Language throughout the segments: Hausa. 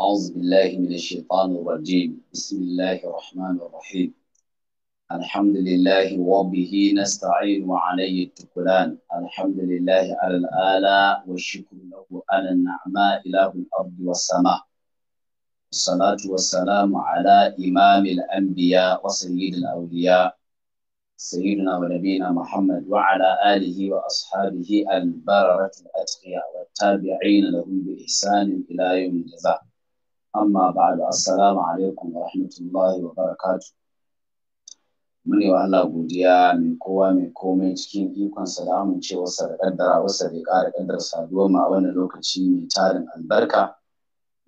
أعوذ بالله من الشيطان الرجيم بسم الله الرحمن الرحيم الحمد لله وبه نستعين وعليه التكلان الحمد لله على الآلاء والشكر له على النعماء إله الأرض والسماء الصلاة والسلام على إمام الأنبياء وسيد الأولياء سيدنا ونبينا محمد وعلى آله وأصحابه البررة الأتقياء والتابعين لهم بإحسان إلى يوم الجزاء amma ba'du assalamu alaikum wa rahmatullahi wa barakatu mune wa Allah godiya mai kowa mai komai cikin ikon sa da amincewarsa da kaddara wasa da ƙara kaddar saduwar mu a wannan lokaci mai tarin albarka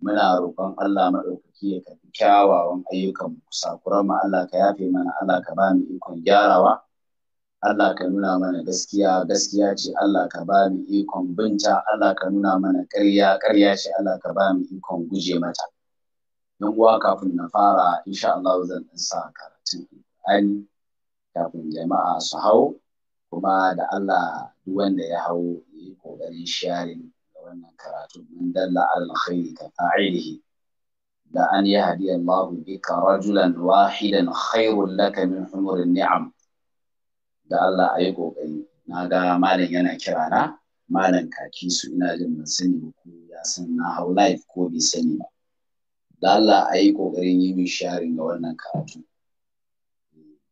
muna roƙon Allah maɗaukaki ya karɓi kyawawan ayyukan mu sakuran mu Allah ka yafe mana Allah ka ba mu ikon gyarawa Allah ka nuna mana gaskiya gaskiya ce Allah ka ba mu ikon binta Allah ka nuna mana ƙarya ƙarya ce Allah ka ba mu ikon guje mata yan uwa kafin na fara insha Allah zan sa karatun alƙur'ani kafin jama'a su hau kuma da Allah duk wanda ya hau yi kokarin sharing da wannan karatun mun dalla alal khairi ka fa'ilihi da an hadiyar Allah bika rajulan wahidan khairul laka min humurin ni'am da Allah ayi kokari na ga malam yana kira na malam kaki su ina jin mun sani ko ya san na hau live ko bai sani ba da Allah a yi ƙoƙarin yi min sharing ga wannan karatu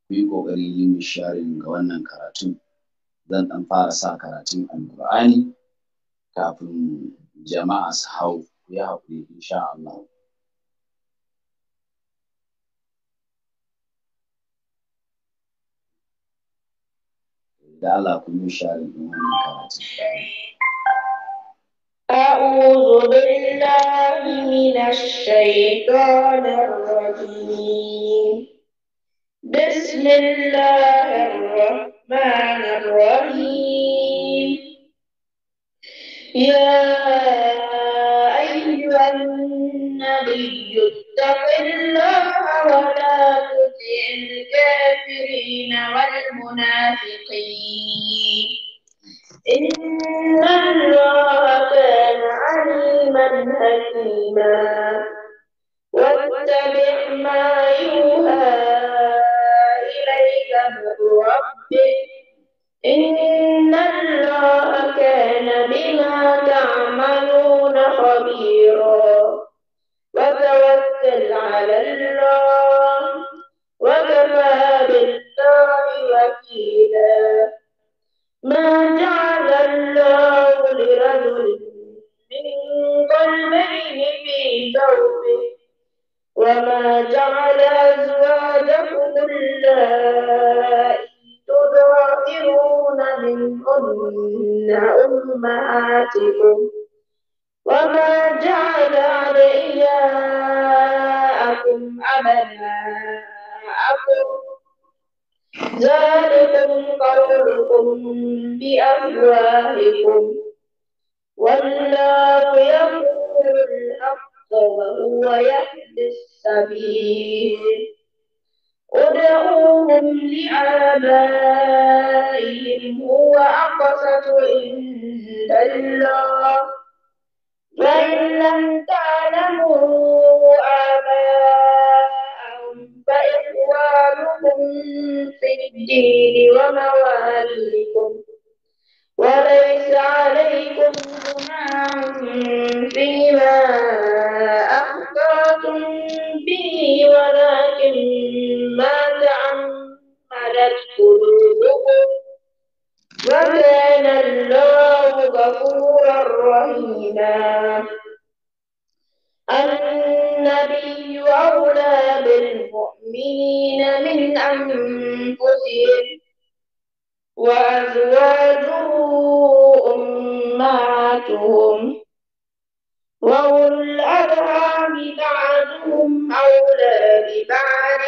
ku yi ƙoƙarin yi min sharing ga wannan karatun zan ɗan fara sa karatun alƙur'ani kafin jama'a su hau ku haƙuri insha Allah da Allah ku yi sharing ga wannan karatun أعوذ بالله من الشيطان الرجيم بسم الله الرحمن الرحيم يا أيها النبي اتق الله ولا تطع الكافرين والمنافقين إن الله كان عليما حكيما واتبع ما يوحى إليك من إن الله كان بما تعملون خبيرا وتوكل على الله وكفى بالله وكيلا ما جعل الله لرجل من قلبين في ثوبه وما جعل أزواجكم اللائي تظاهرون منهن أمهاتكم وما جعل علياءكم أبناءكم زادكم قولكم بأفواهكم والله يقول الحق وهو يهدي السبيل ادعوهم لآبائهم هو أقسط عند الله فإن لم تعلموا آبائهم فإخوانكم في الدين ومواليكم وليس عليكم جناح فيما أخطأتم به ولكن ما تعمدت قلوبكم وكان الله غفورا رحيما النبي أولى بالمؤمنين من أنفسهم وأزواجه أمهاتهم وأولو الأرحام بعضهم أولى ببعض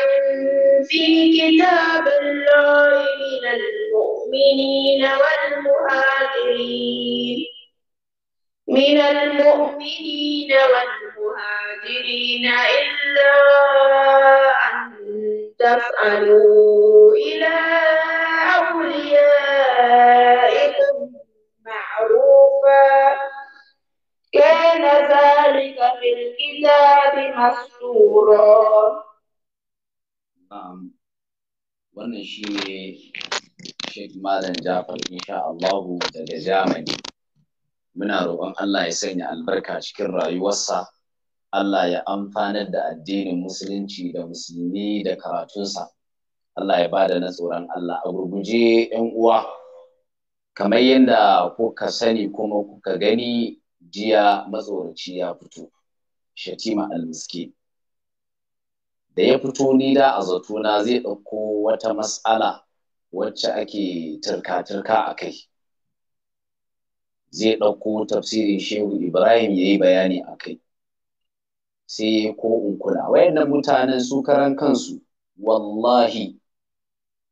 في كتاب الله من المؤمنين والمهاجرين من المؤمنين والمهاجرين إلا أن تفعلوا إلى أوليائكم معروفا كان ذلك في الكتاب مسطورا نعم wannan shi ne Sheikh Malam Jafar insha Allahu muna roƙon Allah ya sanya albarka cikin rayuwarsa Allah ya amfanar da addinin musulunci da musulmi da karatunsa Allah ya bada na tsoron Allah a gurguje yan uwa kamar yadda kuka sani kuma kuka gani jiya matsoraci ya fito shatima almiski da ya fito ni da a zai ɗauko wata matsala wacce ake turka-turka a kai zai ɗauko tafsirin shehu ibrahim ya yi bayani a kai sai ko in kula wayannan mutanen su karan kansu wallahi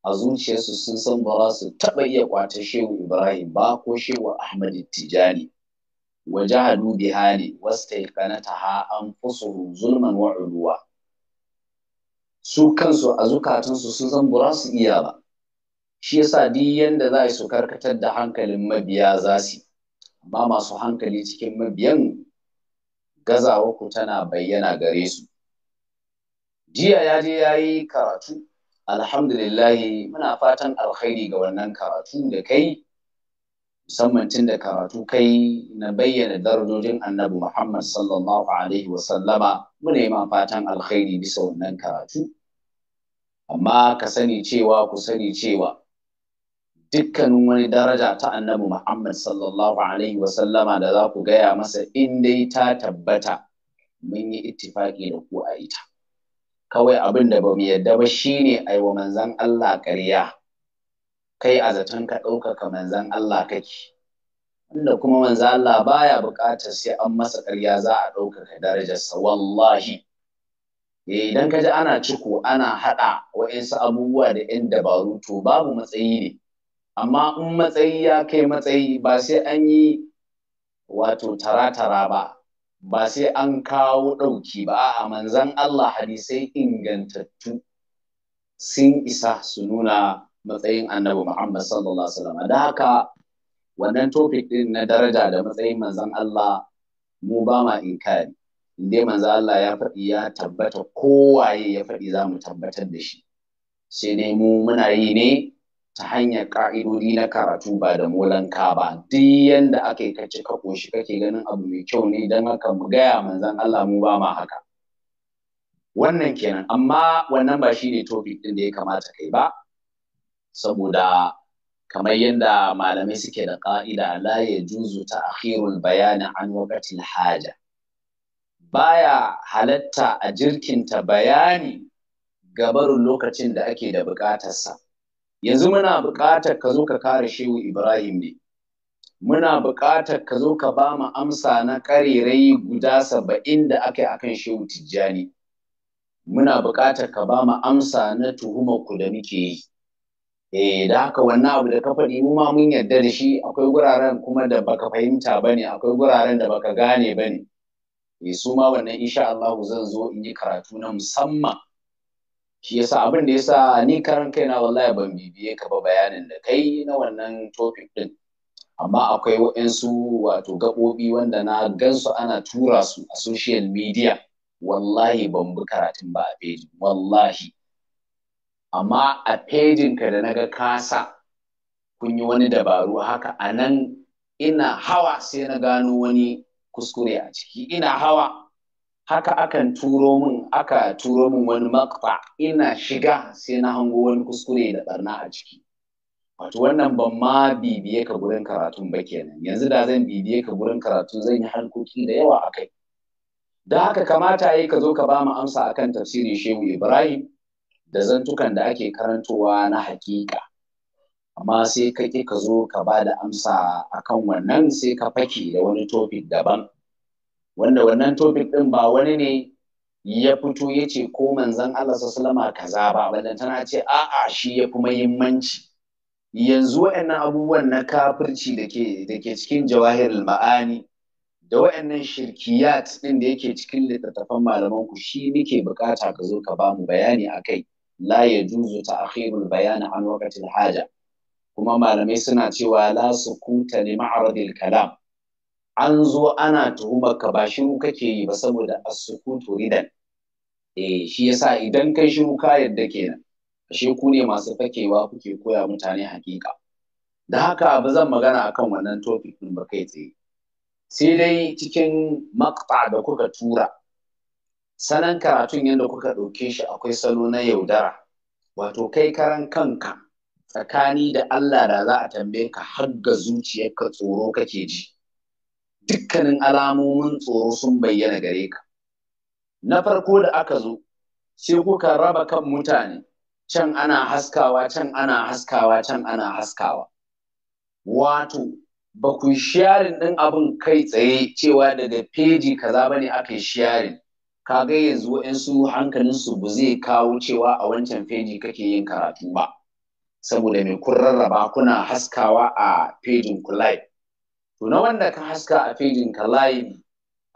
a zuciyarsu sun san ba za su taɓa iya kwata shehu ibrahim ba ko shehu ahmad tijani wa jahadu biha ne an fusuru, zulman wa uluwa su kansu a zukatunsu sun san ba su iya ba shi yasa duk yanda za a su karkatar da hankalin mabiya za su amma masu hankali cikin mabiyan gaza tana bayyana gare su jiya ya je ya yi karatu alhamdulillah muna fatan alkhairi ga wannan karatu da kai musamman tun da karatu kai na bayyana darajojin annabi Muhammad sallallahu Alaihi wasallama muna yi fatan alkhairi bisa wannan karatu. Amma ka sani cewa ku sani cewa dukkanin wani daraja ta annabi Muhammad sallallahu alaihi wasallama da za ku gaya masa in dai ta tabbata mun yi ittifaki da ku a ita. Kawai abin da ba mu yadda ba shine yi wa manzan Allah ƙarya. Kai a zaton ka ɗaukaka manzan Allah kake. Wanda kuma manzan Allah baya buƙatar sai an masa ƙarya za a ɗaukaka darajarsa wallahi. Eh, idan ka ji ana ciko ana haɗa wa'insu abubuwa da 'yan dabaru to babu matsayi ne amma in matsayi ya kai matsayi ba sai an yi wato tara-tara ba ba sai an kawo ɗauki ba a manzan Allah hadisai ingantattu sun isa su nuna matsayin annabi Muhammad sallallahu alaihi wasallam da haka wannan topic din na daraja da matsayin manzan Allah mu ba ma inkari inda manzan Allah ya faɗi ya tabbata kowaye ya faɗi za mu tabbatar da shi sai dai mu muna yi ne ta hanyar ƙa'idodi na karatu ba da molanka ba duk yanda aka yi kace ka koshi kake ganin abu mai kyau ne don haka mu gaya manzon Allah mu ba ma haka wannan kenan amma wannan ba shine topic ɗin da ya kamata kai ba saboda kamar yadda malamai suke da ƙa'ida la ya juzu ta akhirul bayanin an waqatil haja baya halatta a jirkinta bayani gabarun lokacin da ake da buƙatarsa yanzu muna buƙatar ka zo ka kare shehu ibrahim ne muna buƙatar ka zo ka ba mu amsa na ƙarerai guda saba'in da aka yi akan shehu tijjani muna buƙatar ka ba mu amsa na tuhumar ku da muke yi eh da haka wannan abu da ka faɗi mu ma mun yarda da shi akwai guraren kuma da baka fahimta bane akwai guraren da baka gane bane eh su ma wannan insha Allahu zan zo in yi karatu na musamman shi yasa abin da yasa ni karan kaina wallahi ban bibiye ka ba bayanin da kai na wannan topic din amma akwai waɗansu wato gaɓoɓi wanda na gansu ana tura su a social media wallahi ban bi karatun ba a pejin wallahi amma a pejin ka da naga kasa kun yi wani dabaru haka a nan ina hawa sai na gano wani kuskure a ciki ina hawa haka akan turo min aka turo min wani makfa ina shiga sai na hango wani kuskure da barna a ciki wato wannan ban ma bibiye ka gurin karatun ba kenan yanzu da zan bibiye ka gurin karatu zan yi harkoki da yawa a kai da haka kamata yi ka zo ka ba mu amsa akan tafsirin shehu ibrahim da zantukan da ake karantowa na hakika amma sai ka ka zo ka ba da amsa akan wannan sai ka fake da wani topic daban wanda wannan topic din ba wani ne ya fito ya ce ko manzan Allah sallama kaza ba ballan tana ce a'a shi ya fi muhimmanci yanzu wa'annan abubuwan na kafirci da ke cikin jawahirul ma'ani da wa'annan shirkiyat ɗin da yake cikin littattafan malaman ku shi nake bukata ka zo ka ba mu bayani kai, la yajuzu ta'khirul bayani an waqtil haja kuma malamai suna cewa la sukuta li ma'radil kalam an zo ana tuhumar ka ba shiru kake yi ba saboda as-sukutu ridan eh shi yasa idan kai shiru ka yadda kenan ashe ku ne masu fakewa kuke koya mutane hakika da haka ba zan magana akan wannan topic ba kai tsaye sai dai cikin makta da kuka tura sanan karatun yadda kuka ɗauke shi akwai salo na yaudara wato kai karan kanka tsakani da Allah da za a tambaye ka har ga zuciyarka tsoro kake ji dukkanin alamomin tsoro sun bayyana gare ka na farko da aka zo sai kuka raba kan mutane can ana haskawa can ana haskawa can ana haskawa wato ba ku sharin ɗin abin kai tsaye cewa daga feji kaza ba ne aka yi ka ga yanzu waɗansu hankalinsu ba zai kawo cewa a wancan feji kake yin karatu ba saboda mai kun rarraba kuna haskawa a fejin ku to na wanda ka haska a fejin ka layin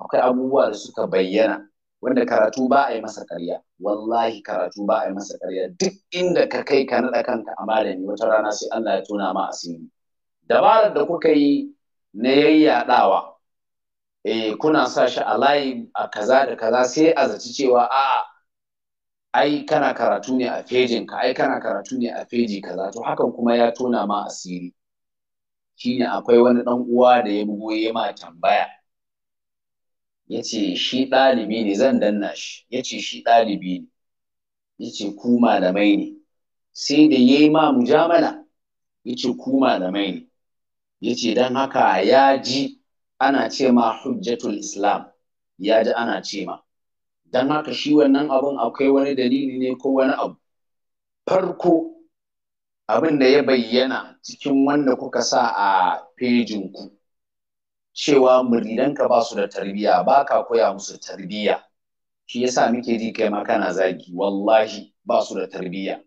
akwai abubuwa da suka bayyana wanda karatu ba a yi masa ƙarya wallahi karatu ba a yi masa ƙarya duk inda ka kai ka naɗa kanka a malami wata rana sai Allah ya tona ma asiri dabarar da kuka yi na yayyaɗawa eh kuna sa shi a layi a kaza da kaza sai a zaci cewa a ai kana karatu ne a fejin ka ai kana karatu ne a feji kaza to hakan kuma ya tona ma asiri shine akwai wani ɗan uwa da ya bugo ya ma tambaya yace shi ɗalibi ne zan danna shi yace shi ɗalibi ne yace ku malamai ne sai da yayi ma mujamala yace ku malamai ne yace dan haka ya ji ana ce ma hujjatul islam ya ji ana ce ma dan haka shi wannan abun akwai wani dalili ne ko wani abu farko abin da ya bayyana cikin wanda kuka sa a fejinku. cewa muridanka ba su da tarbiyya ba ka koya musu tarbiyya shi yasa muke ji kai maka na zagi wallahi ba su da tarbiyya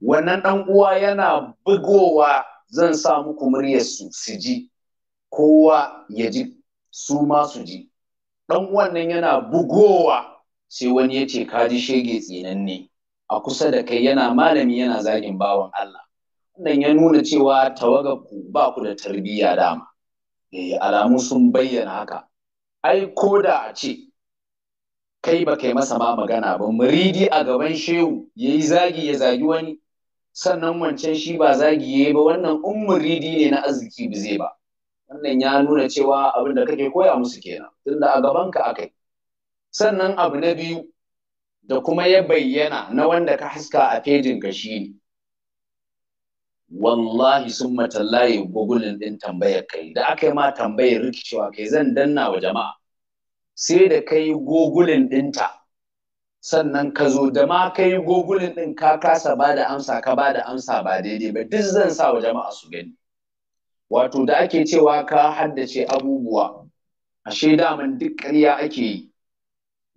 wannan dan uwa yana bugowa zan sa muku muryar su ji kowa ya ji su ma su ji dan uwan nan yana bugowa sai wani ya ce ka ji shege tsinanne a kusa da kai yana malami yana zagin bawan Allah wannan ya nuna cewa tawagarku ba ku da tarbiyya dama eh alamu sun bayyana haka ai ko da a ce kai ba kai masa ma magana ba muridi a gaban shehu ya yi zagi ya zagi wani sannan wancan shi ba zagi yi ba wannan in muridi ne na arziki ba zai ba wannan ya nuna cewa abin da kake koya musu kenan tunda a gabanka akai sannan abu na biyu da kuma ya bayyana na wanda ka haska a fejin ka shi ne. Wallahi sun matallaye gugulin ɗin tambayar kai, da aka yi ma tambayar rikicewa kai zan danna wa jama'a. Sai da ka yi gogulin ɗinta, sannan ka zo da ma ka yi gogulin ɗin ka kasa ba da amsa ka ba da amsa ba daidai ba duk zan sa wa jama'a su gani. Wato da ake cewa ka haddace abubuwa, ashe daman duk ƙarya ake yi.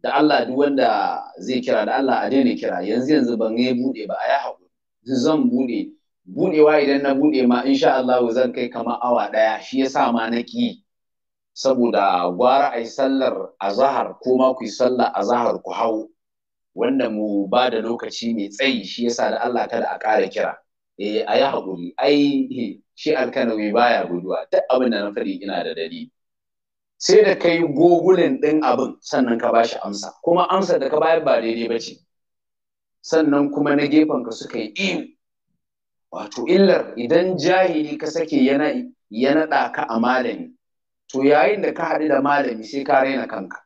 da Allah duk wanda zai kira da Allah a daina kira yanzu yanzu ban yi bude ba a ya haƙuri zan buɗe. Buɗewa idan na buɗe ma in sha Allah zan kai kamar awa ɗaya. shi yasa ma na ki saboda gwara a yi sallar azhar ko ma ku yi sallar azhar ku hau wanda mu ba da lokaci mai tsayi shi yasa da Allah kada a ƙara kira eh a ya haƙuri ai shi alkanawi baya guduwa duk abin da na faɗi ina da dalili sai da kai gogulin din abin sannan ka bashi amsa kuma amsa da ka bayar ba daidai ba ce sannan kuma na gefen ka suka yi iyo wato illar idan jahili ka sake yana ya naɗa ka a malami to yayin da ka haɗu da malami sai ka raina kanka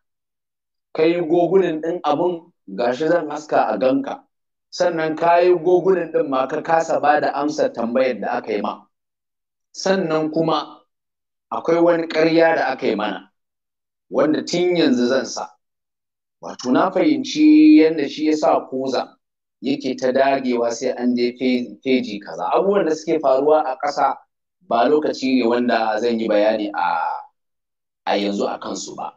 ka yi gogunin ɗin abin shi zan haska a ganka sannan ka yi gogunin din ma ka kasa ba da amsa tambayar da aka yi ma sannan kuma akwai wani ƙarya da aka yi mana wanda tun yanzu zan sa wato na fahimci yadda shi ya sa koza yake ta dagewa sai an je feji kaza abubuwan da suke faruwa a ƙasa ba lokaci ne wanda zan yi bayani a a yanzu a kansu ba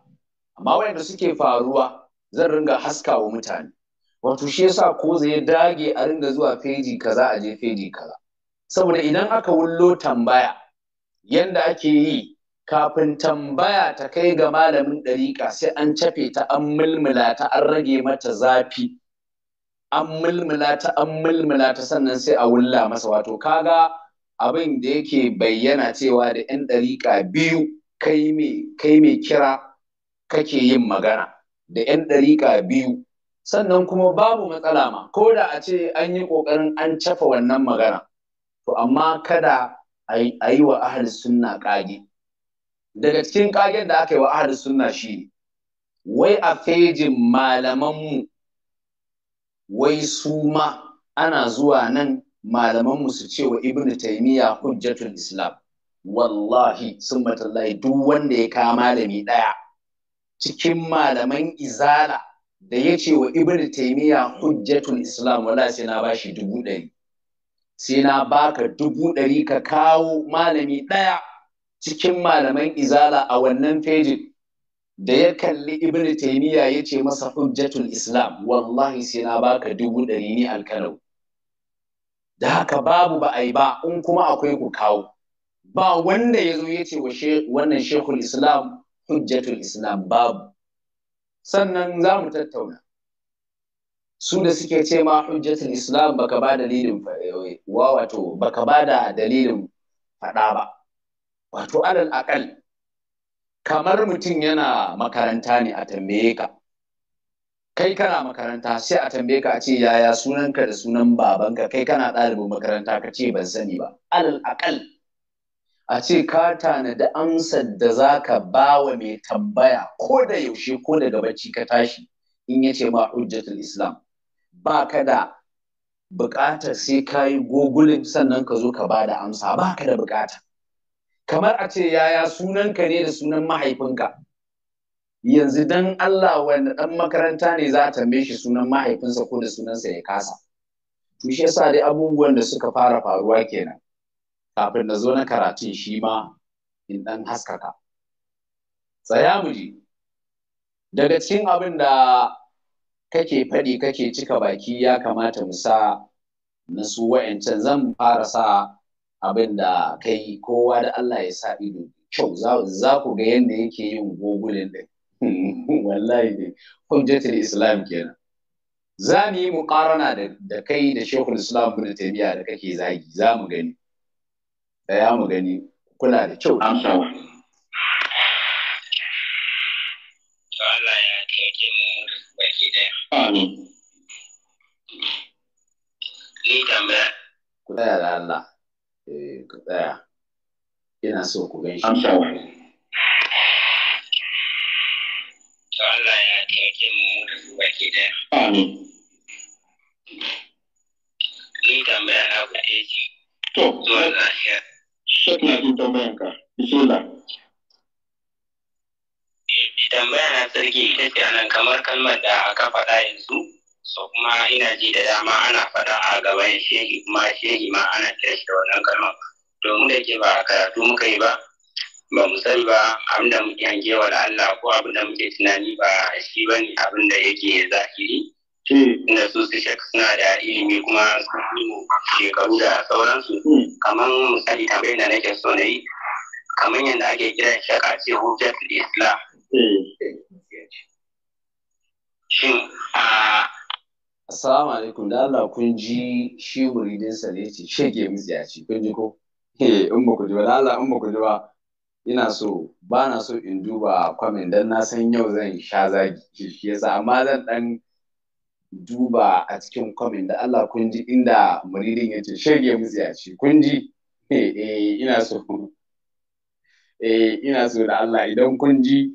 amma wanda suke faruwa zan ringa wa mutane wato shi yasa koza ya dage a ringa zuwa feji kaza a je feji kaza saboda idan aka wullo tambaya yanda ake yi kafin tambaya ta kai ga malamin ɗariƙa sai an cafe ta an mulmula ta an rage mata zafi an mulmula ta an mulmula ta sannan sai a wulla masa wato kaga abin da yake bayyana cewa da ƴan ɗariƙa biyu kai mai kira kake yin magana da 'yan ɗariƙa biyu sannan kuma babu matsala ma ko da a ce an yi ƙoƙarin an cafa wannan magana to amma kada a yi wa ahli sunna ƙage daga cikin ƙagen da aka yi wa ahli sunna shi wai a fejin malamanmu wai su ma ana zuwa nan malamanmu su ce wa ibn taimiyya hujjatul islam wallahi sun duk wanda ya da malami ɗaya cikin malaman izala da ya ce wa ibn taimiyya hujjatul islam wallahi sai na bashi dubu ɗari sai na baka dubu ɗari ka kawo malami ɗaya cikin malaman izala a wannan fejin da ya kalli ibn taimiyya ya ce masa hujjatul islam wallahi sai na baka dubu ɗari ni alkalau da haka babu ba a yi ba in kuma akwai ku kawo ba wanda ya zo ya ce wa wannan shekul islam hujjatul islam babu sannan za mu tattauna su da suke ce ma hujjatul islam baka ba dalilin wa wato baka ba da dalilin faɗa ba wato alal akal kamar mutum yana makaranta ne a tambaye ka kai kana makaranta sai a tambaye ka a ce yaya sunanka da sunan babanka kai kana ɗalibin makaranta ka ce ban sani ba alal akal a ce ka tanadi amsar da za ka ba wa mai tambaya ko da yaushe ko daga gabaci ka tashi in ya ce ma hujjatul islam ba ka da buƙata sai ka yi gogulin sannan ka zo ka ba da amsa ba da buƙata kamar a ce yaya sunanka ne da sunan mahaifinka yanzu dan Allah wanda ɗan makaranta ne za a tambaye shi sunan mahaifinsa ko da sunansa ya kasa to shi yasa dai abubuwan da suka fara faruwa kenan kafin na zo na karatun shi ma in ɗan haskaka tsaya mu ji daga cikin abin da kake faɗi kake cika baki ya kamata mu sa na su wa'ancan zan fara sa abin da kai kowa da Allah ya sa ido kyau za ku ga yadda yake yin gogulin ɗin wallahi ne hujjatul islam kenan za mu yi muƙarana da kai da shekul islam bin taimiyya da kake zagi za mu gani ɗaya mu gani kula da kyau Amin. Ku tsaya da Allah, eh, ku tsaya. Ina so ku gan shi. Allah ya taimake mu da su baki ɗaya. Ni tambaya na ku ce. To, Shek na jin tambayanka. Bismillah. tambaya na sarki ita ce anan kamar kalmar da aka faɗa yanzu so kuma ina ji da dama ana faɗa a gaban shehi kuma shehi ma ana kira shi da wannan kalmar domin da ke ba karatu muka yi ba ba mu san ba abin da muke hangewa da Allah ko abin da muke tunani ba shi ba ne abin da yake zahiri inda hmm. su su shek suna da ilimi kuma su shekaru da sauransu hmm. kamar misali tambayin da nake so na yi kamar yadda ake kiran shaka ce hujjatul islam Shin a Assalamu alaikum da Allah kun ji shi muridinsa ne ce shege miziyaci kun ji ko? Eh, in ba ku ji ba da Allah in ba ku ji ba ina so ba na so in duba kwamin dan na san yau zan sha zagi shi yasa amma zan dan duba a cikin kwamin da Allah kun ji inda muridin ya ce shege miziyaci kun ji eh, eh ina so eh ina so da Allah idan kun ji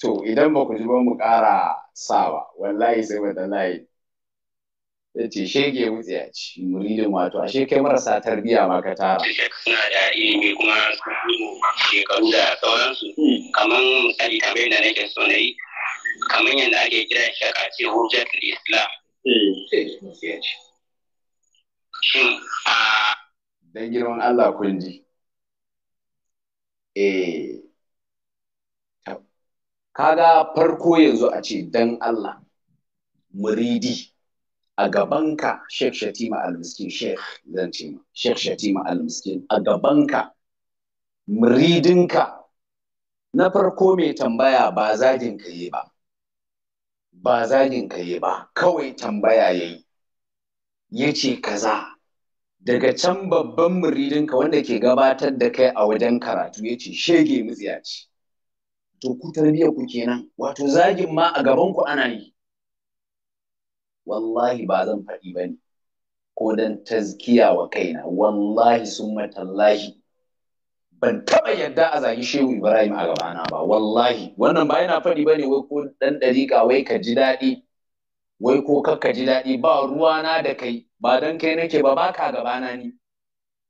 to idan ba ku ji ba mu ƙara sawa wallahi sai wata layi ya ce shege wutsi ya ci muridin wato ashe kai marasa tarbiyya ma ka tara. suna da ilimi kuma shekaru da sauransu kamar misali tambayar da nake so na yi kamar yadda ake kira shaka ce hujjatul islam. Shin a Dan girman Allah kun ji. Eh, kaga farko yanzu a ce dan Allah muridi a gabanka Sheikh Shatima Al-Miskin Sheikh zan ce ma Sheikh Shatima Al-Miskin a gabanka muridinka na farko mai tambaya ba zagin ka yi ba ba zagin ka yi ba kawai tambaya yayi yace kaza daga can babban muridinka wanda ke gabatar da kai a wajen karatu yace shege mu ce to ku tarbiyyar ku kenan wato zagin ma a gaban ku ana yi wallahi ba zan faɗi ba ne ko dan tazkiya wa kaina wallahi sun matallahi ban taɓa yadda a zagi shehu ibrahim a gabana ba wallahi wannan ba yana faɗi ba ne wai ko ɗan ɗariƙa wai ka ji daɗi wai ko kakka ji daɗi ba ruwana da kai ba don kai nake ba ba ka gabana ni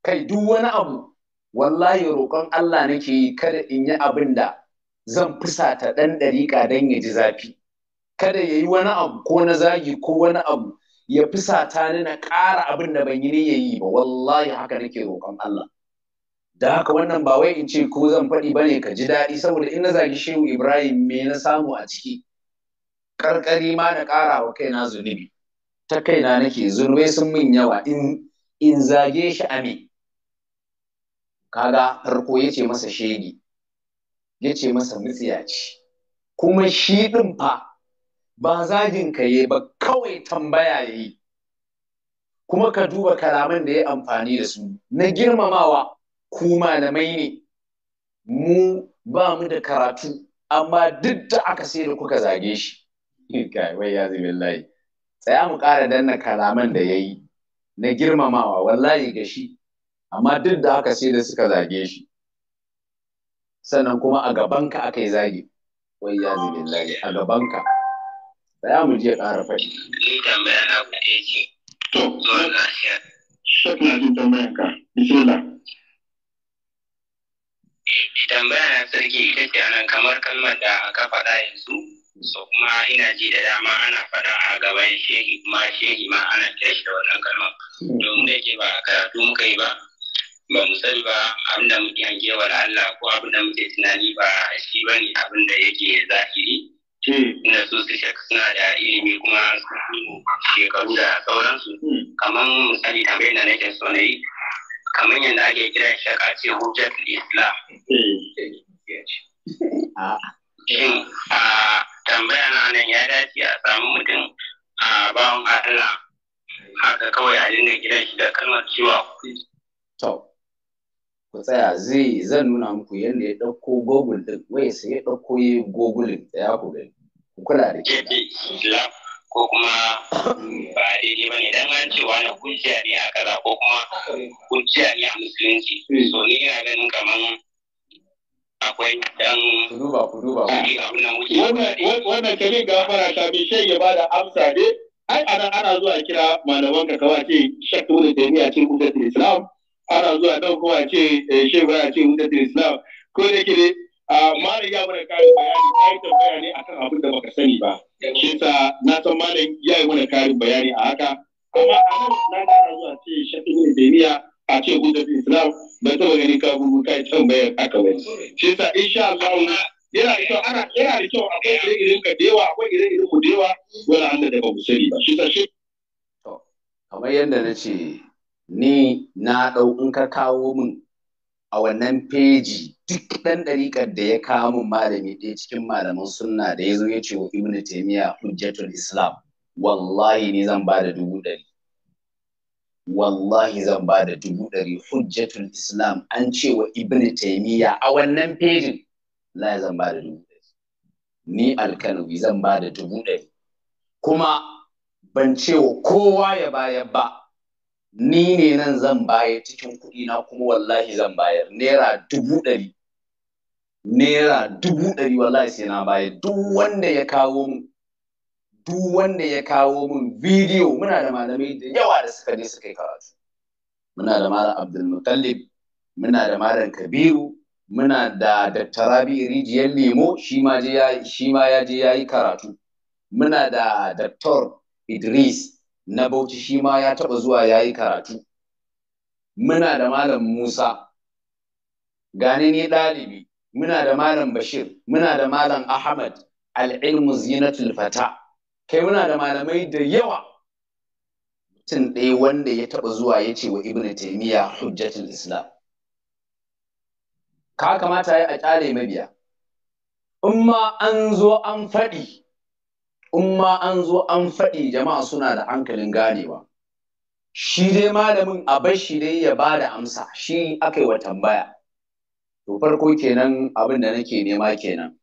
kai duk wani abu wallahi roƙon allah nake yi kada in yi abin da zan fusata ɗan ɗariƙa don ya ji zafi kada ya yi wani abu ko na zagi ko wani abu ya fusata ni na ƙara abin da ban yi ne ya yi ba wallahi haka nake roƙon Allah da haka wannan ba wai in ce ko zan faɗi ba ne ka ji daɗi saboda in na zagi shehu Ibrahim me na samu a ciki ƙarƙari ma na ƙara wa kaina zunubi ta kaina nake zunubai sun min yawa in zage shi a me kaga farko ya ce masa shegi ya ce masa mutsiyaci kuma shi ɗin fa ba zagin ka yi ba kawai tambaya ya yi kuma ka duba kalaman da ya amfani da su na girmamawa ku malamai ne mu ba mu da karatu amma duk da aka sai da kuka zage shi wai ya layi. tsaya mu ƙara danna kalaman da ya yi na girmamawa wallahi ga shi amma duk da aka sai da suka zage shi sannan kuma a gabanka aka yi zagi wai ya zibin zagi a gabanka da mu je ƙara faɗi. Ni tambaya na ku kuɗe ce. To, zuwa lafiya. Shek na jin tambayan ka, bismillah. Eh, tambaya na sarki ita ce anan kamar kalmar da aka faɗa yanzu. So kuma ina ji da dama ana faɗa a gaban shehi kuma shehi ma ana kira shi da wannan kalmar. Hmm. Domin da ke ba a karatu muka yi ba, ba mu sani ba abin da muke hangewa da Allah ko abin da muke tunani ba shi ba ne abin da yake zahiri. Hmm. Ina so su shaka suna da ilimi kuma su shekaru da sauransu. Hmm. Kamar misali tambayar da nake so na yi, kamar yadda ake kira shaka ce hujjat Islam. Shin a tambaya na nan ya dace a samu mutum a bawan Allah haka kawai a dinga kiran shi da kalmar cewa. ku tsaya zai zan nuna muku yadda ya ɗauko google ɗin wai sai ya ɗauko ya google ya ku gani ku kula da ke ko kuma mm, ba daidai ba ne dan an ce wani hujja ne a kaza ko kuma hujja ne a musulunci hmm. so ni ina ganin kaman akwai dan duba ku duba wannan kare gafara ta bi sai ya bada amsa dai ai anan ana zuwa kira malaman ka kawai ce shakku da jami'a cikin kudatul islam ana zuwa ɗauko a ce eh, shebra a ce hujjatul islam ko da ke ne mara ya mana karin bayani ta yi tambaya ne akan abin da baka sani ba shi yasa na san malam ya yi mana karin bayani a haka amma a nan na gara zuwa ce shafi ne taimiya a ce hujjatul islam ban taɓa ganin ka gugu ka yi tambayar haka ba shi yasa insha Allah yana da kyau ana yana da kyau akwai ire-iren ka da yawa akwai ire-iren ku da yawa wala Allah da ba mu sani ba shi yasa shi kamar yadda na ce ni na ɗau in ka kawo min a wannan feji duk ɗan ɗariƙar da ya kawo min malami ɗaya cikin malaman sunna da ya zo ya ce wa ibnu taimiya hujjatul islam wallahi ni zan ba da dubu ɗari wallahi zan ba da dubu ɗari hujjatul islam an ce wa ibnu taimiya a wannan fejin la zan ba da dubu ɗari ni alkanubi zan ba da dubu ɗari kuma ban ce wa kowa ya bayar ba ni ne nan zan bayar cikin kuɗi na kuma wallahi zan bayar naira dubu ɗari naira dubu ɗari wallahi sai na bayar duk wanda ya kawo min duk wanda ya kawo min bidiyo muna da malamai da yawa da suka je suka yi karatu muna da malam abdulmutallib muna da malam kabiru muna da dr rabi rijiyar lemo shi ma ya je ya yi karatu muna da dr idris na Bauchi shi ma ya taɓa zuwa ya yi karatu. Muna da Malam Musa, gane ni ɗalibi, muna da Malam Bashir, muna da Malam Ahmad, al'ilmu zinatul fata. Kai muna da malamai da yawa. Mutum ɗaya wanda ya taɓa zuwa ya ce wa Ibn Taymiyyah hujjatul Islam. Ka kamata ya a ƙyale mabiya. In ma an zo an faɗi in ma an zo an faɗi jama'a suna da hankalin ganewa shi dai malamin a bar shi dai ya ba da amsa shi aka yi wa tambaya to farko kenan abin da nake nema kenan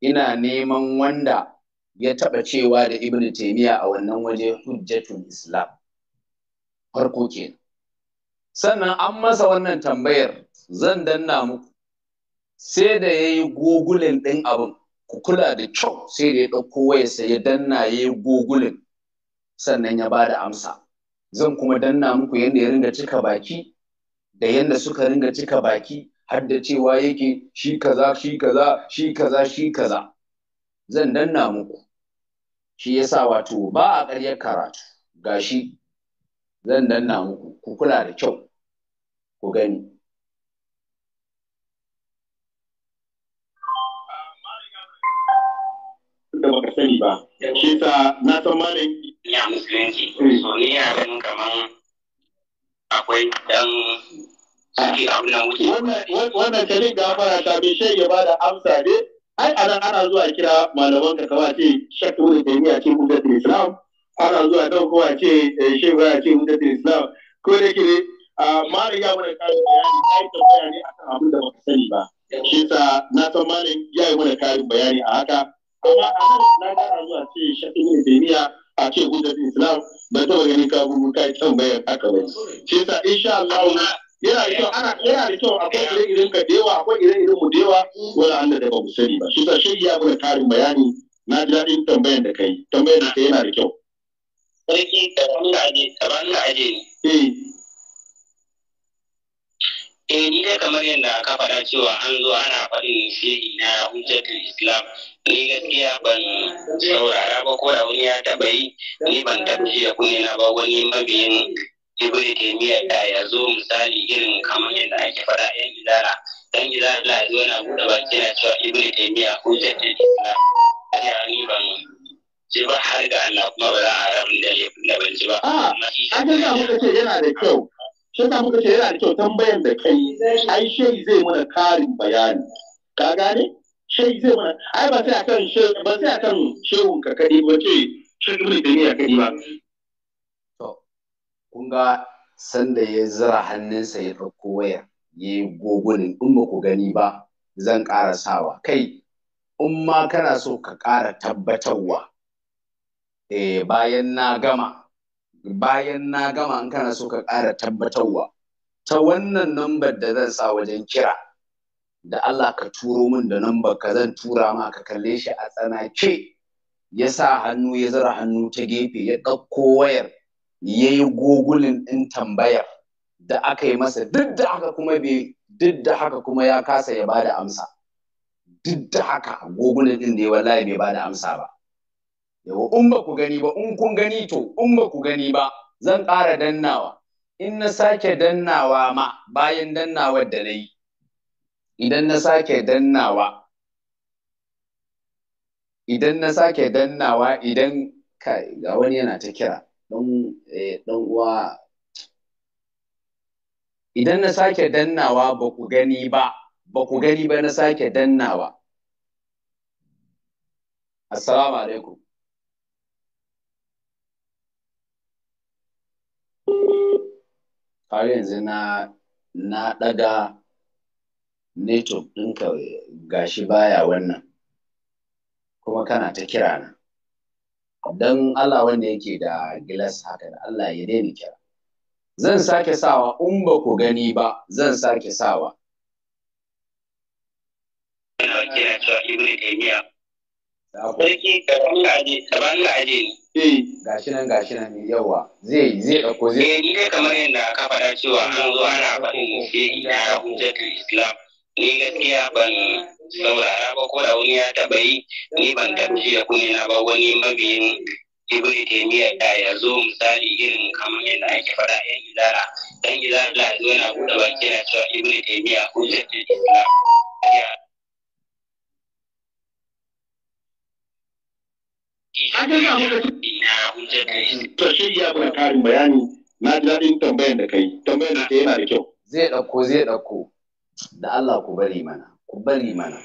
ina neman wanda ya taɓa cewa da ibn taimiyya a wannan waje hujjatul islam farko kenan sannan an masa wannan tambayar zan danna muku sai da ya yi gogulin ɗin abin ku kula da kyau sai da ya ɗauko wayarsa ya danna ya yi gogulin sannan ya bada amsa zan kuma danna muku yadda ya ringa cika baki da yadda suka ringa cika baki har da cewa yake shi kaza shi kaza shi kaza shi kaza zan danna muku shi yasa wato ba a ƙaryar karatu gashi zan danna muku ku kula da kyau ku gani ba shi sa na san malam ya musulunci eh. so ni ya ganin kaman akwai dan suke wannan ka riga fara ta bai shai ya bada amsa dai ai a nan ana zuwa kira malaman ka kawai ce shakka shakku da jami'a ce kuma da islam ana zuwa dan kowa ce shehu ya ce kuma da islam ko da ke ah, mara ya mana karin bayani ai tambaya ne akan abin da ba baka sani ba shi ta na san malam ya yi mana karin bayani a haka amma a nan na kara zuwa ce shaɗin taimiya a ce hujjar islam ban taɓa ganin ka gugu ka yi tambayar haka ba shi yasa insha Allah yana da kyau ana yana da kyau akwai ire-iren ka da yawa akwai ire-iren mu da yawa wala Allah da ba mu sani ba shi yasa shi ya bada karin bayani na ji daɗin tambayar da kai tambayar da kai yana da kyau sarki kamar na aje kamar na aje eh eh ni dai kamar yadda aka faɗa cewa an zo ana faɗin shehi na hujjatul islam ni gaskiya ban saurara ba ko da wani ya taɓa yi ni ban taɓa shi da kuni na ba wani mabiyin ibn taymiya da ya zo misali irin kamar yadda ake faɗa yan gidara dan gidara da zo na buɗe baki na cewa ibn taymiya hujjatul islam ya ni ban ji ba har ga Allah kuma ba za a rabin da ban ji ba. A, an ta muka ce yana da kyau. shi ta muka ce yana da kyau tambayan da kai ai shehi zai mana karin bayani ka gane shehi zai mana ai ba sai akan ba sai akan shehun ka kadi ba ce shirin da ni a kadi ba to kun ga sanda ya zira hannunsa ya ɗauko waya ya yi gogunin in ba ku gani ba zan ƙara sawa kai in ma kana so ka ƙara tabbatarwa eh bayan na gama bayan na gama in kana so ka ƙara tabbatarwa ta wannan nambar da zan sa wajen kira da Allah ka turo min da nambar ka zan tura ma ka kalle shi a tsanake ya sa hannu ya zara hannu ta gefe ya ɗauko wayar ya yi gogulin ɗin tambayar da aka yi masa duk da haka kuma bai duk da haka kuma ya kasa ya bada amsa duk da haka gogulin ɗin da ya wallahi bai bada amsa ba yawa in ba ku gani ba in kun gani to in ba ku gani ba zan ƙara dannawa in na sake dannawa ma bayan dannawar da na yi idan na sake dannawa idan na sake dannawa idan ga wani yana ta kira eh, ɗan uwa idan na sake dannawa ba ku gani ba ba ku gani ba na sake dannawa assalamu alaikum har yanzu na na ɗaga network ɗinka gashi baya wannan kuma kana ta kira na don Allah wanda yake da gilas haka da Allah ya daina kira zan sake sawa in ba ku gani ba zan sake sawa Ina kira cewa Ibrahim Sarki kamar la'aje, kamar la'aje ne. Eh, gashi nan gashi nan yawa zai zai ɗauko zai. Eh ni kamar yadda aka faɗa cewa an zo ana faɗin ina na hujjatul Islam. Ni gaskiya ban saurara ba ko da wani ya taɓa yi ni ban tabbaci da kunne na ba wani mabiyin Ibn Taymiyyah da ya zo misali irin kamar yadda ake faɗa yan idara. Dan idara da zo na buɗe baki na cewa Ibn Taymiyyah hujjatul Islam. a shi bayani na daɗin da kai, da yana da kyau. Zai ɗauko zai ɗauko, da Allah ku bari mana, ku bari mana.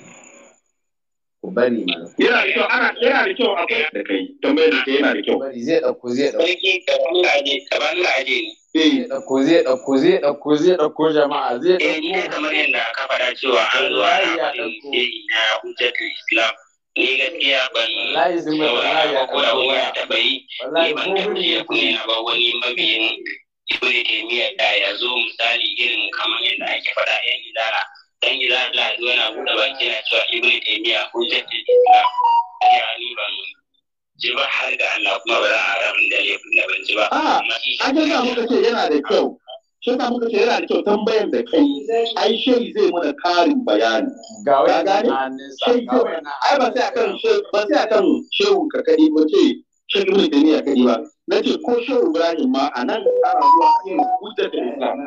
Ku bari mana. Yana da kyau, ana yana da kyau akwai da kai, da ke yana da kyau. zai ɗauko zai ɗauko. Sarki kaman laje, kaman laje eh. Zai Ɗauko zai ɗauko zai ɗauko zai ɗauko jama'a zai ɗauko. Eh, kamar yadda aka fara cewa an zo ana faɗin na hujjatul Islam. ni eh, gaskiya ban saurara ba ko da wani taɓa yi ni ban taɓa ya na ba wani mabiyin ibn taymiya da ya zo misali irin kamar yadda ake faɗa yan idara dan idara da zo na buɗe baki na cewa ibn taymiya hujjatul islam ya ni ban ji ba har ga Allah kuma ba za a ramin da laifin da ban ji ba. A'a, ah, an ga muka ce yana da kyau. shi yasa muka ce yana da kyau tambayar da kai ai shehi zai mana karin bayani ga wani shehi ai ba sai akan ba sai akan shehu ka kadi ba ce shi ne da ni a kadi ba na ce ko shehu ibrahim ma a nan ana zuwa yin hujjar da islam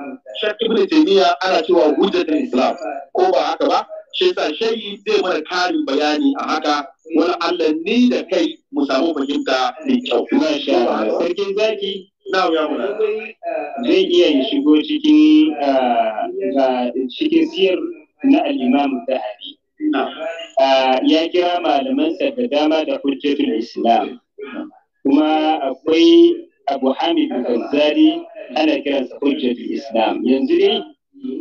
shehu ibn taymiya ana cewa hujjar da islam ko ba haka ba shi yasa shehi zai mana karin bayani a haka wani allah ni da kai mu samu fahimta mai kyau. sarkin zaki zai iya shigo cikin ah, ah, cikin siyar na al'imam zahabi ah, ya kira malamansa da dama da hujjatul islam kuma akwai abu hamid ghazali ana kiransa hujjatul islam yanzu dai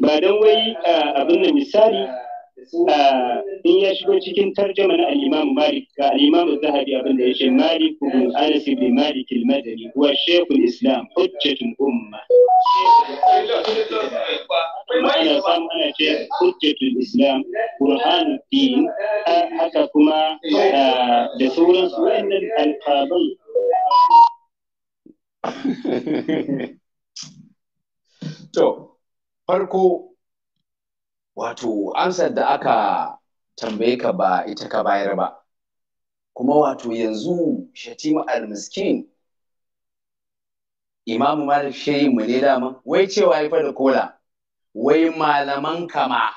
ba don wai abin da misali in ya shigo cikin tarjama na al-Imam Malik ga al-Imam Zahabi abin da yake Malik ibn Anas ibn Malik al-Madani wa Shaykh al-Islam hujjatul umma ana samu ana ce hujjatul Islam Qur'anul din haka kuma da sauran sauransu wa'annan alqabai to farko wato amsar da aka tambaye ka ba ita ka bayar ba kuma wato yanzu shatima al-miskin imamu malik shehi mu ne dama wai cewa ya da kola wai malaman kama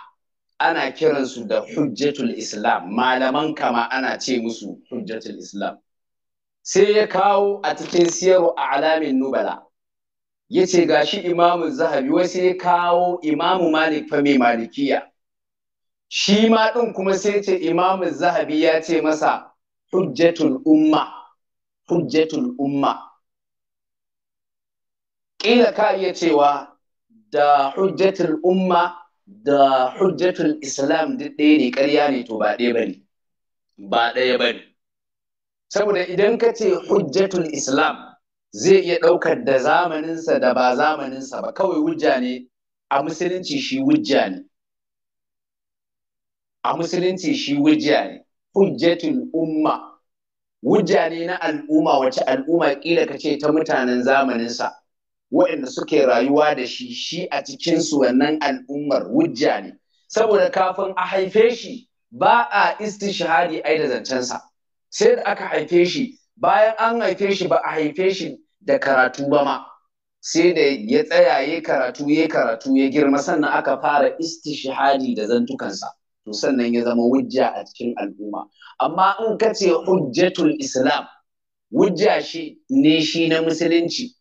ana kiransu da hujjatul islam malaman kama ana ce musu hujjatul islam sai ya kawo a cikin siyarwa a alamin nubala ya ce ga shi imamu zahabi wai sai kawo imamu malik fa mai malikiya shi ma ɗin kuma sai ce imamu zahabi ya ce masa hujjatul umma hujjatul umma ƙila ka iya cewa da hujjatul umma da hujjatul islam duk ɗaya ne ƙarya ne to ba ɗaya ba ne ba ɗaya ba ne saboda idan ka ce hujjatul islam zai iya ɗaukar da zamaninsa da ba zamaninsa ba kawai wujja ne a musulunci shi wujja ne a musulunci shi wujja ne hujjatul umma wujja ne na al'umma wace al'umma kila ce ta mutanen zamaninsa waɗanda suke rayuwa da shi shi a cikin cikinsu wannan al'ummar wujja ne saboda kafin a haife shi ba a istishhadi ai da zancensa sai da aka haife shi bayan an haife shi ba a haife shi da karatu ba ma sai da ya tsaya ya karatu ya karatu ya girma sannan aka fara istishhadi da zantukansa to sannan ya zama wujja a cikin al'umma amma in ka ce hujjatul islam wujja shi ne shi na musulunci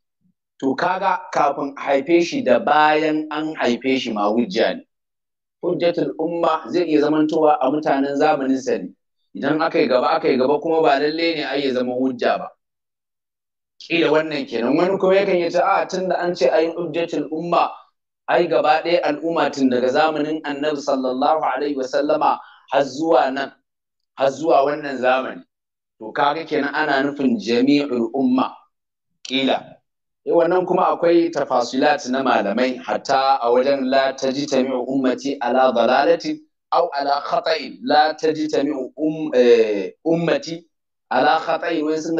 to kaga kafin haife shi da bayan an haife shi ma wujja ne hujjatul umma zai iya zamantowa a mutanen zamanin sa ne idan aka yi gaba aka yi gaba kuma ba lalle ne a zama hujja ba kila wannan kenan wani kuma yakan yi ta a ah, tun da an ce ayin ubjatul umma ai gaba ɗaya al'umma tun daga zamanin annabi sallallahu alaihi wa sallama har zuwa nan har zuwa wannan zamani to kaga kenan ana nufin jami'ul umma kila eh wannan kuma akwai tafasilat na malamai hatta a wajen la tajtami'u ummati ala dalalati aw ala khata'in la tajtami'u um, eh, ummati ala khata'in wai sun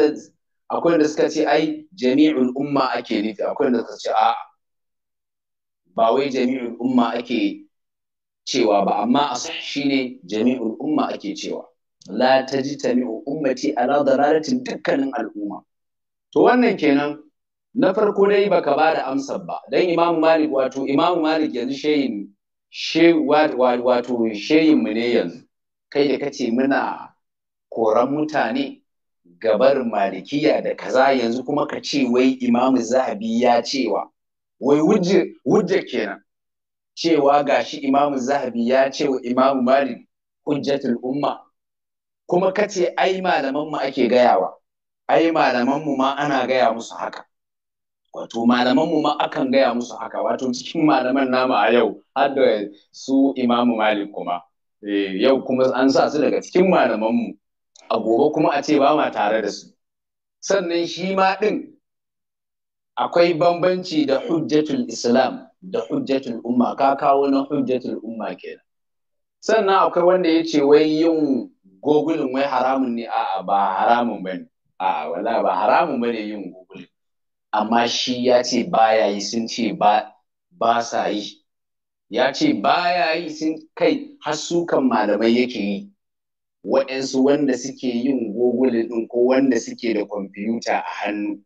akwai wanda suka ce ai jami'ul umma ake nufi akwai wanda suka ce a ba wai jami'ul umma ake cewa ba amma a shine jami'ul umma ake cewa la tajtami'u ummati ala dararatin dukkanin al'umma to wannan kenan na farko dai baka ba da amsar ba dan imamu malik wato imamu malik yanzu shehin wato shehin mu ne yanzu kai da kace muna koran mutane gabar malikiya da kaza yanzu kuma ka ce wai imamu zahabi ya cewa wai wujja kenan cewa gashi imamu zahabi ya ce wa imamu malik hujjatul umma kuma ka ce ai malamanmu ake gayawa ai malamanmu ma ana gaya musu haka wato malamanmu ma akan gaya musu haka wato cikin malaman nama a yau har da su imamu malik kuma eh, yau kuma an sa su daga cikin malamanmu a gobe kuma a ce ba ma tare da su sannan shi ma ɗin akwai bambanci da hujjatul islam da hujjatul umma ka kawo na hujjatul umma kenan sannan akwai wanda ya ce wai yin gogulin wai haramun ne a'a ba haramun ba ne a'a wala ba haramun ba ne yin gogulin amma shi ya ce baya yi sun ce ba sa yi ya ce baya yi sun kai har sukan malamai yake yi wa'yansu wanda suke yin google ɗin ko wanda suke da kwamfuta a hannu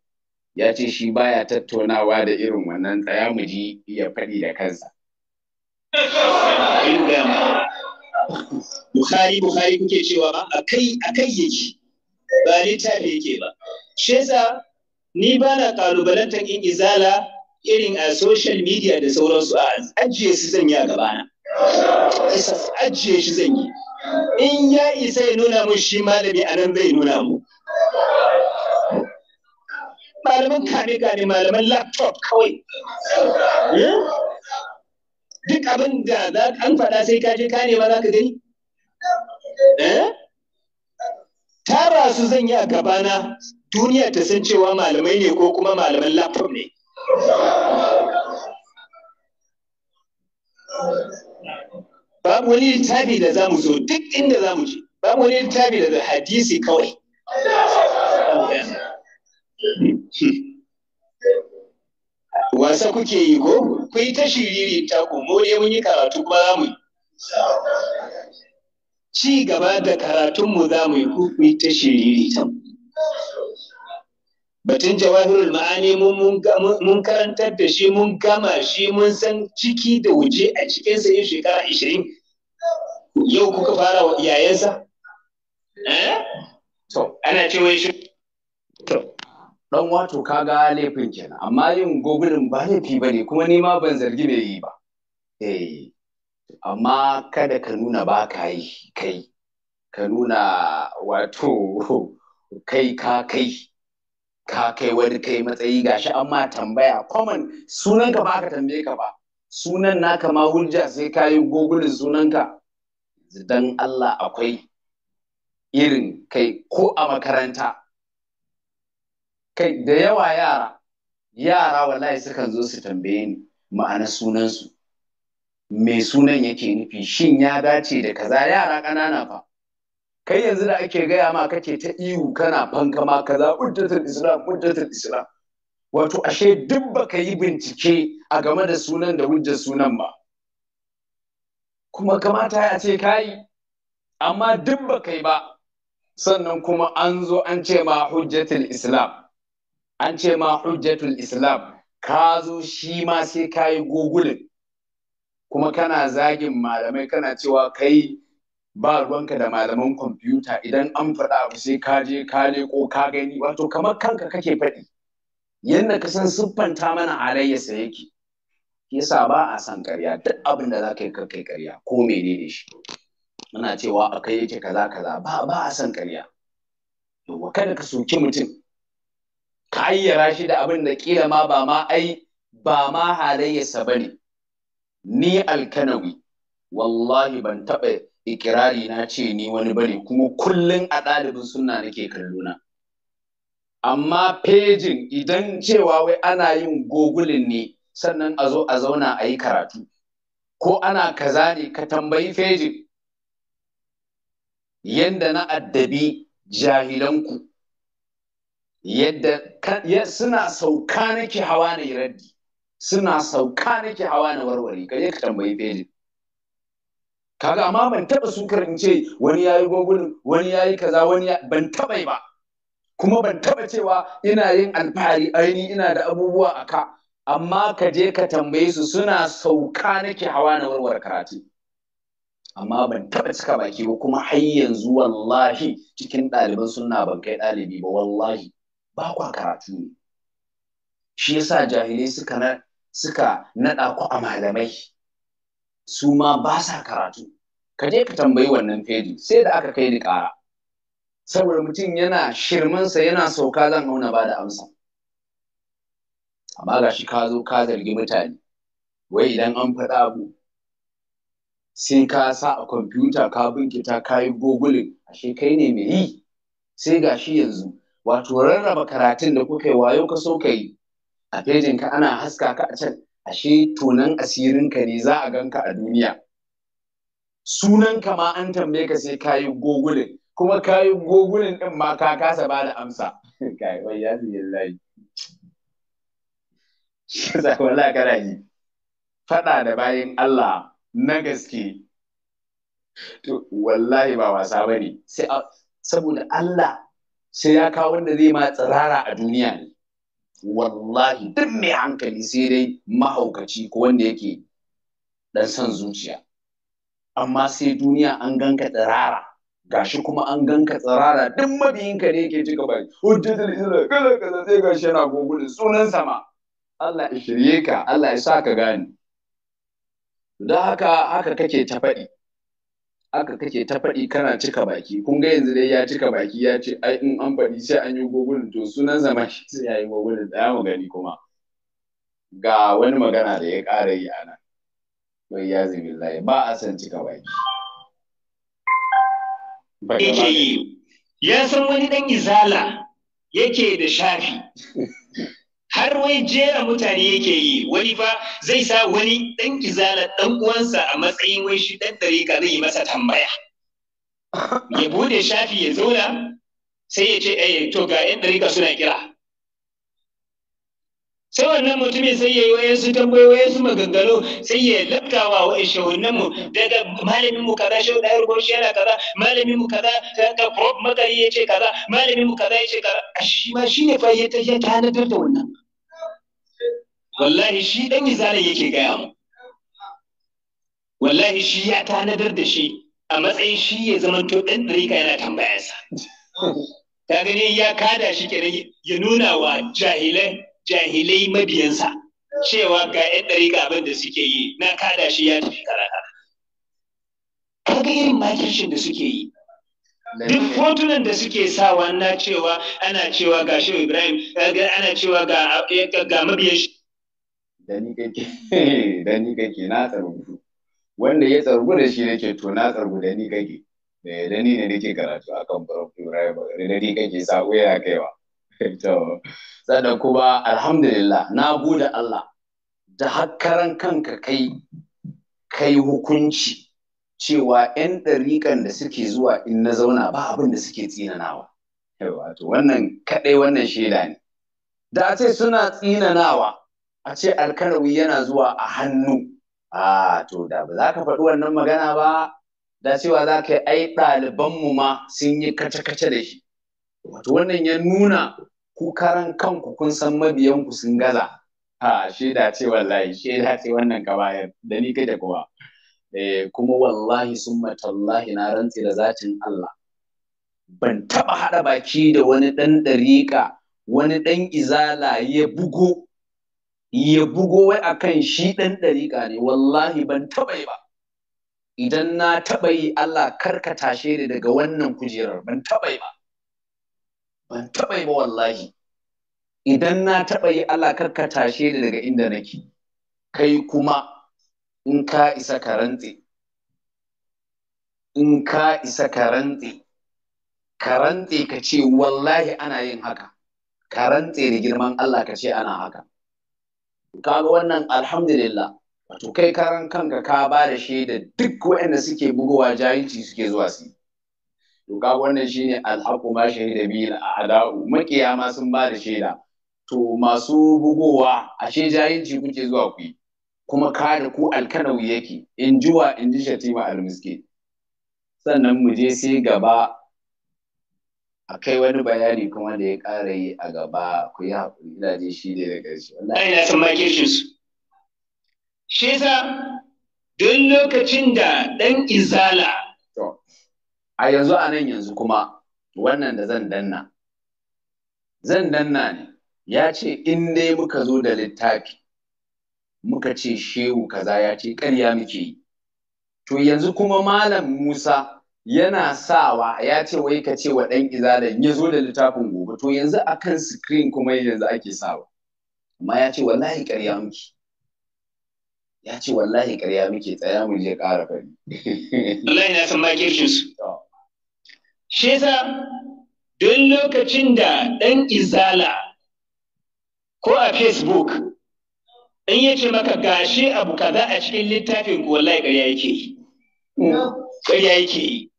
ya ce shi baya tattaunawa da irin wannan tsaya mu ji iya faɗi da kansa. Bukhari Bukhari kuke cewa A a kai yake ba littafi yake ba. Shesa ni ba na kalubalantar in izala irin a social media da sauransu a ajiye su zan yi a gabana. Ajiye shi zan yi. in ya isa ya nuna mu shi malami a nan zai nuna mu malaman kane-kane malaman laptop kawai eh? duk abin da an faɗa sai ka je kane ma za ka gani eh? tara su zan yi a gabana duniya ta san cewa malamai ne ko kuma malaman laptop ne babu wani littafi da za mu zo duk inda za mu je babu wani littafi da hadisi kawai wasa kuke yi ko ku yi ta shiriri ta ku mu mun yi karatu kuma za mu yi ci gaba da karatunmu za mu yi ku yi ta shiriri ta mu batun jawahirul ma'ani mun karantar da shi mun gama shi mun san ciki da waje a cikin sa shekara ashirin yau kuka fara wa iyayensa eh? to ana cewa shi to dan wato kaga laifin kenan amma yin gogurin ba laifi bane kuma ni ma ban zargi me yi ba eh amma kada ka nuna ba ka yi kai ka nuna wato kai ka kai ka kai wani kai matsayi gashi amma tambaya common sunanka ka ba ka tambaye ka ba sunan naka ma hujja sai ka yi gogulin sunanka dan Allah akwai irin kai ko a makaranta kai da yawa yara yara wallahi sukan zo su tambaye ni ma'ana sunansu me sunan yake nufi shin ya dace da kaza yara ƙanana fa kai yanzu da ake gaya ma kake ta ihu kana fankama kaza uddatul islam uddatul islam wato ashe duk baka yi bincike a game da sunan da hujjar sunan ba kuma kamata ya ce kayi amma duk baka yi ba sannan kuma an zo an ce ma hujjatul islam an ce ma hujjatul islam ka zo shi ma sai kayi gogulin kuma kana zagin malamai kana cewa kai ba ruwanka da malaman kwamfuta idan an faɗa abu sai ka je ka leƙo ka gani wato kamar kanka kake faɗi yadda ka san siffanta mana sa yake yasa ba a san ƙarya duk abin da za ka yi kai ƙarya ko menene shi muna cewa a kai yake kaza kaza ba ba a san ƙarya yawa kada ka soki mutum ka ayyara shi da abin da kila ma ba ma ai ba ma halayyarsa bane ni alkanawi wallahi ban taɓa ikirari na ce ni wani bane kuma kullum a ɗalibin suna nake kallona amma fejin idan cewa wai ana yin gogulin ne sannan a zo a zauna a yi karatu ko ana kaza ne ka tambayi fejin yadda na addabi jahilanku yadda suna sauka nake hawa na raddi suna sauka nake hawa na warware ka je ka tambayi fejin kaga amma ban taba sukar in ce wani ya yi gogulin wani ya yi kaza wani ban taba ba kuma ban taba cewa ina yin alfahari aini ina da abubuwa a ka amma ka je ka tambaye su suna sauka nake hawa na warware karatu amma ban taba cika baki ba kuma har yanzu wallahi cikin ɗaliban suna ban kai ɗalibi ba wallahi ba kwa karatu ne shi yasa jahilai suka na suka naɗa ku a malamai su ma ba sa karatu ka je ka tambayi wannan feji sai da aka kai ni ƙara saboda mutum yana shirmansa yana sauka zan auna ba da amsa amma ga shi ka zo ka zargi mutane wai idan an faɗa abu sai ka sa a kwamfuta ka binkita ka yi gogulin ashe kai ne mai yi sai ga shi yanzu wato rarraba karatun da kuka yi wayo ka so ka yi a fejinka ana haska ka a can ashe tonan asirinka ne za a ganka a duniya sunanka ma an tambaye ka sai kayi gogulin kuma kayi gogulin din ma ka kasa ba da amsa kai wai ya zai layi shi za yi fada da bayan Allah na gaske to wallahi ba wasa bane sai saboda Allah sai ya kawo wanda zai ma tsirara a duniya ne wallahi duk mai hankali sai dai mahaukaci ko wanda yake dan son zuciya amma sai duniya an ganka tsirara gashi kuma an ganka tsirara duk mabiyinka ne yake cika bai hujjatul isra kaza kaza sai gashi yana gogulin sunan sama Allah ya shirye ka Allah ya sa ka gane don haka haka kake ta faɗi aka kake ta faɗi kana cika baki kun ga yanzu dai ya cika baki ya ce ai in an faɗi sai an yi gogunin to sunan zama shi sai ya yi gogunin da mu gani kuma ga wani magana da ya ƙara yi a nan ya zibillahi ba a san cika baki yake ya san wani dan izala yake da shafi har wai jera mutane yake yi wani fa zai sa wani dan kizala dan uwansa a matsayin wai shi dan ka zai yi masa tambaya ya bude shafi ya zauna sai ya ce eh to ga yan ka suna kira sai wannan mutumin sai ya yi wayansu tambayoyi su maganganu sai ya laftawa wa shahunan mu daga malamin mu kaza shi da yargo shi yana kaza malamin mu kaza ka prof magari yace kaza malamin mu kaza yace kaza shi ma shine fa ya ta tanadar da wannan wallahi shi ɗan izalan yake gaya mu wallahi shi ya tanadar da shi a matsayin shi ya zama zamanto ɗan ɗarika yana tambayarsa ta gani ya kada shi kenan ya nuna wa jahilai jahilai mabiyansa cewa ga yan ɗarika abin da suke yi na kada shi ya tafi karata kaga irin makircin da suke yi duk hotunan da suke sawa na cewa ana cewa ga shehu ibrahim ana cewa ga eh, mabiyan da ni kake da ni kake na tsargu wanda ya tsargu da shi nake to na tsargu da ni kake eh, da ni ne nake karatu akan Ibrahim da ni kake sako yana kaiwa to sannan kuma alhamdulillah na gode Allah da hakkaran kanka kai kai hukunci cewa 'yan ɗariƙan da suke zuwa in na zauna ba abin da suke tsinanawa. Wato wannan kaɗai wannan shaida ne. Da a ce suna tsinanawa a ce alkarawi yana zuwa a hannu a to da ba za ka faɗi wannan magana ba da cewa za ka yi ai ɗalibanmu ma sun yi kace-kace da shi wato wannan ya nuna ku karan kanku kun san mabiyanku sun gaza a da ce wallahi da ce wannan kabayar da ni kai da kowa eh, kuma wallahi summa tallahi na rantsi da zatin Allah ban taɓa haɗa baki da wani ɗan ɗariƙa wani ɗan izala ya bugo ya bugo wai a kan shi ɗan ɗariƙa ne wallahi ban taɓa yi ba idan na taɓa yi Allah karkata shi ne daga wannan kujerar ban taɓa yi ba ban taɓa yi ba wallahi idan na taɓa yi Allah karkata shi ne daga inda nake kai kuma in ka isa ka rantse in ka isa ka rantse ka rantse ka ce wallahi ana yin haka ka rantse da girman Allah ka ce ana haka kaga wannan alhamdulillah wato kai karan kanka ka ba da shaida duk waɗanda suke bugowa jahilci suke zuwa su to kaga wannan shine alhaqu ma shahida bihi al'ada'u ma sun ba da shaida to masu bugowa ashe jahilci kuke zuwa ku kuma ka da ku alkanawi yake in jiwa in ji shatima almiski sannan mu je sai gaba kai wani bayani kuma da ya ƙara yi a gaba ku yi haƙuri ina jin shi ne da ƙarshe wallahi na san makircin su shi sa duk lokacin da ɗan izala a yanzu a nan yanzu kuma wannan da zan danna zan danna ne ya ce in dai muka zo da littafi muka ce shehu kaza ya ce ƙarya muke yi to yanzu kuma malam musa yana sawa ya ce wai ka ce wa ɗan izalan ya zo da littafin gobe to yanzu a kan screen kuma yanzu ake sawa amma ya ce wallahi ƙarya muke ya ce wallahi ƙarya muke tsaya mu je ƙara fari wallahi na san makirkin su shi yasa don lokacin da ɗan izala ko a facebook in ya ce maka gashi abu kaza a cikin littafin wallahi ƙarya yake yi ƙarya yake yi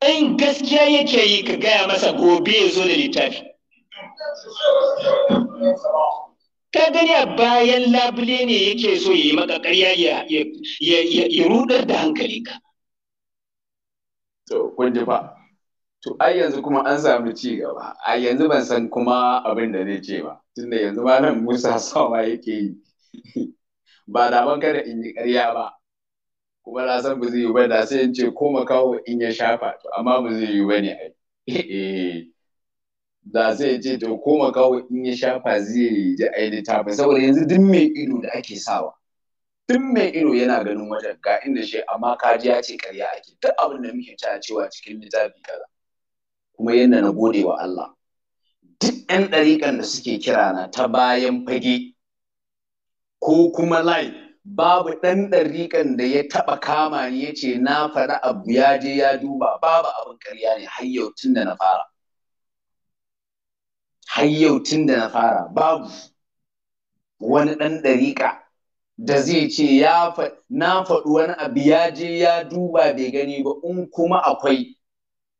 in gaskiya yake yi ka gaya masa gobe ya zo da littafi ka gani a bayan labule ne yake so ya yi maka ƙarya ya rudar da hankali ka to kun ba to ai yanzu kuma an samu ci gaba a yanzu ban san kuma abin da zai ce ba tunda yanzu ma nan Musa sawa yake yi ba da ban kada in yi ƙarya ba kuma na san ba zai yi ba da sai in ce ko makaho in ya shafa to amma ba zai yi ba ne ai da sai ce to ko kawo in ya shafa zai ji ai tafi saboda yanzu duk mai ido da ake sawa duk mai ido yana ganin wajen ga inda shi amma kaji ya ce karya ake duk abin da muke ta cewa cikin littafi kaza kuma yadda na gode wa Allah duk ƴan ɗariƙan da suke kirana ta bayan fage ko kuma line. babu ɗan ɗariƙan da ya taɓa kama ni ya ce na faɗa abu ya je ya duba babu abin ƙarya ne hayyautun da na fara da na fara babu wani ɗan ɗariƙa da zai ce ya na faɗi wani abu ya je ya duba bai gani ba in kuma akwai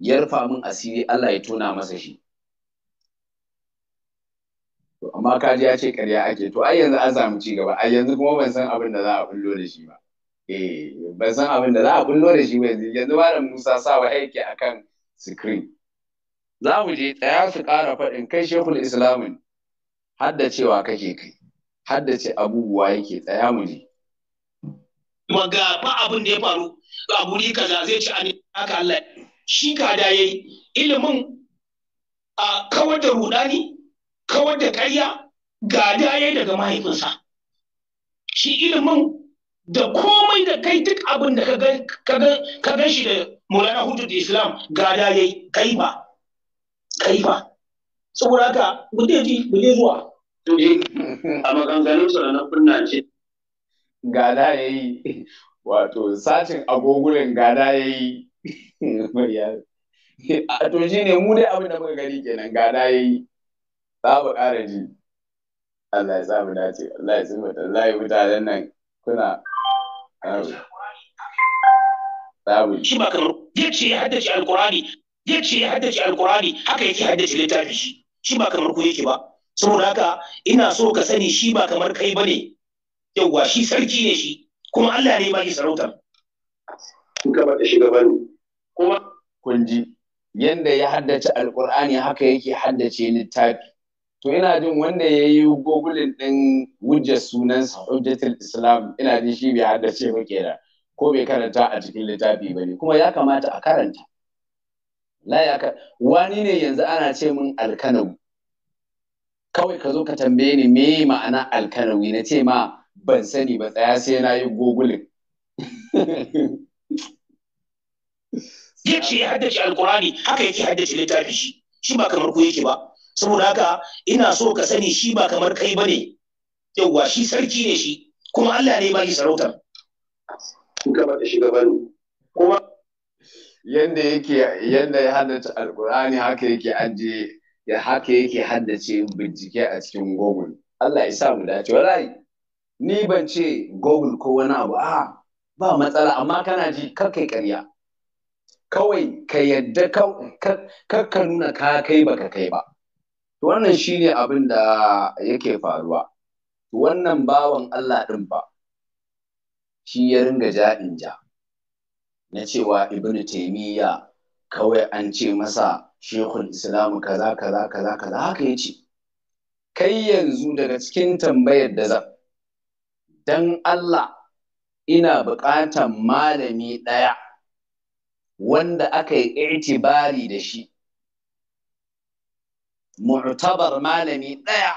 yarfa rufa min asiri Allah ya tona masa shi to amma kaji ya ce ƙarya ake to ai yanzu an samu ci gaba ai yanzu kuma ban san abin da za a bullo da shi ba eh ban san abin da za a bullo da shi ba yanzu yanzu malam Musa sa sawa aiki akan screen za mu je tsaya su ƙara faɗin kai shekul islamin cewa kake kai ce abubuwa yake tsaya mu je maga ba abin da ya faru a guri kaza zai ci an haka Allah shi ka da yayi ilimin a kawar da rudani kawar da ƙarya ga daya daga mahaifinsa shi ilimin da komai da kai duk abin da ka gan shi da mulana hujjar islam ga daya kai ba kai ba saboda haka mutum ji mutum zuwa eh, a maganganun sa na kunna ce gada ya yi wato satin agogulan gada ya yi a to shi ne mu dai abin da muka gani kenan gada ya yi za mu ƙara ji Allah ya sa mu dace Allah ya tsima Allah ya mutanen nan kuna Babu. Shi ba kamar ya ce ya haddace alkurani ya ce ya haddace alkurani haka yake haddace littafi shi shi ba kamar ku yake ba saboda haka ina so ka sani shi ba kamar kai ba ne shi sarki ne shi kuma Allah ne ba shi sarautar. Kun ka bada shugaba ne. Kuma kun ji yanda ya haddace alkurani haka yake haddace littafi. to ina jin wanda ya yi gogulin ɗin hujjar sunan hujjatul islam ina jin shi bai haddace ba kenan ko bai karanta a cikin littafi ba ne kuma ya kamata a karanta wani ne yanzu ana ce min alkanawi kawai ka zo ka tambaye ni me ma'ana alkanawi na ce ma ban sani ba tsaya sai na yi gogulin ya ya haddace alkurani haka yake haddace littafi shi shi ba kamar ku yake ba saboda haka ina so ka sani shi ba kamar kai ba ne Yauwa shi sarki ne shi kuma Allah ne ba shi sarautar kuma yanda yake yanda ya haddace alkurani haka yake anje ya haka yake haddace bincike a cikin google Allah ya sa mu dace wallahi ni ban ce google ko wani abu a ba matsala amma kana ji kar kai ƙarya kawai ka yadda ka nuna ka kai baka kai ba To wannan shi ne abin da yake faruwa. To wannan bawan Allah ɗin ba, shi ya ringa jaɗin ja, na cewa Ibn Taymiyya kawai an ce masa Shekul Islam kaza kaza kaza kaza haka ya Kai yanzu daga cikin tambayar da zan, dan Allah ina buƙatan malami ɗaya wanda aka yi itibari da shi. mu'tabar malami ɗaya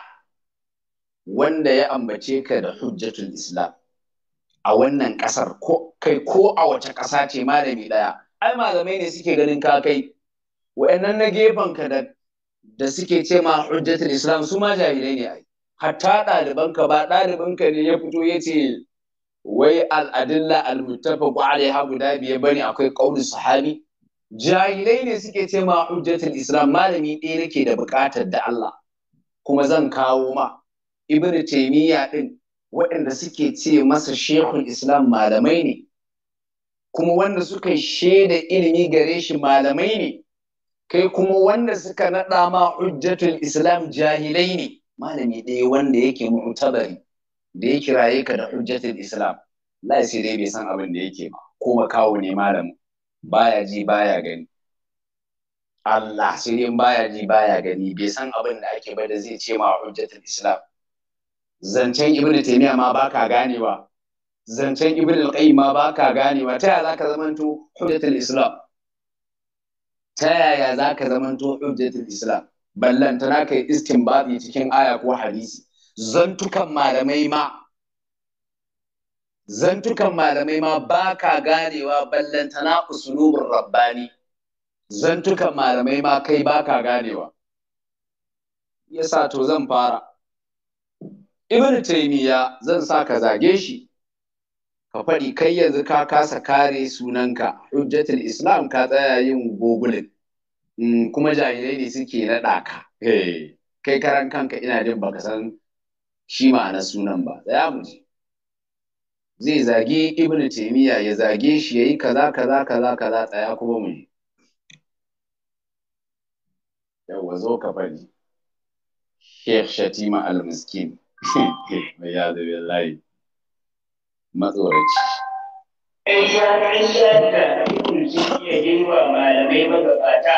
wanda ya ambace ka da hujjatul islam a wannan ƙasar ko kai ko a wace ƙasa ce malami ɗaya ai malamai ne suke ganin ka kai wayannan na gefen ka da da suke ce ma hujjatul islam su ma jahilai ne ai hatta ɗalibanka ka ba ɗaliban ka ne ya fito ya ce wai al'adilla al muttafaq alaiha guda biyar bane akwai qaulu sahabi jahilai ne suke ce ma hujjatul islam malami ɗaya nake da buƙatar da Allah kuma zan kawo ma ibn taymiya din waɗanda suke ce masa shehun islam malamai ne kuma wanda suka shaida ilimi gare shi malamai ne kai kuma wanda suka naɗa ma hujjatul islam jahilai ne malami ɗaya wanda yake mu'tabari da ya kiraye ka da hujjatul islam lai sai dai bai san abin da yake ba ko kawo ne malamin baya ji baya gani Allah sai dai baya ji baya gani bai san abin da ake ba da zai ce ma hujjatul islam zancen ibn taymiya ma baka ganewa zancen ibn al-qayyim ma baka ganewa ta yaya zaka zamanto hujjatul islam ta yaya zaka zamanto hujjatul islam ballan tana kai istinbati cikin aya ko hadisi zantukan malamai ma zantukan malamai ma ba ka ganewa na usulubin rabbani zantukan malamai ma kai ba ka ganewa sa to zan fara ibn taymiya zan sa ka zage shi ka faɗi kai yanzu ka kasa kare sunanka hujjatul islam ka tsaya yin gogulin mm, kuma jahilai ne suke naɗa ka eh, kai karan kanka ina jin baka san shi ma'anar sunan ba tsaya mu je. zai zagi Ibn taimiyya ya zage shi ya yi kaza kaza kaza kaza tsaya kuma mu yi. yawa zo ka bari Sheikh Shatima al-Miskin mai yadu billahi matsoraci Jami'an da Ibn Taymiya yi wa malamai magabata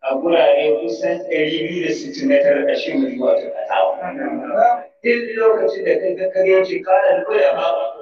a gurare kusan 269 a shirin zuwa ta katawa. Duk lokacin da kai kakar yanci ce kala da ba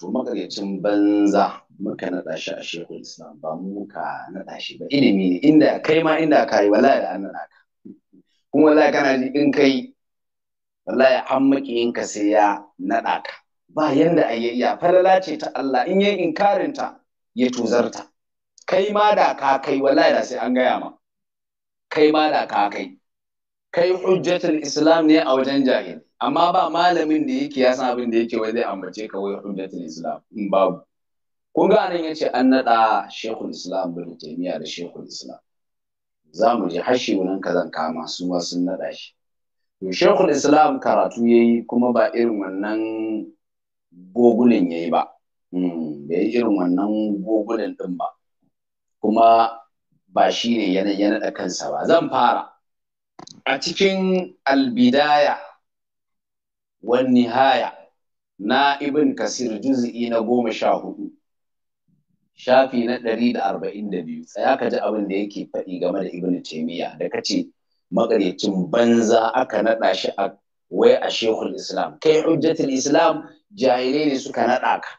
to makaryacin banza muka naɗa shi a shekul islam ba muka naɗa shi ba ilimi ne inda kai ma inda ka yi wallahi da an naɗa ka kuma wallahi kana ji in kai wallahi an ka sai ya naɗa ka ba yanda a yi ya falala ce ta Allah in yi inkarinta ya tuzarta kai ma da ka kai wallahi da sai an gaya ma kai ma da ka kai kai hujjatul islam ne a wajen jahili amma ba malamin da yake ya san abin da yake wai zai ambace ka wai hujjatul islam in babu kun ga nan yace an nada shekul islam bin taymiya da shekul islam za mu ji hashi wannan kazan kama su ma sun nada shi to shekul islam karatu yayi kuma ba irin wannan gogulin yayi ba hmm, bai yi irin wannan gogulin din ba kuma ba shi ne yana naɗa kansa ba zan fara a cikin albidaya wan haya na ibn kasir juz'i na goma sha hudu shafi na ɗari da arba'in da biyu tsaya ka ji abin da yake faɗi game da ibn taimiyya da kace magaryacin banza aka naɗa shi a wai a shehul islam kai hujjatul islam jahilai ne suka naɗa ka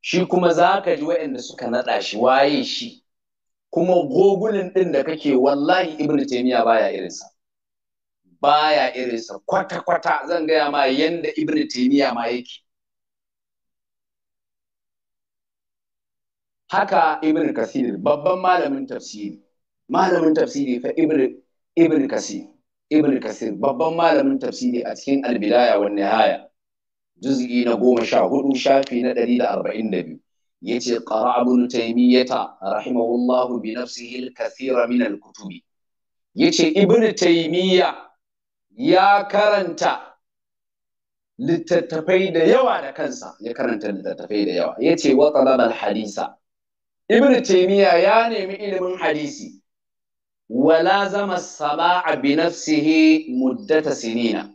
shi kuma za ka ji waɗanda suka naɗa shi waye shi kuma gogunan ɗin da kake wallahi ibn taimiyya baya irinsa baya irinsa kwata-kwata zan gaya ma yanda ibn taymiya ma yake haka ibn kasir babban malamin tafsiri malamin tafsiri fa ibn ibn kasir ibn kasir babban malamin tafsiri a cikin albidaya wa nihaya juz'i na goma sha hudu shafi na ɗari da arba'in da biyu yace qara ibn taymiyata rahimahullahu bi nafsihi al-kathira min al-kutubi yace ibn taymiya ya karanta littattafai da yawa da kansa ya karanta littattafai da yawa ya ce wa talabal hadisa ibn taimiyya ya nemi ilimin hadisi wa lazama saba'a bi nafsihi muddata sinina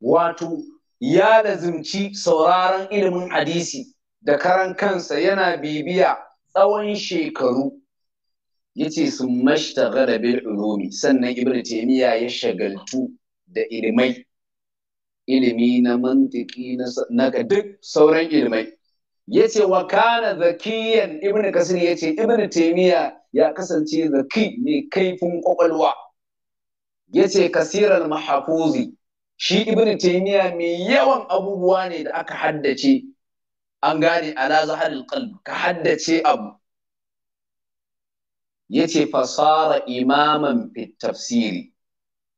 wato ya lazimci sauraron ilimin hadisi da karan kansa yana bibiya tsawon shekaru yace sun mashtaghala bil ulumi sannan ibnu taymiya ya shagaltu da ilimai ilimi na mantiki na duk sauran ilimai yace wa kana zakiyan ibnu kasir yace ibnu taymiya ya kasance zaki mai kaifin kwakwalwa yace kasiran mahafuzi shi ibnu taymiya mai yawan abubuwa ne da aka haddace an gane ala zaharil qalb ka haddace abu yace fasara imaman fit tafsiri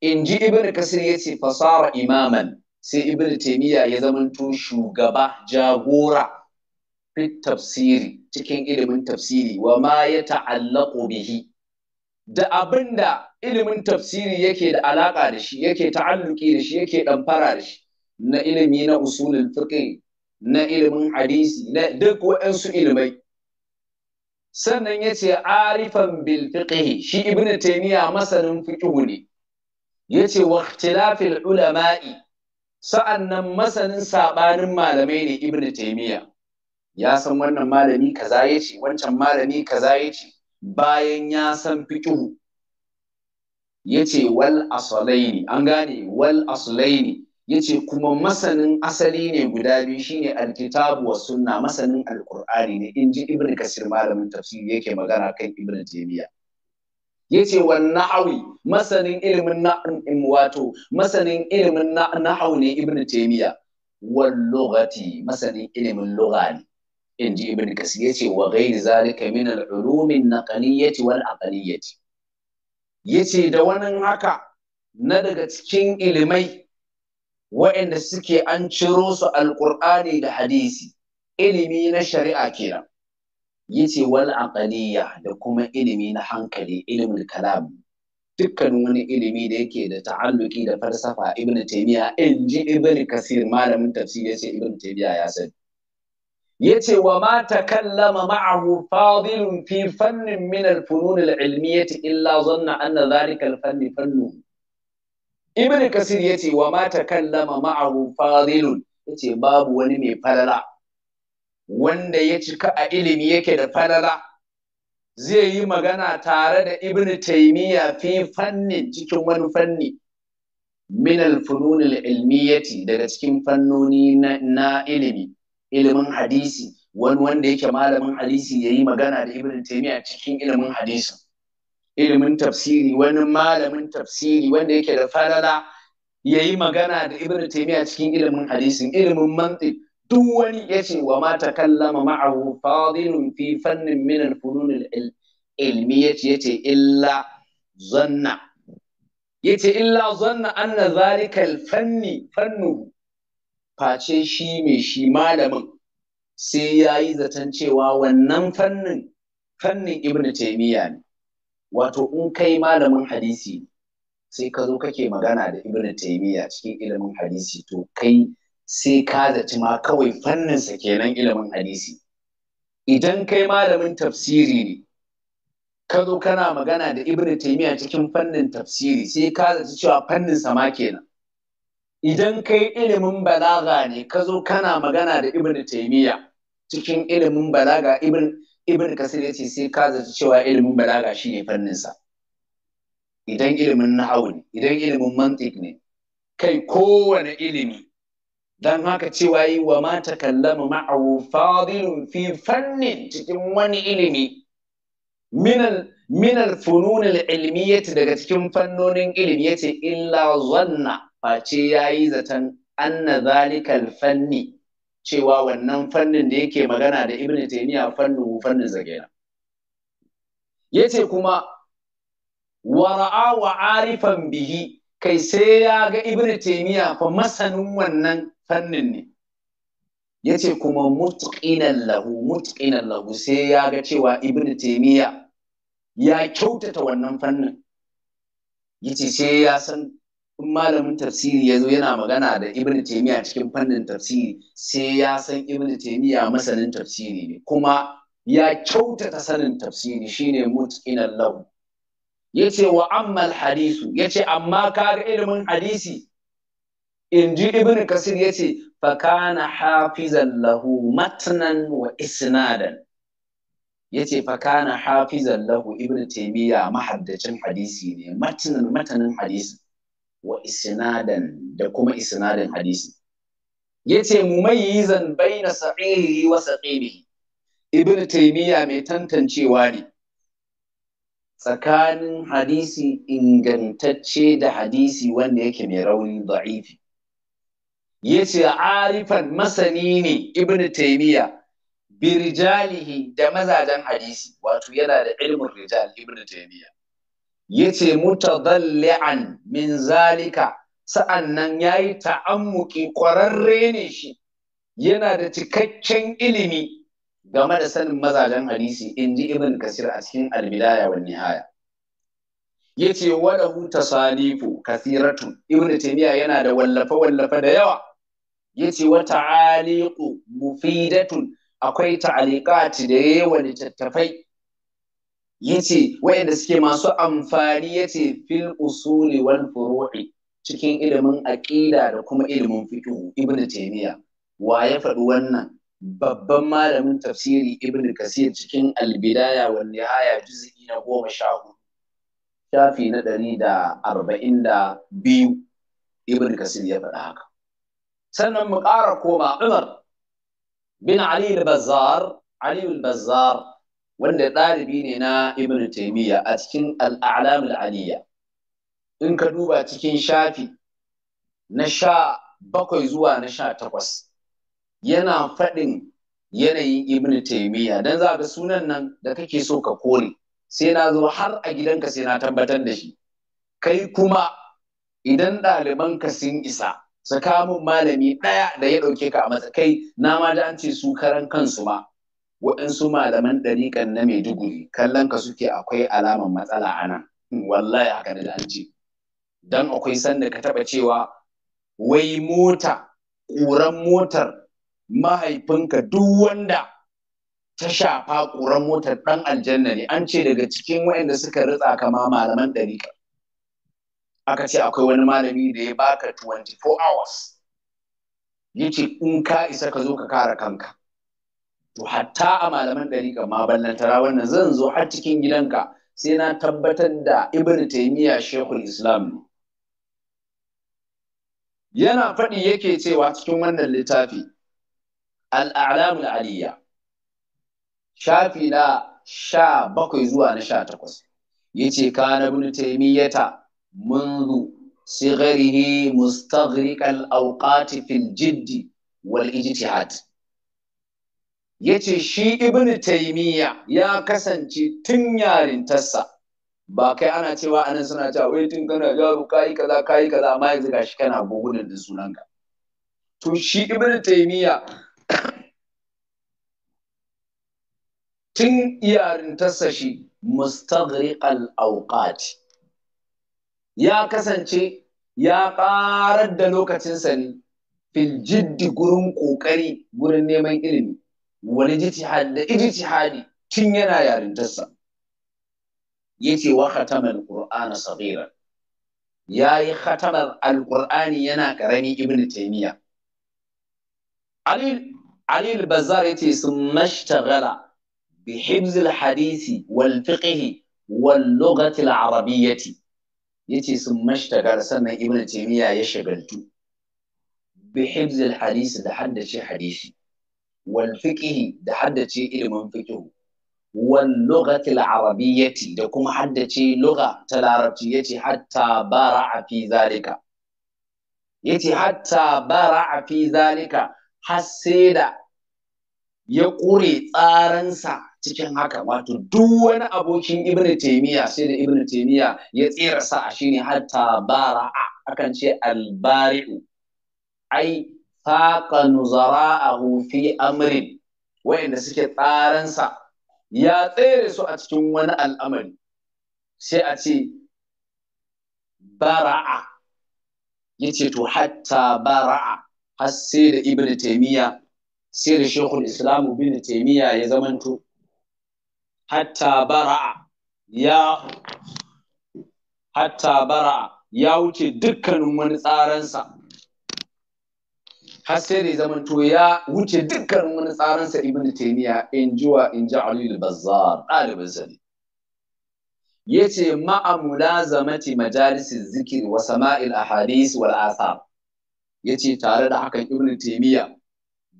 in ji ibn kasir yace fasara imaman sai ibn taimiyya ya zamanto shugaba jagora fit tafsiri cikin ilimin tafsiri wa ma ya ta'allaqu bihi da abinda ilimin tafsiri yake da alaka da shi yake ta'alluki da shi yake damfara da shi na ilimi na usulul fiqh na ilimin hadisi na duk waɗansu ilimai sannan ya ce arifan bil fiqhi shi ibnu taymiya masanin fiqhu ne yace wa ikhtilafil ulama'i sa'annan masanin sabanin malamai ne ibnu taymiya ya san wannan malami kaza yace wancan malami kaza yace bayan ya san Ya yace wal asalaini an gane wal asalaini yace kuma masanin asali ne guda biyu shine alkitabu wa sunna masanin alqur'ani ne inji ibnu kasir malamin tafsiri yake magana kan ibnu taymiya yace wa na'awi masanin ilimin na'in wato masanin ilimin na'aw ne ibnu taymiya wal lughati masanin ilimin lugha ne inji ibnu kasir yace wa ghairi zalika min al ulum wal aqliyyati yace da wani haka na daga cikin ilimai Wa'inda suke an ciro su Alƙur'ani da hadisi ilimi na shari'a kenan yace wal aqliya da kuma ilimi na hankali ilimin kalam Dukkan wani ilimi da yake da ta'alluki da falsafa ibn taymiya in ji ibn kasir malamin tafsiri yace ibn taymiya ya sani yace wa ma kallama ma'ahu fadilun fi fannin min al-funun al-ilmiyyah illa zanna anna dhalika al fannin? ibn kasir ya ce wa ma takallama ma'ahu fadilun ya ce babu wani mai falala wanda ya cika a ilimi yake da falala zai yi magana tare da ibn taimiyya fi fannin cikin wani fanni min al ilmiyati daga cikin fannoni na ilimi ilimin hadisi wani wanda yake malamin hadisi ya yi magana da ibn taimiyya cikin ilimin hadisin. ilimin tafsiri wani malamin tafsiri wanda yake da falala ya yi magana da ibn taymiya cikin ilimin hadisin ilimin mantiq duk wani ya ce wa ma takallama ma'ahu fadilun fi fannin min al-funun ilmi yace ce illa zanna yace illa zanna anna zalika al-fanni fannu face shi mai shi malamin sai yayi zaton cewa wannan fannin fannin ibn taymiya ne wato in kai malamin hadisi sai ka zo kake magana da ibn taymiya cikin ilimin hadisi to kai sai ka zaci ma kawai fanninsa kenan ilimin hadisi idan kai malamin tafsiri ne ka zo kana magana da ibn taymiya cikin fannin tafsiri sai ka zaci cewa fanninsa ma kenan idan kai ilimin balaga ne ka zo kana magana da ibn taymiya cikin ilimin balaga ibn ibn kasir ya ce sai ka zata cewa ilimin balaga shine fanninsa idan ilimin nahawu ne idan ilimin mantik ne kai kowane ilimi don haka cewa yi wa ma kallama ma'awu fadilun fi fannin cikin wani ilimi minal minal ilimi yace daga cikin fannonin ilimi yace illa zanna face yayi zaton anna zalikal fanni cewa wannan fannin da yake magana da ibn taymiya fannin fannin zagena yace kuma wara'a wa arifan bihi kai sai ya ga ibn taymiya fa masanin wannan fannin ne yace kuma mutqinan lahu mutqinan lahu sai ya ga cewa ibn taymiya ya kyautata wannan fannin yace sai ya san in malamin tafsiri ya zo yana magana da ibn taimiya cikin fannin tafsiri sai ya san ibn taimiya masanin tafsiri ne kuma ya kyautata sanin tafsiri shine mutqinan lahu yace wa ammal hadisu yace amma kaga ilimin hadisi In ji ibn kasir yace fa kana hafizan lahu matnan wa isnadan yace fa kana hafizan lahu ibn taimiya mahaddacin hadisi ne matnan matanin hadisi wa isnadan da kuma isnadin hadisi yace mumayyizan baina sahihi wa saqibi ibnu taymiya mai tantancewa ne tsakanin hadisi ingantacce da hadisi wanda yake mai rauni da'ifi yace arifan masani ne ibnu taymiya birjalihi da mazajen hadisi wato yana da ilmin rijal ibnu taymiya yace mutadalli'an min zalika sa'annan yayi ta'ammuki ƙwararre ne shi yana da cikakken ilimi game da sanin mazajen hadisi in ji ibn kasir a cikin albidaya wa nihaya yace walahu salifu kasiratun ibn taymiya yana da wallafe-wallafe da yawa yace wata aliku mufidatun akwai ta'aliqati da yawa littattafai yace wayanda suke masu amfani yace fil usuli wal furu'i cikin ilimin aqida da kuma ilimin fiqh ibnu taymiya wa ya faɗi wannan babban malamin tafsiri Ibn kasir cikin albidaya bidaya wan nihaya juz'i na goma sha hudu shafi na ɗari da arba'in da biyu kasir ya faɗi haka sannan mu ƙara koma umar bin ali al-bazzar ali al-bazzar wanda ɗalibi ne na ibn taimiyya a cikin al’alam al’aliyya. in ka duba cikin shafi na sha bakwai zuwa na sha takwas yana faɗin yanayin ibn taimiyya don za ga sunan nan da kake so ka kore sai na zo har a gidanka sai na tabbatar da shi kai kuma idan ɗalibanka sun isa su kamun malami ɗaya da ya ɗauke ka a matsakai na ma da an ce su karan kansu ma waɗansu malaman ɗariƙan na Maiduguri kallon ka suke akwai alamar matsala a nan wallahi haka da an ce dan akwai sanda ka taɓa cewa wai mota ƙuran motar mahaifinka duk wanda ta shafa ƙuran motar ɗan aljanna ne an ce daga cikin waɗanda suka ritsa kama malaman ɗariƙa aka ce akwai wani malami da ya baka 24 hours ya in ka isa ka zo ka kare kanka to hatta a malaman ɗari ma ballantara wannan zan zo har cikin gidanka sai na tabbatar da ibn taimiyya shekul islam yana faɗi yake cewa cikin wannan littafi a'lamul aliyya shafi na sha bakwai zuwa na sha takwas ya ce kana ibn taimiyyata منذ صغره مستغرق الأوقات في الجد والاجتهاد ya ce shi ibn taimiyya ya kasance tun yarintarsa ba kai ana cewa anan suna cewa wai tun kana yaro yi kaza yi kaza amma yanzu gashi kana gogunan din sunanka to shi ibn taimiyya tun yarintarsa shi mustaghriq al-awqat ya kasance ya ƙarar da lokacinsa ne fil jiddi gurin ƙoƙari gurin neman ilimi Wani ijtihad da ijtihadi tun yana yarintarsa yace wa khatama qurana saghira yayi khatamar Alƙur'ani yana karami ibnu taymiya ali ali al-bazzar yace sun mashtaghala bi al-hadisi wal fiqh wal lughati al-arabiyyati yace sun mashtaghala sannan ibnu taymiya ya shagaltu bi hibz al-hadisi da haddace hadisi wal fiqhi da haddace ilimin fiƙihu. wal lughati al da kuma haddace lugha ta larabci yace hatta bara'a fi zalika yace hatta bara'a fi zalika har sai da ya ƙure tsaransa cikin haka wato duk wani abokin ibnu taymiya sai da ibnu taymiya ya tsira sa a shine hatta bara'a akan ce albari'u ai saqa nuzara'ahu fi amrin wayanda suke tsaransa ya tsere su a cikin wani al'amari sai a ce bara'a ce to hatta bara'a har sai da Ibn taimiyya sai da shekul islam Ibn taimiyya ya zamanto hatta bara'a ya hatta bara'a ya wuce dukkanin wani tsaransa har sai da zaman to ya wuce dukkan wani tsaransa ibn taymiya in jiwa in ji alil bazzar dalibin sa ne yace ma'amula zamati majalisin zikir wa sama'il ahadis wal athar yace tare da hakan ibn taymiya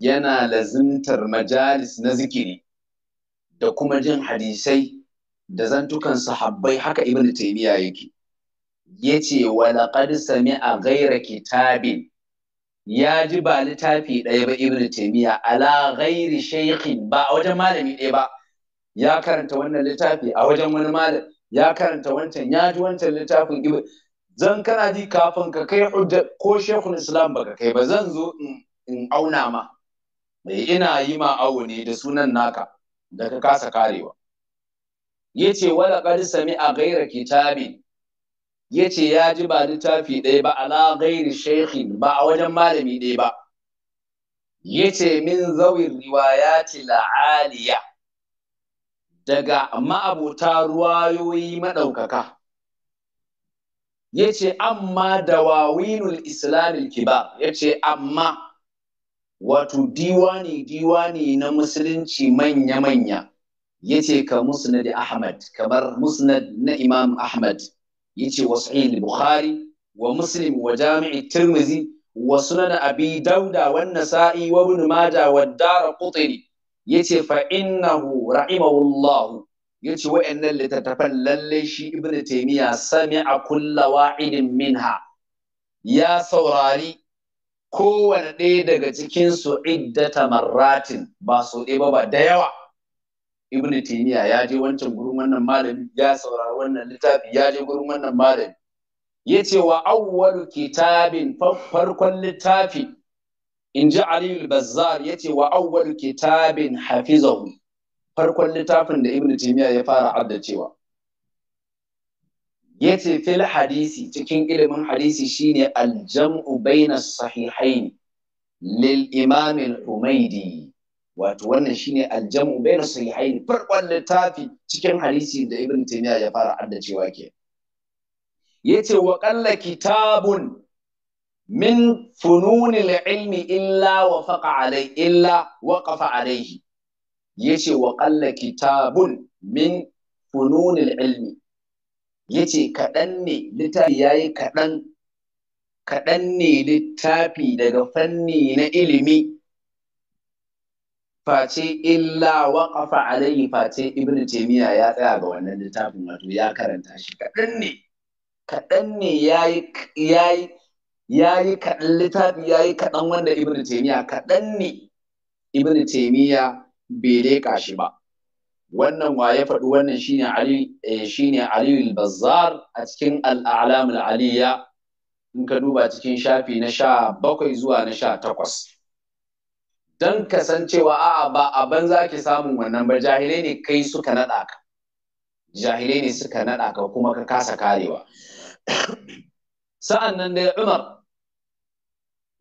yana lazimtar majalis na zikiri da kuma jin hadisai da zantukan sahabbai haka ibn taymiya yake yace wa laqad sami'a ghayra kitabin ya ji ba littafi ɗaya ba ibn taymiya ala ghairi shaykhin ba a wajen malami ɗaya ba ya karanta wannan littafi a wajen wani malam ya karanta wancan ya ji wancan littafin ibn zan kana ji kafin ka kai ko shekul islam baka kai ba zan zo in auna ma mai ina yi ma awo ne da sunan naka da ka kasa karewa yace wala qad sami'a gaira kitabin ya ce ya ji ba littafi ɗaya ba ala gairi shekhin ba a wajen malami ɗaya ba ya ce min zawin ci la'aliya daga ma'abuta ruwayoyi maɗaukaka ya ce amma wawinul islamil kiba ya ce amma wato diwani diwani na musulunci manya-manya ya ce ka musnad ahmad kamar musnad na imam ahmad yace wa sahih bukhari wa muslim wa jami'i tirmizi wa sunan abi dauda wan nasa'i wa ibn majah wa darqutni yace fa innahu rahimahullahu yace wa'annan littattafan lalle shi ibn taymiya sami'a kulla wa'idin minha ya saurari kowane ɗaya daga cikin su iddata marratin ba su ɗaya ba da yawa ibn taymiya ya je wancan gurin wannan malami ya saurari wannan littafi ya je gurin wannan malami yace wa awwalu kitabin farkon littafi ji ali al-bazzar yace wa awwalu kitabin hafizahu farkon littafin da ibn taymiya ya fara addacewa yace fil hadisi cikin ilimin hadisi shine al-jam'u bayna sahihain lil imam al umaydi wato wannan shine aljamu bayna sahihain farkon littafi cikin hadisi da ibn taymiya ya fara addacewa ke yace wa qalla kitabun min fununil ilmi illa wa faqa alai illa waqafa alaihi yace wa qalla kitabun min fununil ilmi yace kaɗan ne littafi yayi kaɗan kaɗan ne littafi daga fanni na ilimi face illa waqafa alayhi face Ibn taymiya ya tsaya ga wannan littafin wato ya karanta shi kaɗan ne kaɗan ne yayi yayi kaɗan littafi yayi kaɗan wanda Ibn taymiya kaɗan ne Ibn taymiya bai leƙa shi ba wannan wa ya faɗi wannan shine ali eh, shine ali bazzar a cikin al aliyya in ka duba cikin shafi na sha bakwai zuwa na sha takwas don kasancewa a'a ba a banza ki samun wannan ba jahilai ne kai suka naɗa ka jahilai ne suka naɗa ka kuma ka kasa karewa sa'an nan dai umar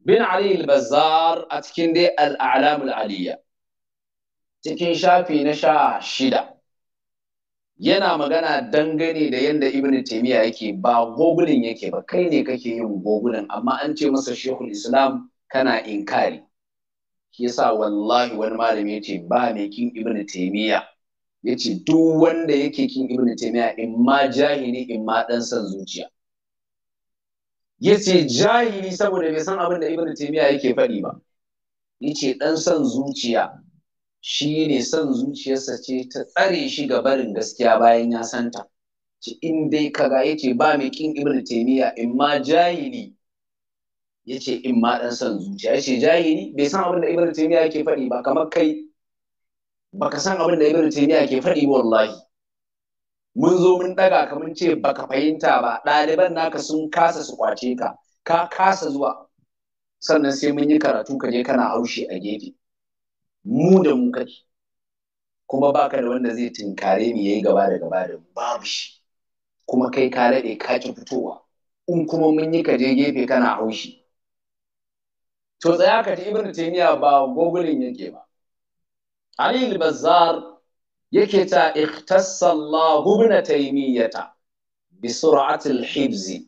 bin ali al-bazzar a cikin dai al-a'lam al-aliyya cikin shafi na sha shida yana magana dangane da yadda ibn taimiyya yake ba gogulin yake ba kai ne kake yin gogulin amma an ce masa shehul islam kana inkari shi yasa wallahi wani malami yace ba mai kin ibnu taymiya yace duk wanda yake kin ibnu taymiya in ma jahili in ma dan san zuciya yace jahili saboda bai san abin da ibnu taymiya yake faɗi ba yace dan san zuciya shi ne son zuciyarsa ce ta tsare shi ga barin gaskiya bayan ya santa ce in dai kaga yace ba mai kin ibnu taymiya in ma jahili ya ce in ma ɗan san zuciya ya ce jahili bai san abin da ibn taymiya ke faɗi ba kamar kai baka san abin da ibn taymiya ke faɗi wallahi mun zo mun ɗaga kamar ce baka fahimta ba ɗaliban naka sun kasa su kwace ka ka kasa zuwa sannan sai mun yi karatu ka je kana haushi a gefe mu da mu kai kuma baka da wanda zai tinkare mu yayi gaba da gaba da babu shi kuma kai ka lade ka ki fitowa in kuma mun yi ka je gefe kana haushi to tsaya ka ibnu taymiya ba gogulin yake ba ali al-bazzar yake ta ikhtassa Allah ibn taymiyata bi sur'ati al-hibzi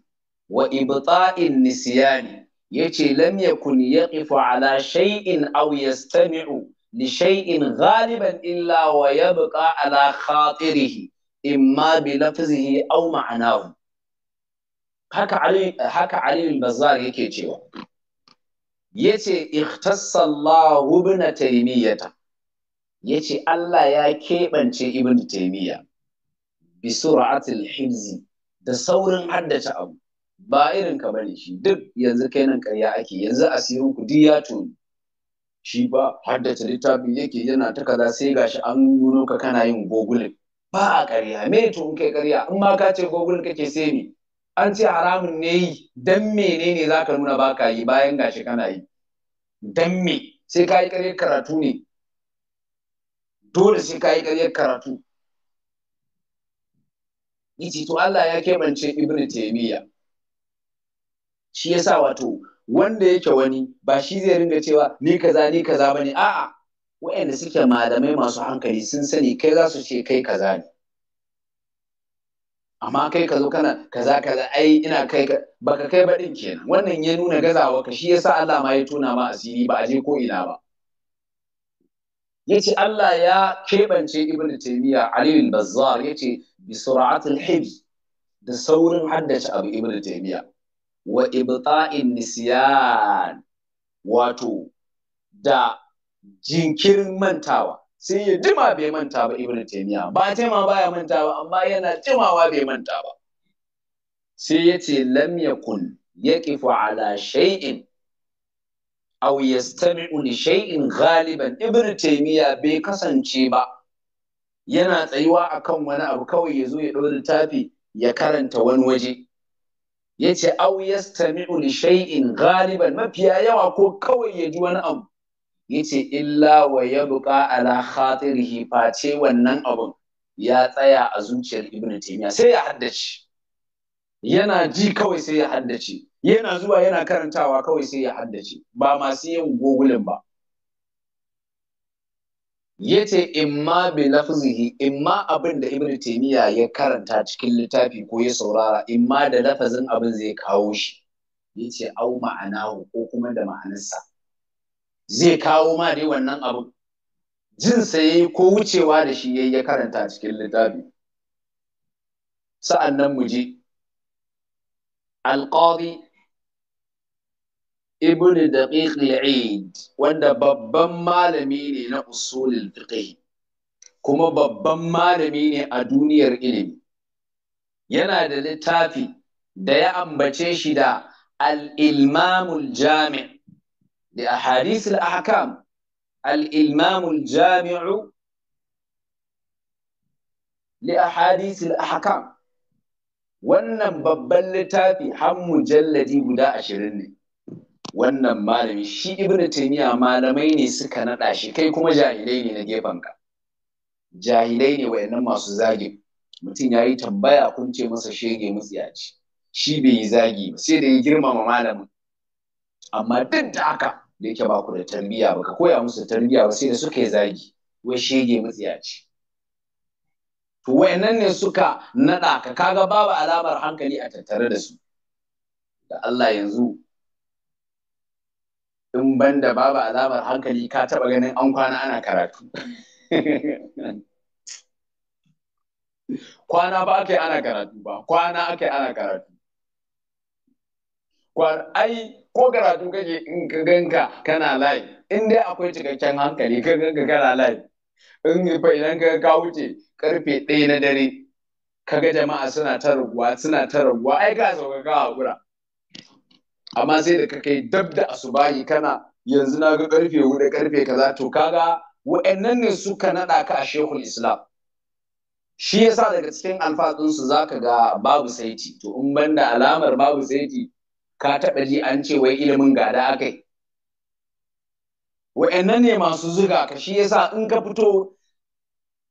wa ibta'i an-nisyan yace lam yakun yaqifu ala shay'in aw yastami'u li shay'in ghaliban illa wa yabqa ala khatirihi imma bi lafzihi aw ma'nahu haka ali haka ali al-bazzar yake cewa yace ikhtassa Allahu ibn ya yace Allah ya keɓance ibn taimiyya bi sur'atil hifzi da saurin haddace abu ba irin ka bane shi duk yanzu kai nan ƙarya ake yanzu asirin ku duk ya tuni shi ba haddace littafi yake yana ta kaza sai gashi an nuno ka kana yin gogulin ba a ƙarya me to in kai ƙarya in ma ka ce gogulin kake sai an ce haramun ne yi dan menene za ka nuna baka yi bayan gashi kana yi don me sai ka yi karyar karatu ne dole sai ka yi karyar karatu yace to Allah ya keɓance Ibn Taymiyyah shi ya sa wato wanda yake wani ba shi zai ringa cewa ni kaza ni kaza bane a'a waɗanda suke malamai masu hankali sun sani kai za su ce kai kaza ne amma kai ka zo kana kaza kaza ai ina kai ka baka kai ba din kenan wannan ya nuna gazawa ka shi yasa Allah ma ya tuna ma asiri ba a je ko ina ba yace Allah ya kebance ibnu taymiya Ali al-Bazzar yace bi sur'atil hibs da saurin haddace abu ibnu taymiya wa ibta'in nisyan wato da jinkirin mantawa sai ya jima bai manta ba ibnu taymiya ba jima baya manta ba amma yana jimawa bai manta ba sai ya ce lam yakun yaqifu ala shay'in aw yastami'u li shay'in ghaliban ibnu taymiya bai kasance ba yana tsayuwa akan wani abu kawai ya zo ya ɗau littafi ya karanta wani waje ya ce au yastami'u li shay'in ghaliban mafiya yawa ko kawai ya ji wani abu yace illa wa ya buƙa ala khatirihi face wannan abun ya tsaya a zuciyar ibnu taymiya sai ya haddace yana ji kawai sai ya haddace yana zuwa yana karantawa kawai sai ya haddace ba masu yin gogulin ba yace imma bi lafzihi imma abin da ibnu taymiya ya karanta cikin littafi ko ya saurara imma da lafazin abin zai kawo shi yace au ma'anahu ko kuma da ma'anarsa zai kawo ma dai wannan abu jin yayi ko wucewa da shi ya ya karanta cikin littafi sa'annan mu ji alqadi ibn daqiq al wanda babban malami ne na usulul fiqh kuma babban malami ne a duniyar ilimi yana da littafi da ya ambace shi da al-ilmamul jami' لأحاديث الأحكام الإمام الجامع لأحاديث الأحكام wannan babban littafi har mujalladi guda ashirin ne wannan malami shi ibnu taymiya malamai ne suka naɗa shi kai kuma jahilai ne na gefen ka. jahilai ne wayannan masu zagi mutum ya yi tambaya kun ce masa shege mutsiyaci shi bai yi zagi ba sai da ya girmama malamin amma duk da haka da yake ba ku da tarbiyya ba ka koya musu tarbiyya ba sai da suka yi zagi wai shege ce? to wayannan ne suka nada ka kaga babu alamar hankali a tattare da su da Allah yanzu in banda babu alamar hankali ka taɓa ganin an kwana ana karatu kwana ba ake ana karatu ba kwana ake ana karatu ai ko karatu kake in ka ganka kana layi in dai akwai cikakken hankali ka ganka kana layi in fa idan ka ka wuce karfe ɗaya na dare kaga jama'a suna ta raguwa suna ta raguwa ai ka sauka ka hakura amma sai da ka kai dab da asubahi kana yanzu na ga karfe da karfe kaza to kaga wa'annan ne suka naɗa ka a shehul islam shi yasa daga cikin alfatsunsu za ka ga babu saiti to in banda alamar babu saiti ka taɓa ji an ce wai ilimin gada akai wa'annan ne masu zuga ka shi yasa in ka fito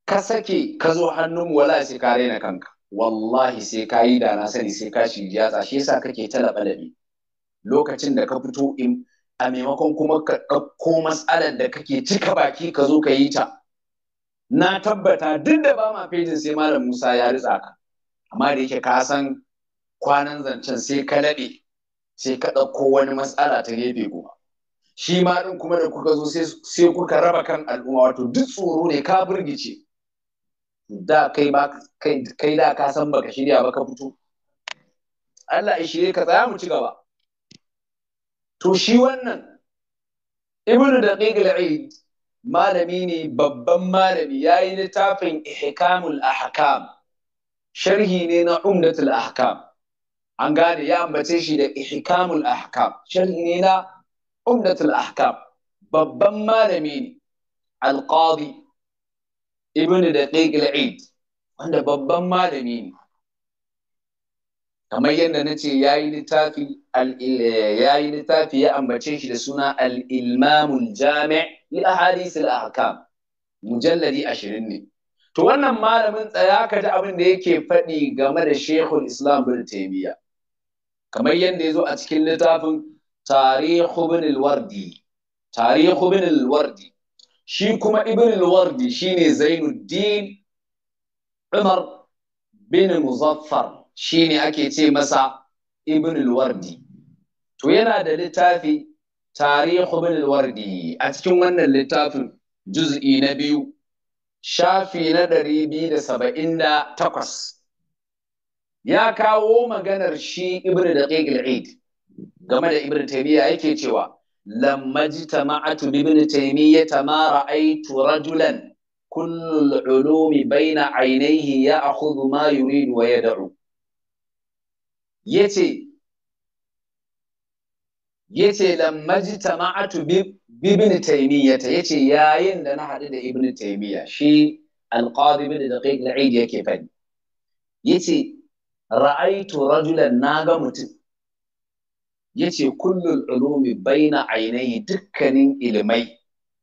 ka sake ka zo hannun wala sai ka raina kanka wallahi sai ka yi da na sani sai ka shi yatsa shi yasa kake ta labi lokacin da ka fito in a maimakon kuma ka ɗauko matsalar da kake cika baki ka zo ka yi ta na tabbata duk da ba ma fejin sai malam Musa ya ritsa ka amma da yake ka san kwanan zancen sai ka laɓe sai ka ɗauko wani matsala ta gefe kuma shi ma ɗin kuma da kuka zo sai kuka raba kan al'umma wato duk tsoro ne ka burgice da kai ba kai da ka san baka shirya ba ka fito Allah ya shirye ka tsaya mu ci gaba to shi wannan ibnu da al-aid malami ne babban malami yayi littafin ihkamul ahkam sharhi ne na umdatul ahkam an gane ya ambace shi da ihkamul ahkam sharhi ne na umdatul ahkam babban malami ne alqadi ibn daqiq al wanda babban malami ne kamar yadda na ce ya yi littafi ya ambace shi da suna al'ilmamun jami' yi a ahkam mujalladi ashirin ne to wannan malamin tsaya ka abin da yake faɗi game da shekul islam bin taimiyya kamar yadda ya zo a cikin littafin tarihu bin alwardi shi kuma ibn shi shine zainuddin umar bin muzaffar shine ake ce masa ibn to yana da littafi tarihu bin a cikin wannan littafin juz'i na biyu shafi na ɗari biyu da saba'in da takwas ya kawo maganar shi ibnu da al-aid game da ibnu taymiya yake cewa lamma jitama'atu bi ibnu taymiya ma ra'aytu rajulan kullu al-ulumi baina aynayhi ya'khudhu ma yuridu wa yad'u yace yace lamma jitama'atu bi ibn taymiya ta yace yayin da na hadu da ibn taymiya shi al-qadi ibn daqiq al-aid yake fadi yace ra'aitu rajulan naga mutum yace kullul ulumi baina ainihi dukkanin ilmai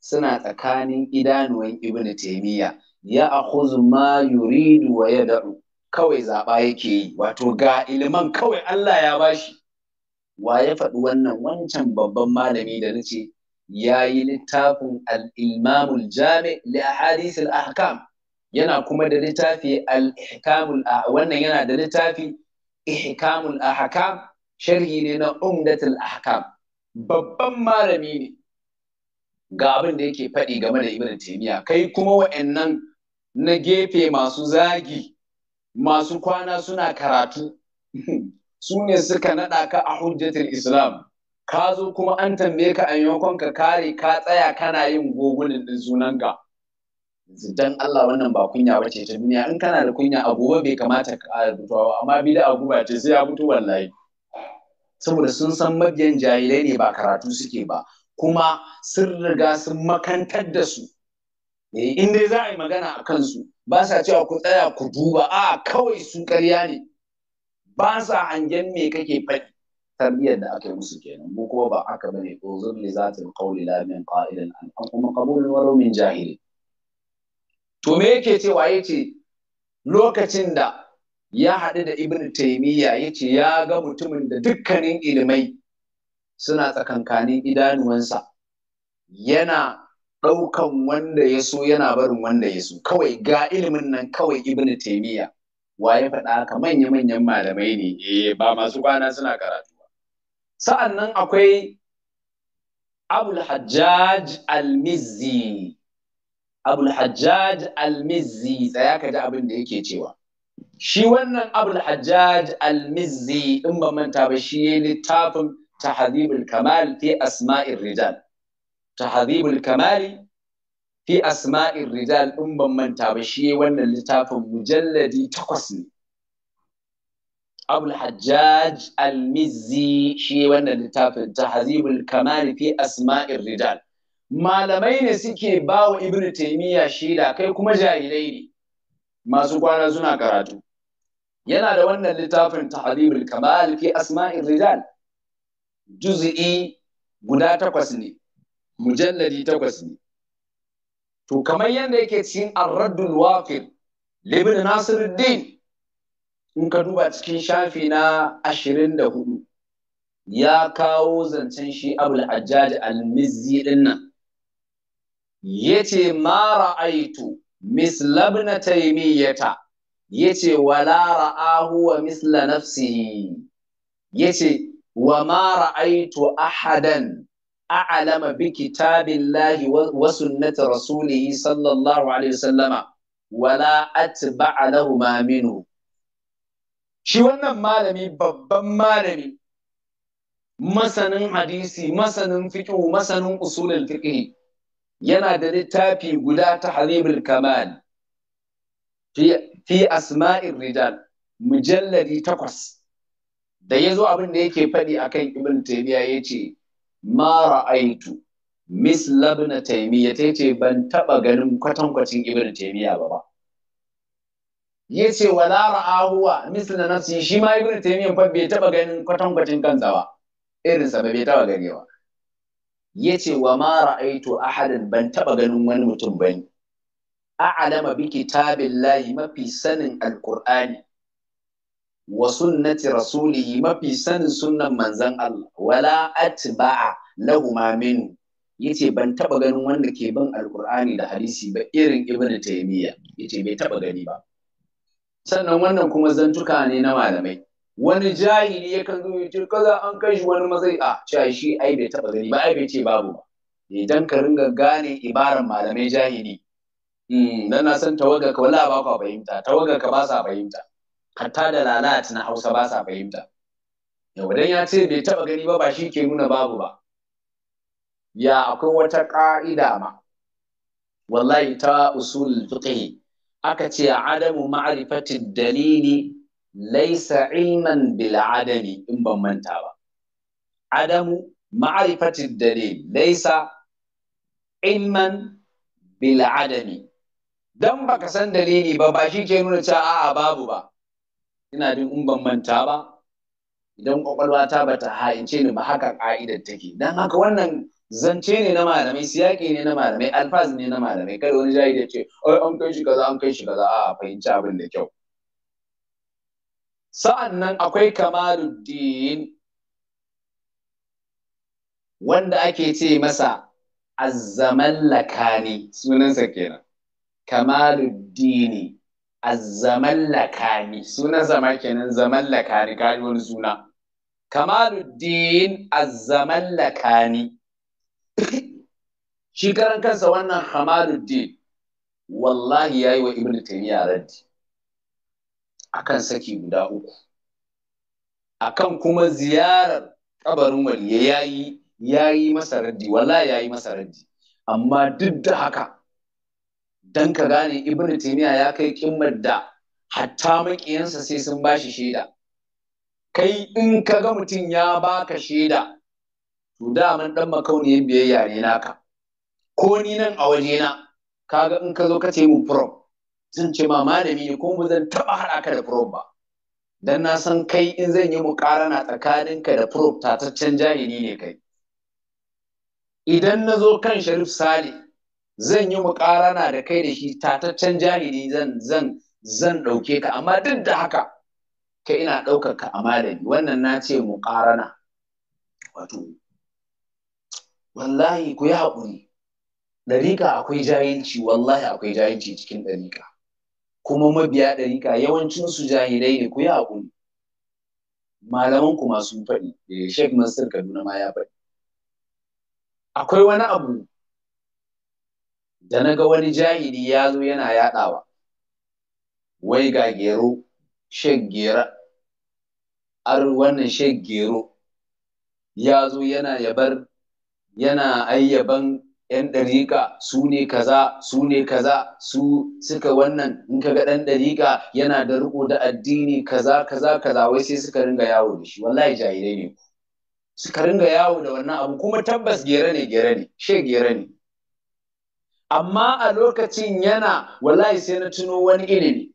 suna tsakanin idanuwan ibnu taymiya ya akhuz ma yuridu wa yad'u kawai zaba yake yi wato ga ilman kawai Allah ya bashi wa ya faɗi wannan wancan babban malami da nace yayi littafin al-imamul jami' li ahadith al-ahkam yana kuma da littafi al-ihkamul wannan yana da littafi ihkamul ahkam sharhi ne na umdatul ahkam babban malami ne ga abin da yake faɗi game da ibn taymiya kai kuma wa'annan na gefe masu zagi masu kwana suna karatu su ne suka naɗa ka a hujjatul islam ka zo kuma an tambaye ka a ka kare ka tsaya kana yin gogunin din sunanka dan Allah wannan ba kunya bace ta duniya in kana da kunya a gobe bai kamata ka rubuta amma da guba ce sai ya mutu wallahi saboda sun san mabiyan jahilai ne ba karatu suke ba kuma sun riga sun makantar da su eh, in dai za a yi magana a kansu ba sa cewa ku tsaya ku duba a kawai su karya ne ba sa hangen me kake faɗi tarbiyyar da aka yi musu kenan mu kuma ba aka bane uzur li zatil qawli la min qa'ilan an kuma qabulun walau min jahilin to me yake cewa yace lokacin da ya haɗu da ibn Taymiyya ya ce ya ga mutumin da dukkanin ilimai suna tsakankanin idanuwansa yana ɗaukan wanda ya so yana barin wanda ya so kawai ga ilimin nan kawai ibn Taymiyya wa ya faɗa haka manya-manyan malamai ne eh ba masu kwana suna karatu ba sa'an nan akwai abul hajjaj al-mizzi abulhajjaj al-mizzi tsaya ka ji abin da yake cewa shi wannan abulhajjaj al-mizzi in ba manta ba shi ne littafin tahdhibul kamal fi asma'ir rijal tahdhibul kamal fi asma'ir rijal in ban manta ba shi wannan littafin mujalladi takwas ne abulhajjaj al-mizzi shi wannan littafin tahdhibul kamal fi asma'ir rijal malamai ne suke ba wa ibnu taimiyya shaida kai kuma jahilai ne masu kwana suna karatu yana da wannan littafin tahdhibul kamal fi asma'ir rijal juz'i guda takwas ne mujalladi takwas ne to kamar yadda yake cikin ar-raddul wafir libin nasiruddin in ka duba cikin shafi na ashirin da hudu ya kawo zancen shi abul hajjaj al-mizzi dinnan yace ma ra'aitu mislabna taymiyata yace wala ra'ahu wa misla nafsihi yace wa ma ra'aitu ahadan a'lama bi kitabillahi wa sunnati rasulihi sallallahu alaihi wala atba'a lahuma minhu shi wannan malami babban malami masanin hadisi masanin fiqh masanin usulul fiqh yana da littafi guda ta harimul kamal fi asma'ir rijal mujalladi takwas da ya zo abin da yake faɗi a kan ibn taymiya ya ce ma ra'aitu mis labna taymiya ta ce ban taɓa ganin kwatankwacin ibn taymiya ba ba ya ce wala ra'ahuwa misla nafsi shi ma ibn taymiya fa bai taɓa ganin kwatankwacin kansa ba irinsa ba bai taɓa ganewa. ba yace wa ma ra'aitu ahadan ban taba ganin wani mutum bane a'lama bi kitabillahi mafi sanin alqur'ani wa sunnati rasulihi mafi sanin sunnan manzon Allah wala atba'a ma min yace ban taba ganin wanda ke bin alqur'ani da hadisi ba irin ibnu taymiya yace bai taba gani ba sannan wannan kuma zantuka ne na malamai wani jahili ya zo ya ce kaza an kai shi wani matsayi a cewa shi ai bai taba gani ba ai bai ce babu ba idan ka ringa gane ibaran malamai jahili nan hmm, na san tawaga ka wala ba ka fahimta tawaga ka ba sa fahimta hatta da lalata na Hausa ba sa fahimta yau dan ya ce bai taba gani ba ba shi ke nuna babu ba ya akwai wata ka'ida ma wallahi ta usul fiqh aka ce adamu ma'rifati dalili laisa ilman biladami adami in ban manta ba adamu da dalil laisa ilman bil adami dan baka san dalili ba ba shi ke nuna cewa a'a babu ba ina jin in ban manta ba idan kwakwalwa ta bata ha'ince ni ba haka ka'idar take dan haka wannan zance ne na malamai siyaki ne na malamai alfaz ne na malamai kada wani jahili ya ce oi an kai shi kaza an kai shi kaza a fahimci abin da kyau sa'an nan akwai kamaluddin wanda ake ce masa azzamallakani sunansa kenan kamaluddini azzamallakani sunan zama kenan zamallakani kaji wani suna kamaluddin azzamallakani shi karan kansa wannan kamaluddin wallahi ya yi wa Ibn taymiya raddi akan saki guda uku akan kuma ziyarar kabarin waliye yayi yayi masa raddi wallahi yayi masa raddi amma duk da haka dan ka gane ibn taymiya ya kai kimmar da hatta makiyansa sai sun bashi shaida kai in ka ga mutum ya baka shaida to daman dan makauniyar biyayya ne naka ko ni nan a waje na kaga in ka zo ka ce mu prom zan ce ma malami ne kuma zan taɓa haɗa ka da prof ba dan na san kai in zan yi muƙarana ka da prof tataccen jahili ne kai idan na zo kan sharif sale zan yi muƙarana da kai da shi tataccen jahili zan zan zan ɗauke ka amma duk da haka kai ina ɗaukar ka a malami wannan na ce muƙarana wato wallahi ku yi haƙuri ɗariƙa akwai jahilci wallahi akwai jahilci cikin ɗarika. kuma mabiya ɗarika yawancin su jahilai ne ku yi haƙuri Malamanku masu faɗi da eh, Sheikh Mansur Kaduna ma ya faɗi akwai wani abu da na ga wani jahili ya zo yana yaɗawa wai ga gero Sheikh Gera ar wannan Sheikh Gero ya zo yana yabar yana ayyaban 'yan ɗariƙa su ne kaza su ne kaza su suka wannan in ka ga ɗan ɗariƙa yana da riko da addini kaza kaza kaza wai sai suka ringa yawo da shi wallahi jahilai ne suka ringa yawo da wannan abu kuma tabbas gere ne gere ne she gere ne amma a lokacin yana wallahi sai na tuno wani ilimi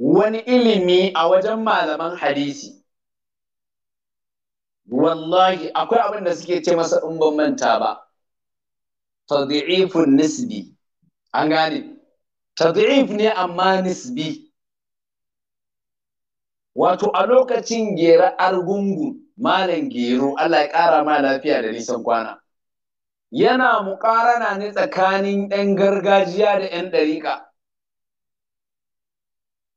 wani ilimi a wajen malaman hadisi wallahi akwai abin da suke ce masa in ban manta ba tadi'ifun nisbi an gane tad'if ne amma nisbi wato a lokacin gera argungu malam gero Allah ya ƙara ma lafiya da nisan kwana yana muƙarana ne tsakanin ɗan gargajiya da ‘yan ɗariƙa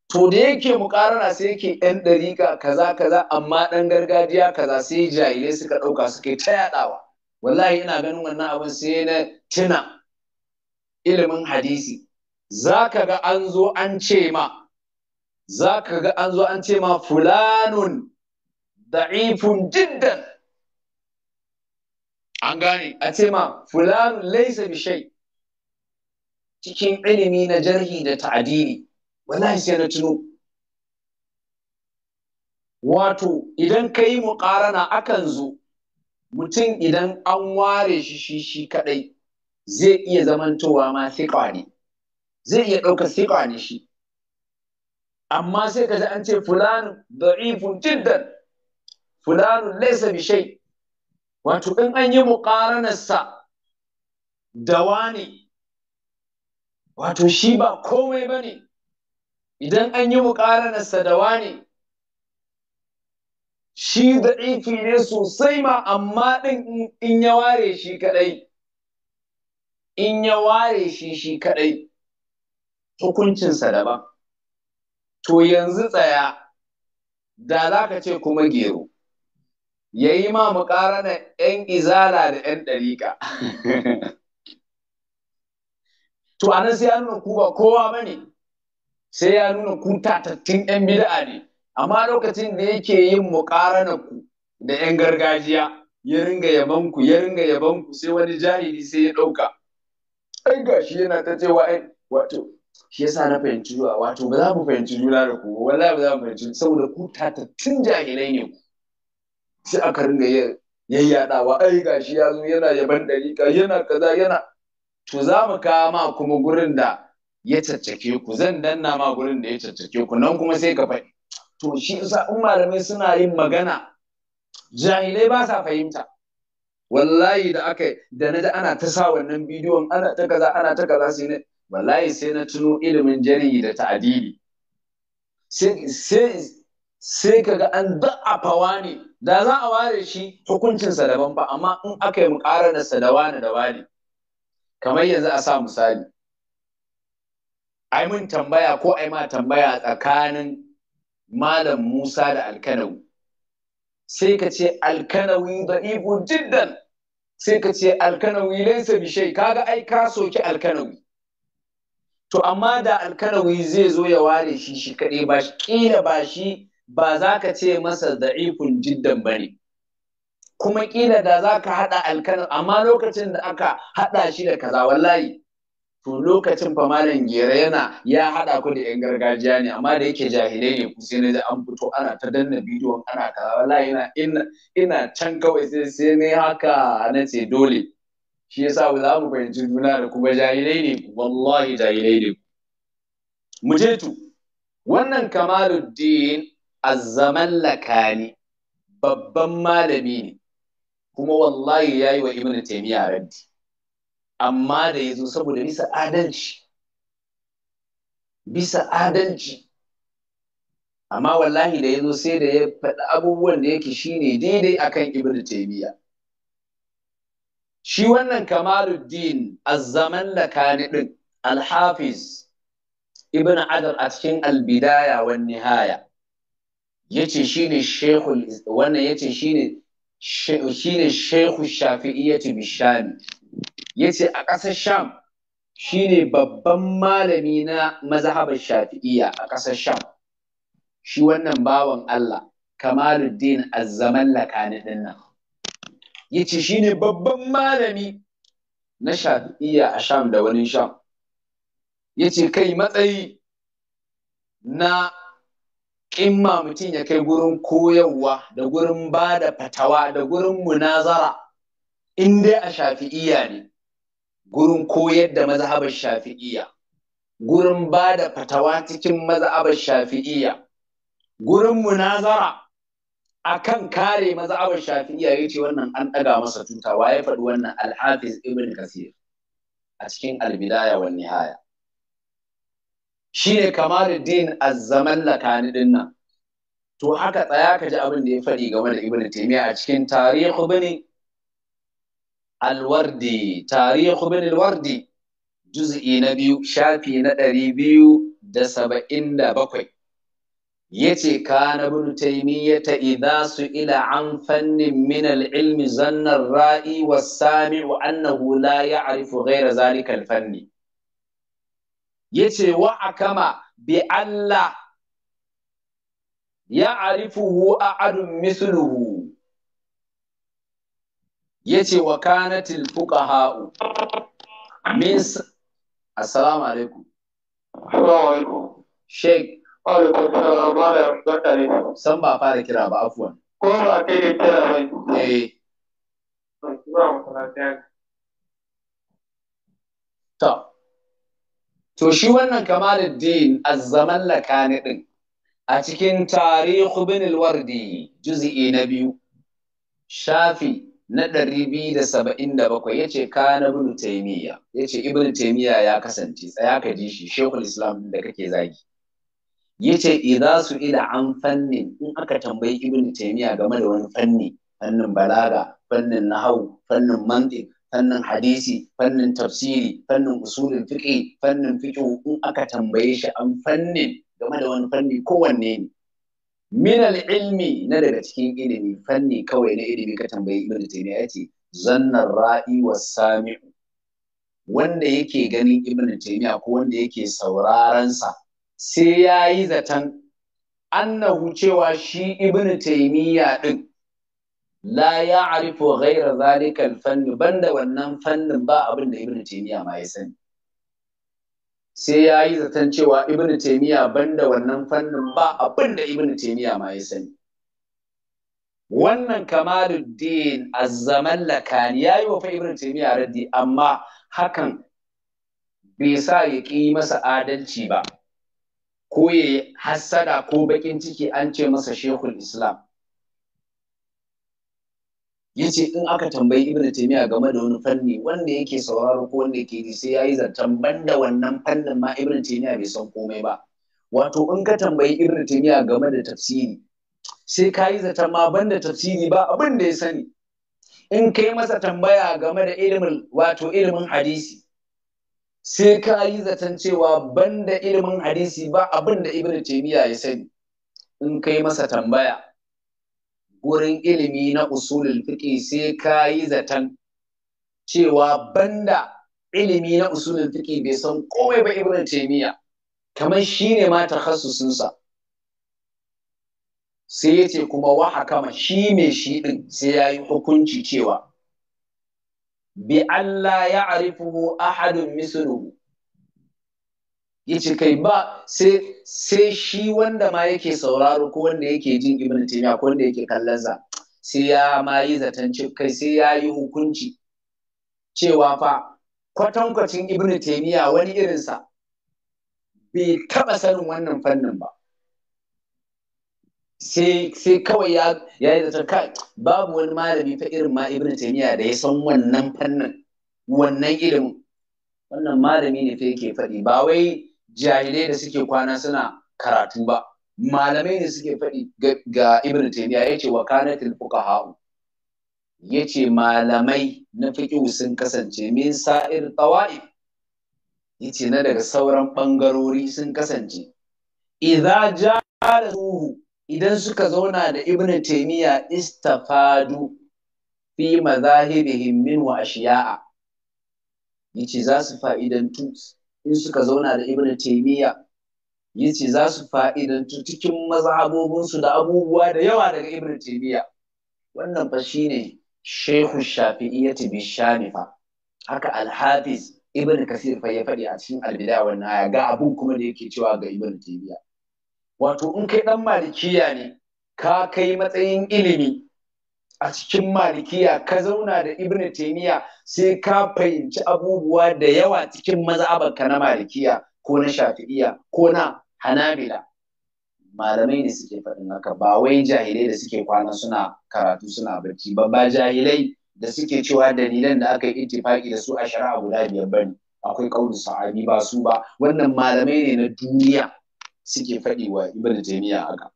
to da yake muƙarana sai yake ‘yan ɗariƙa kaza kaza amma ɗan gargajiya kaza sai jahilai suka ɗauka suka yi ta wallahi ina ganin wannan abin sai na tuna ilimin hadisi za ka ga an zo an ce ma za ka ga an zo an ce ma fulanun da'ifun jiddan an gane a ce ma fulanun laisa bishai cikin ilimi na jarhi da ta'adili wallahi sai na tuno wato idan ka yi muƙarana akan zo mutum idan an ware shi shi shi kadai zai iya zamantowa ma siƙa ne zai iya ɗaukar siƙa ne shi amma sai ka an ce fulanu da'ifun jiddan fulanu laysa bi shay wato in an yi muqaranarsa da wani wato shi ba komai bane idan an yi muqaranarsa da wani shi da'ifi ne sosai ma amma din in ya ware shi kadai, in ya ware shi shi kadai, hukuncinsa daban to yanzu tsaya da za ka ce kuma gero ya yi ma muƙarana 'yan izala da 'yan ɗariƙa to anan sai ya nuna ku ba kowa ba ne sai ya nuna ku tatattun 'yan bida'a ne amma lokacin da yake yin muƙaranar ku da 'yan gargajiya ya ringa yabanku ya ringa yabanku sai wani jahili sai ya ɗauka ai gashi yana ta cewa ai wato shi yasa na fahimci zuwa wato ba za mu fahimci juna da ku wallahi ba za mu fahimci saboda ku tun jahilai ne ku sai aka ringa yayyadawa ai gashi ya zo yana yaban dariƙa yana kaza yana to za mu kawo ma kuma gurin da ya caccake ku zan danna ma gurin da ya caccake ku nan kuma sai ka faɗi to shi yasa in malamai suna yin magana jahilai ba sa fahimta wallahi da aka da na da ana ta sa wannan bidiyon ana ta kaza ana ta kaza sai ne wallahi sai na tuno ilimin jari'i da ta'adili sai sai sai kaga an da'afawa ne da za a ware shi hukuncinsa daban ba amma in aka yi sa da wani da wani kamar yanzu a sa misali ai mun tambaya ko ai ma tambaya tsakanin malam Musa da Alkanawi sai ka ce Alkanawi ibu jiddan sai ka ce Alkanawi laisa bi kaga ai ka soki Alkanawi to amma da Alkanawi zai zo ya ware shi shi kaɗai ba shi ƙila ba shi ba za ka ce masa da'ifun jiddan ba ne. kuma ƙila da za ka haɗa alkanawi amma lokacin da aka haɗa shi da kaza wallahi to lokacin fa malam gera yana ya haɗa ku da yan gargajiya ne amma da yake jahilai ne ku sai na ji an fito ana ta danna bidiyon ana kaza wallahi ina ina can kawai sai sai ne haka na ce dole shi yasa ba za mu fahimci juna da kuma jahilai ne ku wallahi jahilai ne mu je tu wannan kamaluddin azzaman lakani babban malami ne kuma wallahi yayi wa ibnu taymiya raddi amma da ya zo saboda bisa adalci bisa adalci amma wallahi da ya zo sai da ya faɗi abubuwan da yake shine daidai akan ibnu taymiya shi wannan kamaluddin azzaman lakani din alhafiz ibn adar a cikin albidaya wa nihaya yace shine shehu wannan yace shine shine shekhu shafi'iyyati bishami ya ce a ƙasar sham shine babban malami na mazhabar shafi'iyya a ƙasar sham shi wannan bawan Allah kamaluddin azzaman lakani din nan ya ce shine babban malami na shafi'iyya a sham da wani sham ya ce kai matsayi na ƙimma mutum ya kai gurin koyarwa da gurin ba da fatawa da gurin munazara in dai a shafi'iyya ne gurin koyar da mazhabar shafi'iyya gurin ba da fatawa cikin mazhabar shafi'iyya gurin munazara akan kare mazhabar shafi'iyya yace wannan an ɗaga masa tuta wa ya faɗi wannan al-Hafiz Ibn Kathir a cikin al-Bidaya wan Nihaya shine Kamaluddin az zaman lakani nan to haka tsaya ka ji abin da ya faɗi game da Ibn Taymiyyah a cikin Tarikh Ibn alwardi tarihu bin alwardi juz'i na biyu shafi na ɗari biyu da saba'in da bakwai yace kana ibn taymiyata su su'ila an fannin min al zannan zanna ar-ra'i wa samiu annahu la ya'rifu ghayra zalika al-fanni ce, wa akama bi Allah a a'adun misluhu Ya ce wa kanatil ha'u min assalamu alaikum assalamu alaikum sheik alaikum salam ba da gatare san ba fara kira ba afuwa ko ba kai da kira ba eh to to shi wannan kamaluddin azzaman lakani din a cikin tarihu bin alwardi juz'i na biyu shafi na ɗari biyu da saba'in da bakwai yace ce na bin taimiyya ya ce ibn taimiyya ya kasance tsaya ka ji shi shekul islam da kake zagi Yace ce su ila an fanni in aka tambayi ibn taimiya game da wani fanni fannin balaga fannin nahau fannin mantiq fannin hadisi fannin tafsiri fannin usulin fiƙi fannin fiqh in aka tambaye shi an fannin game da wani fanni kowanne ne minal ilmi na daga cikin ilimi fanni kawai na ilimi ka tambayi ibn taymiya yace zannar ra'i was sami'u wanda yake ganin ibn taymiya ko wanda yake sauraron sa sai yayi zaton annahu cewa shi ibn taymiya din la ya'rifu ghayra zalika al-fann banda wannan fannin ba abin da ibn taymiya ma ya sani sai ya yi zaton cewa ibn taimiya banda wannan fannin ba abin da ibn taimiyya ma ya sani wannan kamaluddin azzaman lakani ya yi wa fa ibn taimiyya raddi amma hakan bai sa ya ƙi masa adalci ba ko ya hassada ko baƙin ciki an ce masa shehul islam Ya ce in aka tambayi ibn taimiya game da wani fanni wanda yake sauraro ko wanda yake ji sai yayi zaton da wannan fannin ma ibn taimiya bai san komai ba wato in ka tambayi ibn taimiya game da tafsiri sai ka yi zaton ma ban da tafsiri ba abin da ya sani in kai masa tambaya game da ilimin wato ilimin hadisi sai ka yi zaton cewa ban da ilimin hadisi ba abin da ibn taimiya ya sani in kai masa tambaya wurin ilimi na usulul fiqi sai ka yi zaton cewa banda ilimi na usulul fiqi bai san komai ba ibn taymiya kamar shine ma takhassusin sa sai ce kuma wa hakama shi mai shi din sai ya yi hukunci cewa bi Allah ya arifuhu ahadun misluhu ya ce kai ba sai shi wanda ma yake sauraro ko wanda yake jin ibn taymiya ko wanda yake kallon sa sai ya ma yi zaton kai sai ya yi hukunci cewa fa kwatankwacin ibn taymiya wani irinsa bai taɓa sanin wannan fannin ba sai kawai ya yi zaton kai babu wani malami fa irin ma ibn taymiya da ya san wannan fannin wannan ilimin wannan malami ne fa yake faɗi ba wai jahilai da suke kwana suna karatu ba malamai ne suke faɗi ga ibn taymiya ce wa kanatil Ya ce malamai na fiqh sun kasance min sa'ir Ya ce na daga sauran ɓangarori sun kasance idza ja'aluhu idan suka zauna da ibn taymiya istafadu fi madhahibihim min wa ashiya'a yace za su fa'idantu in suka zauna da ibn taimiyya, yace za su fa'idantu cikin mazhabobinsu da abubuwa da yawa daga ibn taimiyya. wannan fa shine shehu shafi'iyyati bi shami fa haka al-hafiz ibn kasir fa ya faɗi a cikin albida wannan aya ga abun kuma da yake cewa ga ibn taimiyya. wato in kai dan malikiya ne ka kai matsayin ilimi a cikin malikiya ka zauna da ibn taimiya sai ka fahimci abubuwa da yawa cikin mazhabanka na malikiya ko na shafi'iya ko na hanabila malamai ne suke faɗin haka ba wai jahilai da suke kwana suna karatu suna barci ba ba jahilai da suke cewa dalilan da aka yi ittifaki da su a shari'a guda biyar bane akwai kaulu sa'adi ba su ba wannan malamai ne na duniya suke faɗi wa ibn taymiya haka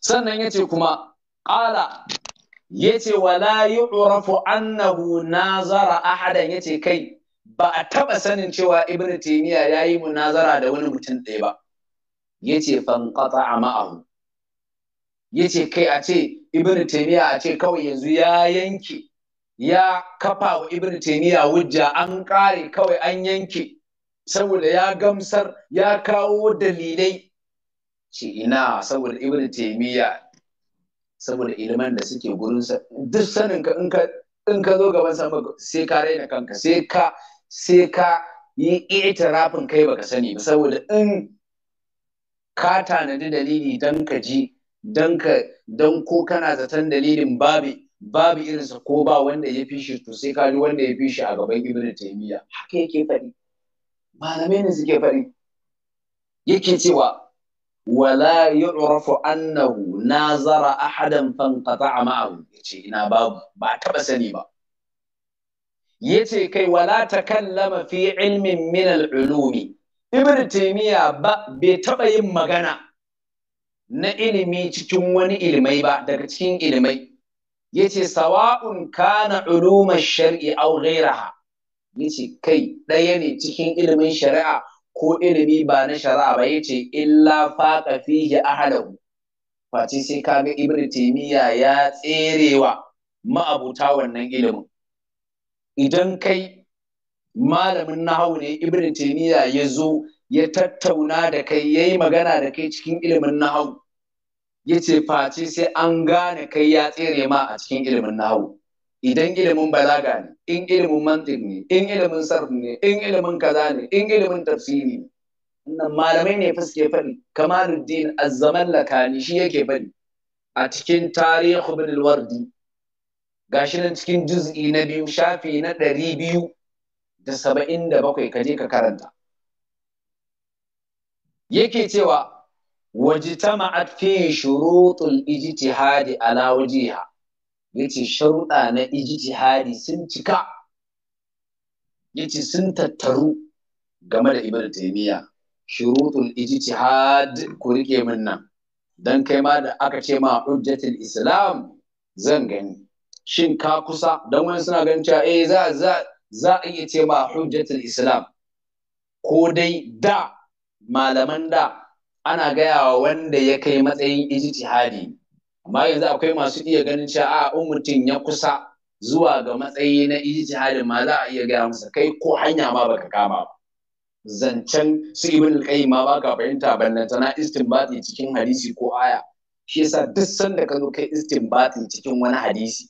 sannan yace kuma qala yace wala yu'rafu annahu nazara ahadan yace kai ba a taɓa sanin cewa ibnu taymiya yayi munazara da wani mutum ɗaya ba yace fanqata ma'ahu ce kai a ce ibnu taymiya a ce kawai yanzu ya yanke ya kafa wa ibnu taymiya hujja an ƙare kawai an yanke saboda ya gamsar ya kawo dalilai ce ina saboda ibnu taymiya saboda ilimin da suke gurin sa duk sanin ka in ka zo gaban sa sai ka raina kanka sai ka sai ka yi itirafin kai baka sani ba saboda in ka tanadi dalili dan ka ji dan ka dan ko kana zaton dalilin babu babu irinsa ko ba wanda ya fi shi to sai ka ji wanda ya fi shi a gaban ibnu taymiya haka yake faɗi malamai ne suke faɗi yake cewa wala yu'rafu annahu nazara ahadan fanqata'a ma'ahu yace ina babu ba taba sani ba yace kai wala takallama fi ilmin min al-ulumi ibn taymiya ba bai taba yin magana na ilimi cikin wani ilmai ba daga cikin ilimai yace sawa'un kana uluma shar'i aw ghayraha yace kai ɗaya ne cikin ilimin shari'a ko ilimi ba na shari'a ba yace illa faqa fihi ahlahu face sai kaga ibnu taymiya ya tserewa ma'abuta wannan ilimin idan kai malamin nahawu ne ibnu taymiya ya zo ya tattauna da kai ya yi magana da kai cikin ilimin nahawu yace face sai an gane kai ya tsere ma a cikin ilimin nahawu idan ilimin balaga ne in ilimin mantin ne in ilimin sarf ne in ilimin kaza ne in ilimin tafsiri ne wannan malamai ne fa suke faɗi kamaluddin azzaman lakani shi yake faɗi a cikin tarihi ibn alwardi gashi nan cikin juz'i na biyu shafi na ɗari biyu da saba'in da bakwai ka je ka karanta yake cewa wajtama'at fi shurutul ijtihadi ala wajiha yace sharuɗa na ijtihadi sun cika yace sun tattaru game da ibnu taymiya shurutul ijtihad ku rike min nan dan kai ma da aka ce ma hujjatul islam zan gani shin ka kusa dan wani suna ganin cewa eh za za za a iya ce ma hujjatul islam ko dai da malaman da ana gaya wa wanda ya kai matsayin ijtihadi amma yanzu akwai masu iya ganin cewa A'a, in mutum ya kusa zuwa ga matsayi na ijtihadin ma za a iya gaya masa kai ko hanya ma baka kama ba zancen su ibn al-qayyim ma baka fahimta ballantana istinbati cikin hadisi ko aya shi yasa duk sanda ka zo kai istinbati cikin wani hadisi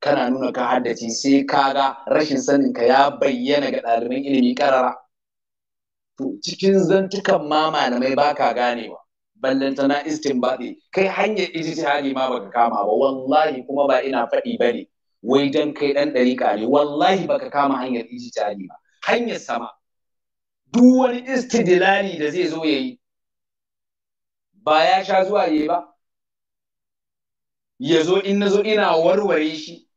kana nuna ka haddace sai ka ga rashin sanin ka ya bayyana ga ɗaliban ilimi karara to cikin zantukan ma malamai baka ganewa ballantana istinbadi kai hanyar ijtihadi ma baka kama ba wallahi kuma ba ina faɗi bane wai dan kai ɗan dariƙa ne wallahi baka kama hanyar ijtihadi ba hanyar sama duk wani istidlali da zai zo yayi ba ya sha zuwa yayi ba ya zo in na zo ina warware shi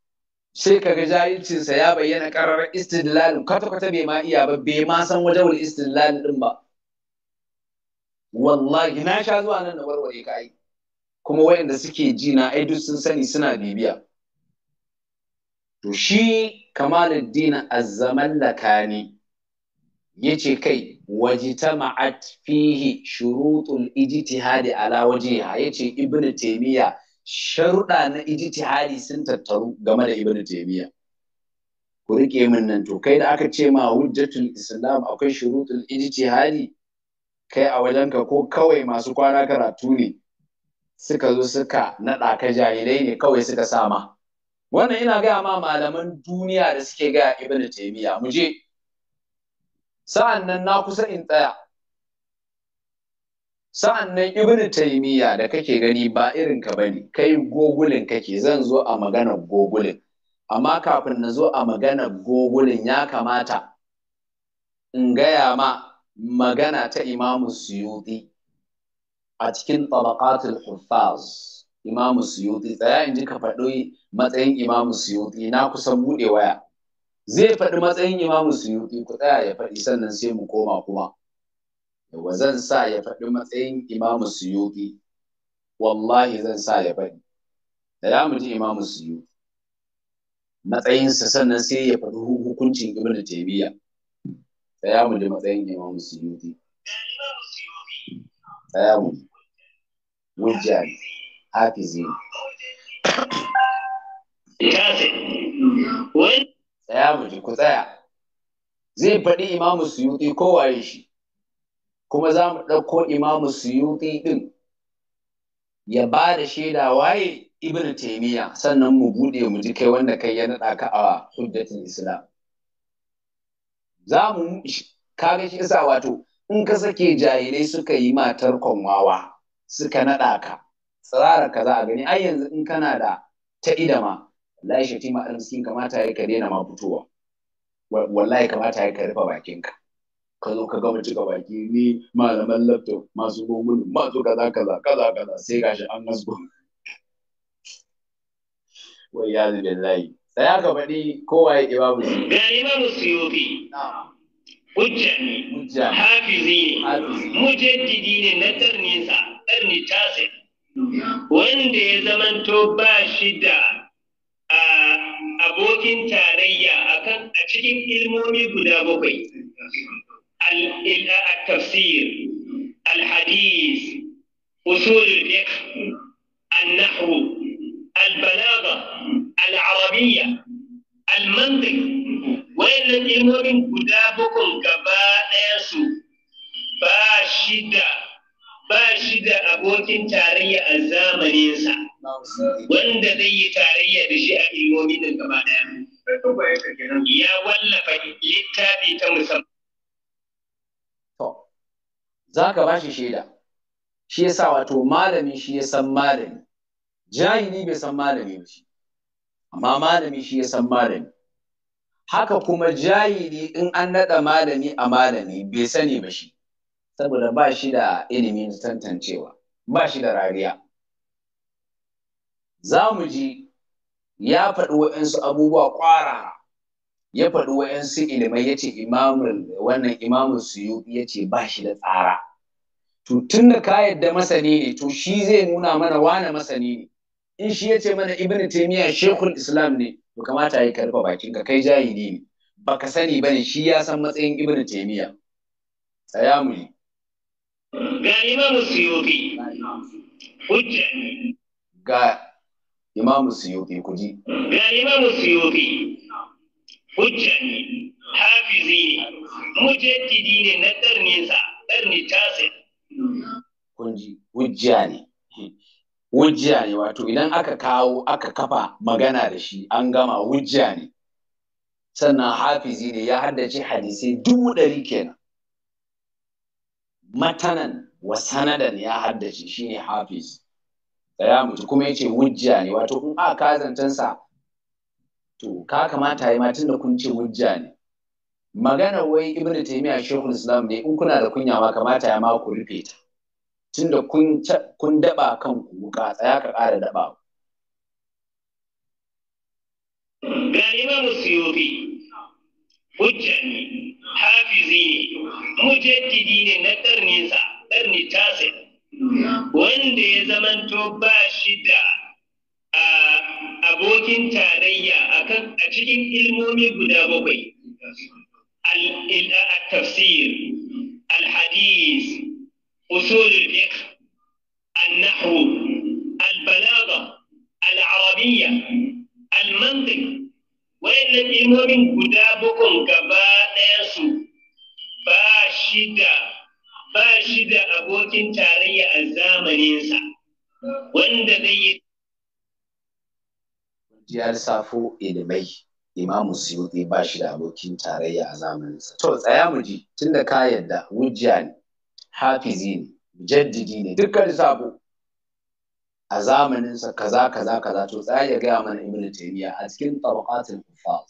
sai kaga jahilcinsa ya bayyana karar istidlalin kwata-kwata bai ma iya ba bai ma san wajen istidlalin din ba wallahi na sha zuwa nan da warware ka ai kuma wayanda suke ji na ai duk sun sani suna bibiya to shi kamaluddin azzamallaka ne yace kai wajtama'at fihi shurutul ijtihadi ala wajhiha yace ibnu taymiya sharuɗa na ijtihadi sun tattaru game da ibnu taymiya ku rike min nan to kai da aka ce ma hujjatul islam akwai shurutul ijtihadi kai a wajenka ko kawai masu kwana karatu ne suka zo suka naɗa ka jahilai ne kawai suka sama wannan ina gaya ma malaman duniya da suke gaya Ibn taymiya mu je sa'an nan na kusa in tsaya sa'an nan ibnu taymiya da kake gani ba irin ka bane kai gogulin kake zan zo a maganar gogulin amma kafin na zo a maganar gogulin ya kamata in gaya ma magana ta imamu suyuti a cikin tabaqatul huffaz imamu suyuti tsaya in ji ka faɗi matsayin imamu suyuti na kusan buɗe waya zai faɗi matsayin imamu suyuti ku tsaya ya faɗi sannan sai mu koma kuma wa zan sa ya faɗi matsayin imamu suyuti wallahi zan sa ya faɗi da ya mu ji imamu suyuti matsayinsa sannan sai ya faɗi hukuncin ibnu taymiyyah tsaya mu ji matsayin imam suyuti tsaya mu wujja ne hafizi ne mu ji ku tsaya zai faɗi imamu suyuti waye shi kuma za mu ɗauko imamu suyuti ɗin ya ba da shaida waye ibn taimiyya sannan mu buɗe mu ji kai wanda kai ya naɗa ka a hujjatul islam za mu kaga shi isa wato in ka sake jahilai suka yi matar kwanwawa, suka naɗa ka tsirara ka za a gani ai yanzu in kana da ta idama wallahi shatima almiskin kamata ya ka daina ma fitowa wallahi kamata ya ka rufe bakinka ka zo ka gama cika baki ni malaman laptop masu gogulu masu kaza kaza kaza kaza sai gashi an gasgo wai ya zubin layi ya aka faɗi ya Imamu Suyuti. Ga Imamu Suyuti. Hujja ne. Hafizi ne. Mujaddidi ne na tarnisa, ƙarni Wanda ya zamanto ba shi da abokin tarayya akan a cikin ilmomi guda bakwai. Al-tafsir, al-hadis, usul al al'arabiyya al-mantiq wayannan ilmomin guda bukun gaba ɗaya su ba shi da abokin tarayya a zamaninsa wanda zai yi tarayya da shi a ilmomin nan gaba ya wallafa littafi ta musamman za ka ba shi shaida shi yasa wato malami shi ya san malami jahili bai san malami shi amma malami shi ya san malami haka kuma jahili in an naɗa malami a malami bai sani ba shi saboda ba shi da ilimin tantancewa ba shi da rariya za mu ji ya faɗi wa'insu abubuwa ƙwarara ya faɗi wayansu ilimai ya ce wannan imamun suyuɗi ya ce ba shi da tsara to tun da ka yadda masani ne to shi zai nuna mana wane masani ne in shi yace mana ibn taimiyya shekul islam ne to kamata yi karfa bakin ka kai jahili ne baka sani ba ne. shi ya san matsayin ibn taimiyya tsaya mu ne ga imam suyuti hujja ga imam suyuti kuji ga imam suyuti hujja hafizi ne mujaddidi ne na sa Ɗarni tasir kunji hujja ne Wujiya ne wato idan aka kawo aka kafa magana da shi an gama wujja ne sannan hafizi ne ya haddace hadisai dubu ɗari kenan matanan wa sanadan ya haddace shi ne hafiz ya mutu kuma ya ce hujja ne wato in a ka to ka kamata ya matan da kun ce wujiya ne Maganar wai ibnu taymiya shehul islam ne in kuna da kunya ma kamata ya ma ku rufe ta tunda kun kun daba kanku wuka tsaya ka ƙara daba ga imam suyuti hujja ne hafizi ne mujaddidi ne na sa, ƙarni tasir wanda ya zamanto ba shi da abokin tarayya a cikin ilmomi guda bakwai a tafsir al'adis. أصول الفقه النحو البلاغة العربية المنطق وإن الإمام كتابكم قدابكم ناسو باشدة باشدة أبوكين تارية الزامنينسا wanda zai yi ya safo ilimai imamu suyuti ba shi da abokin tarayya a zamaninsa to tsaya mu ji tunda ka yadda wujja ne hafizi ne mujaddidi ne dukkan sabo a zamaninsa kaza kaza kaza to tsaya ya gaya mana ibn taymiya a cikin tabaqatul hufaz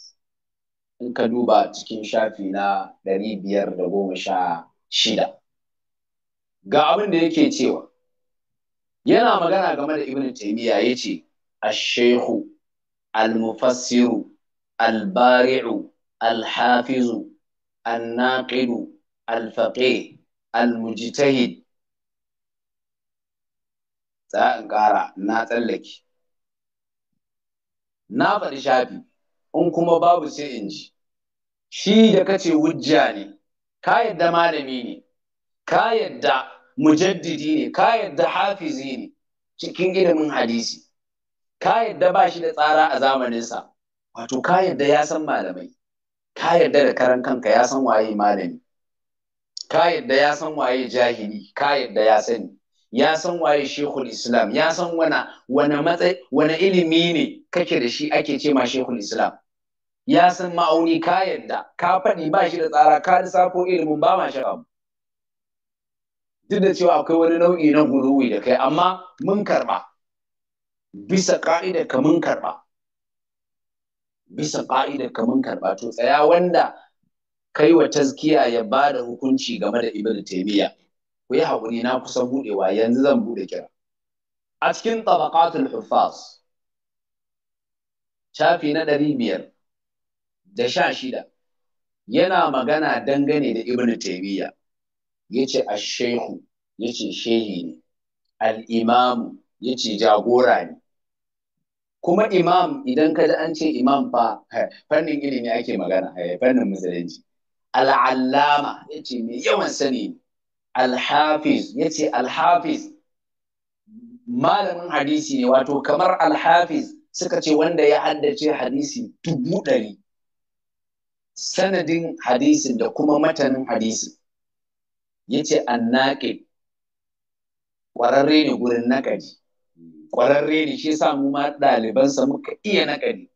in ka duba cikin shafi na ɗari biyar da goma sha shida ga abin da yake cewa yana magana game da ibn taymiya yace ash-shaykhu al-mufassiru al-bari'u al-hafizu an-naqidu al-faqih al-mujtahid in ƙara na tsallake na faɗi shafi in kuma babu sai in ji shi da kace hujja ne ka malami ne ka mujaddidi ne ka yadda hafizi ne cikin ilimin hadisi ka ba shi da tsara a zamaninsa wato ka yadda ya san malamai ka yadda da karan kanka ya san waye malami ka yadda ya san waye jahili ka yadda ya sani ya san waye shekul islam ya san wana wana matsayi wana ilimi ne kake da shi ake ce ma shekul islam ya san ma'auni ka yadda ka faɗi ba shi da tsara ka lissafo ilimin ba ma shaka duk da cewa akwai wani nau'i na guruwi da kai amma mun karɓa bisa ka'idar ka mun karɓa bisa ka'idar ka mun karɓa to tsaya wanda kai wa tazkiya ya ba da hukunci game da ibn taimiyya ku yi haƙuri na kusan buɗewa yanzu zan buɗe kira a cikin tabaqatul hufas shafi na ɗari biyar da sha shida yana magana dangane da ibn ce yace shehu ya ce shehi ne al ya ce jagora ne kuma imam idan ka ji an ce imam fa fannin ilimi ake magana eh, fannin musulunci al'allama ya ce mai yawan sani alhafiz ya ce alhafiz malamin hadisi ne wato kamar alhafiz suka ce wanda ya haddace hadisi dubu ɗari sanadin hadisi da kuma matanin hadisin ya ce annaƙi ƙwararre ne gurin naƙadi ƙwararre ne shi sa ma ɗalibansa muka iya naƙadi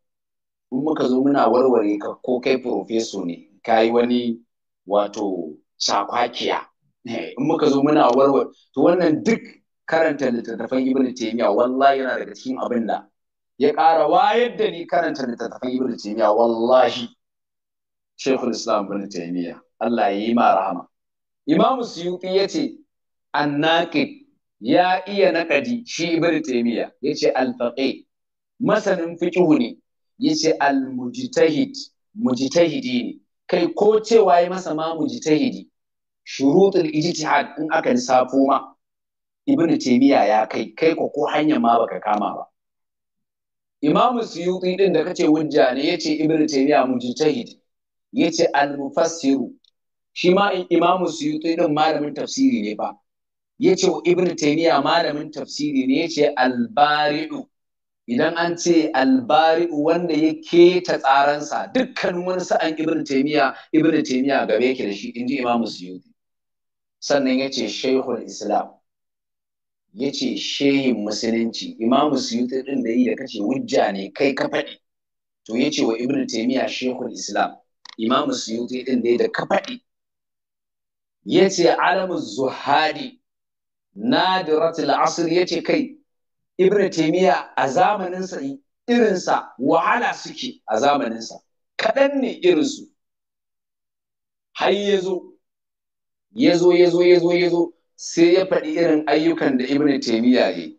in muka zo muna warware ka ko kai profeso ne kayi wani wato sakwakiya eh, in muka zo muna warware to wannan duk karanta littattafan ibnu taymiya wallahi yana daga cikin abin da ya ƙara wayar da ni karanta littattafan ibnu taymiya wallahi shaykhul islam ibnu taymiya Allah ya yi ma rahama imam suyuti yace annaqid ya iya naƙadi shi ibnu taymiya yace al masanin fiqhu ne yace al-mujtahid mujtahidi ne kai ko cewa ya masa ma mujtahidi shurutul ijtihad in aka lissafo ma ibn taymiya ya kai kai ko hanyar ma baka kama ba imamu suyuti din da kace wujja ne yace ibn taymiya mujtahid yace al mufassiru shi ma imamu suyuti din malamin tafsiri ne ba yace ibn taymiya malamin tafsiri ne yace al bari'u idan an ce albari wanda ya keta tsaransa dukkanin wani sa'an ibn taymiya ibn taymiya gabe yake da shi inji imam suyuti sannan ya ce shaykhul islam ya ce shehin musulunci imam suyuti din da yi da kace wujja ne kai ka faɗi to ce wa ibn taymiya shaykhul islam imam suyuti din da yi da ka faɗi ce alamu zuhadi nadiratul asr ce kai ibn taimiyya a zamaninsa irinsa wahala suke a zamaninsa kaɗan ne irinsu har ya zo ya zo ya zo ya zo ya zo sai ya faɗi irin ayyukan da ibn taimiyya ne.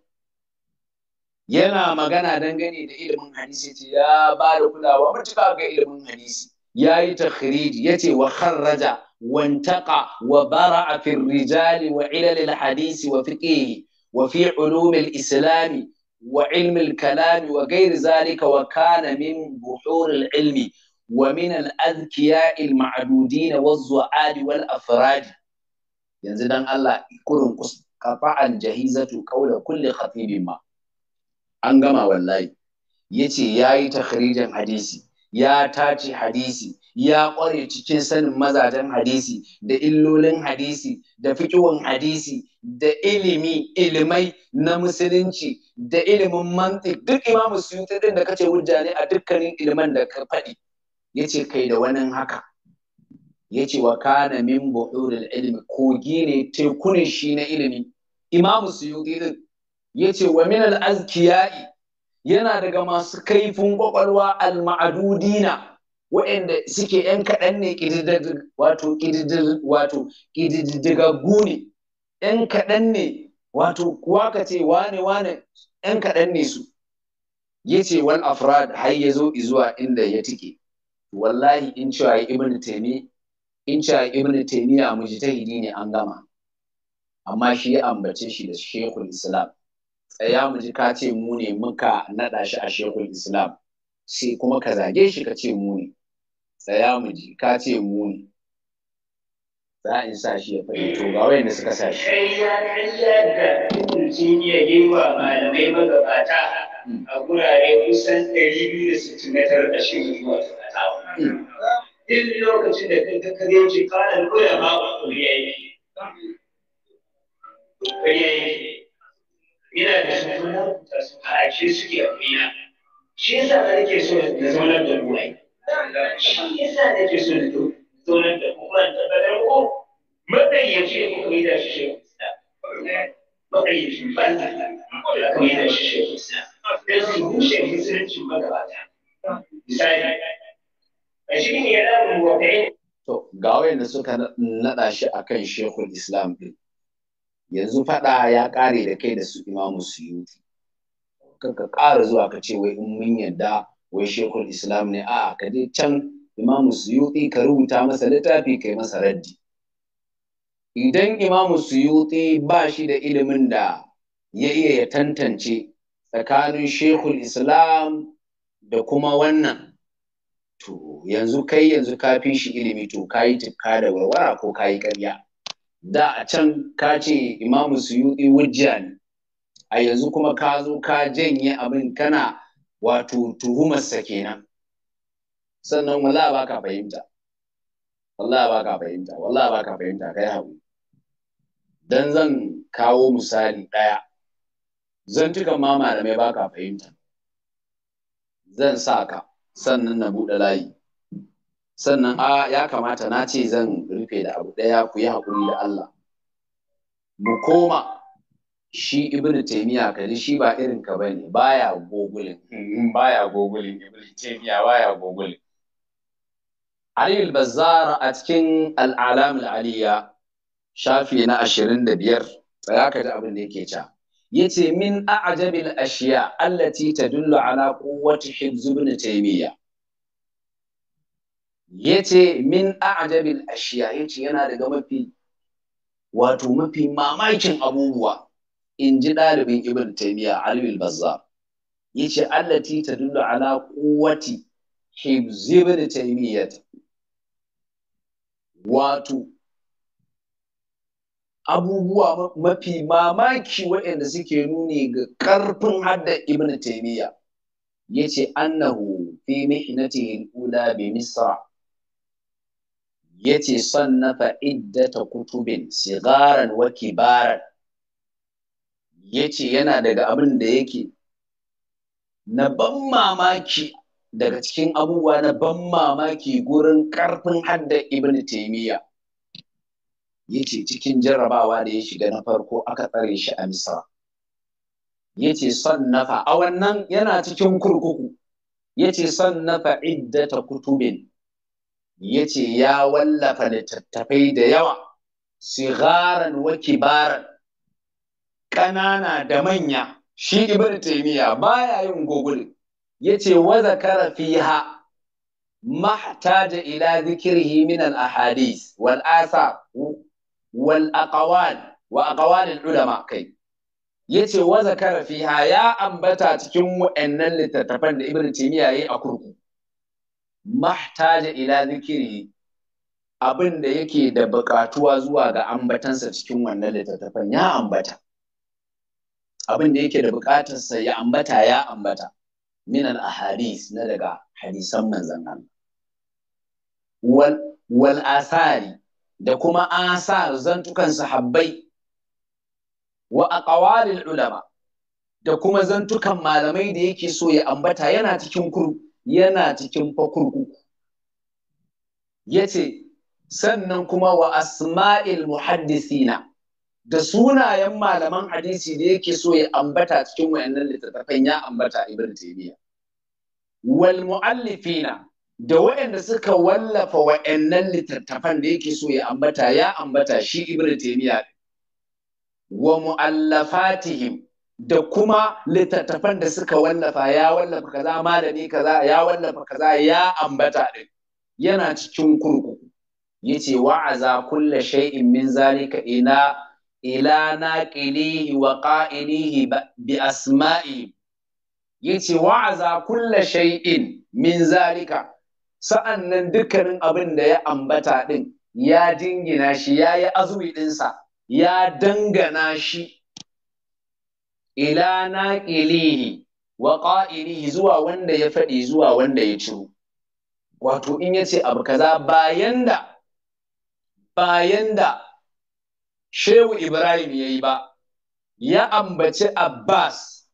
yana magana dangane da ilimin hadisi ce ya ba da kulawa matuƙa ga ilimin hadisi ya yi khiriji, ya ce wa kharraja a firrijali, wa ilalil hadisi, wa fiƙe. wa fi ulumil islami wa ilmil kalami wa gairi zalika wa kana min buhuril ilmi wa min al-azkiya al-ma'dudin wa zu'adi wal afradi yanzu dan Allah kurun qafa'an jahizatu qawla kulli khatibin ma an gama wallahi yace yi takhrijin hadisi ya tace hadisi ya ƙware cikin sanin mazajen hadisi da illolin hadisi da fikiwan hadisi da ilimi ilimai na musulunci da ilimin mantik duk imamu suyuti din da kace hujja ne a dukkanin ilimin da ka faɗi yace kai da wani haka yace wa kana min buhuril ilmi kogi ne tekunin shi na ilimi imamu suyuti din yace wa min al azkiyai yana daga masu kaifin kwakwalwa al ma'adudina waɗanda suke ‘yan kaɗan ne wato ƙididdigaggu ne 'yan kaɗan ne wato kuwa ka ce wane wane 'yan kaɗan ne su ya ce wal afrad har ya zo izuwa inda ya tike wallahi in cewa ibn taimi, in cewa ibn taymiya mujtahidi ne an gama amma shi ya ambace shi da shekul islam tsaya mu ji ka ce mu ne muka naɗa shi a shekul islam sai kuma ka zage shi ka ce mu ne tsaya mu ji ka ce mu ne za a sa shi ya faɗi to ga wayanda suka sa shi. Ƙarya da Ibn Taymiyyah ya yi wa malamai magabata hmm. a gurare kusan ɗari biyu da sittin na tara da shi Duk lokacin da kai ka kare ce fara koya ma ba kuriya yake. Kuriya Yana da su kuma ta su suke a kuriya. Shi yasa nake so da zaunar da ruwa Shi yasa nake so da duk zonar da mu ban tabbatar ko ya ne ko da shi shehu matsayyaci Kuma ko da shi shehu da su bushe musulunci magabata misali a cikin ya damu mu wata To, ga wayanda suka naɗa shi a kan Shekul Islam ɗin, yanzu faɗa ya ƙare da kai da su imamu Suyuti. Kanka ƙara zuwa ka ce wai in mun yadda wai Shekul Islam ne, a'a ka je can Imam suyuti ka rubuta masa littafi kai masa raddi idan Imam suyuti ba shi da ilimin da ya iya ya tantance tsakanin shekul islam da kuma wannan to yanzu kai yanzu ka fi shi ilimi to ka yi tufka da warwara ko ka yi karya da a can ka ce Imam suyuti wujja ne a yanzu kuma ka zo ka janye abin kana wato tuhumarsa kenan sannan wallahi ba ka fahimta wallahi ba ka fahimta wallahi ba ka fahimta kai haƙuri dan zan kawo misali ɗaya tuka ma malamai ba ka fahimta zan sa ka sannan na bude layi sannan a ya kamata na ce zan rufe da abu ɗaya ku yi haƙuri da Allah mu koma shi ibnu taymiya kaji shi ba irin ka bane baya gogulin hmm, baya gogulin ibnu taymiya baya gogulin Ali al a cikin al'alam al'aliya shafi na ashirin da biyar tsaya ka ji abin da yake ca yace min a'jabil ashiya allati tadullu ala quwwati hibz ibn taymiya yace min a'jabil ashiya yace yana daga wato mafi mamakin abubuwa in ji ɗalibin ibn taymiya Ali al-Bazzar yace allati tadullu ala wato abubuwa mafi mamaki waɗanda suke nuni ga ƙarfin haddar ibn taimiyya yace ce annahu fi mihnatihi ula bi misra ya sannafa iddata kutubin sigaran wa kibaran ya yana daga abin da yake na ban mamaki daga cikin abubuwa na ban mamaki gurin ƙarfin hadda ibn taimiyya ya ce cikin jarrabawa da ya shiga na farko aka tsare shi a misra ya ce a wannan yana cikin kurkuku ya ce son sannafa iddata kutubin ya ce ya wallafa littattafai da yawa sigaran wa kibaran ƙanana da manya shi ibn taimiyya baya yin gogulin Ya ce yace wa zakara fiha محتاج إلى ذكره wal الأحاديث wa والأقوال وأقوال العلماء كي yace wa karafi ha, ya ambata cikin wa'annan littattafan da Ibn yayi a kurku mahtaja ila zikiri abin da yake da buƙatuwa zuwa ga ambatansa cikin wannan littattafan ya ambata abin da yake da bukatarsa ya ambata ya ambata minan ahadis na daga hadisan manzan Allah wal wal asari da kuma asar zantukan sahabbai wa aqwalil ulama da kuma zantukan malamai da yake so ya ambata yana cikin kuru yana cikin fakurkuku yace sannan kuma wa asma'il muhaddisina da sunayen malaman hadisi da yake so ya ambata cikin wayannan littattafan ya ambata ibn taymiya wal muallifina da wayanda suka wallafa wayannan littattafan da yake so ya ambata ya ambata shi ibn taymiya wa muallafatihim da kuma littattafan da suka wallafa ya wallafa kaza malami kaza ya wallafa kaza ya ambata din yana cikin kurkuku yace wa'aza kulla shay'in min zalika ina ila kilihi wa qa'ilihi bi asma'i yace wa'aza kulla shay'in min sa'an nan dukkanin abin da ya ambata din ya jingina shi ya yi azumi dinsa ya dangana shi ila na kilihi wa qa'ilihi zuwa wanda ya faɗi zuwa wanda ya ciro wato in yace abu kaza bayan da shehu Ibrahim ya yi ba, ya ambaci Abbas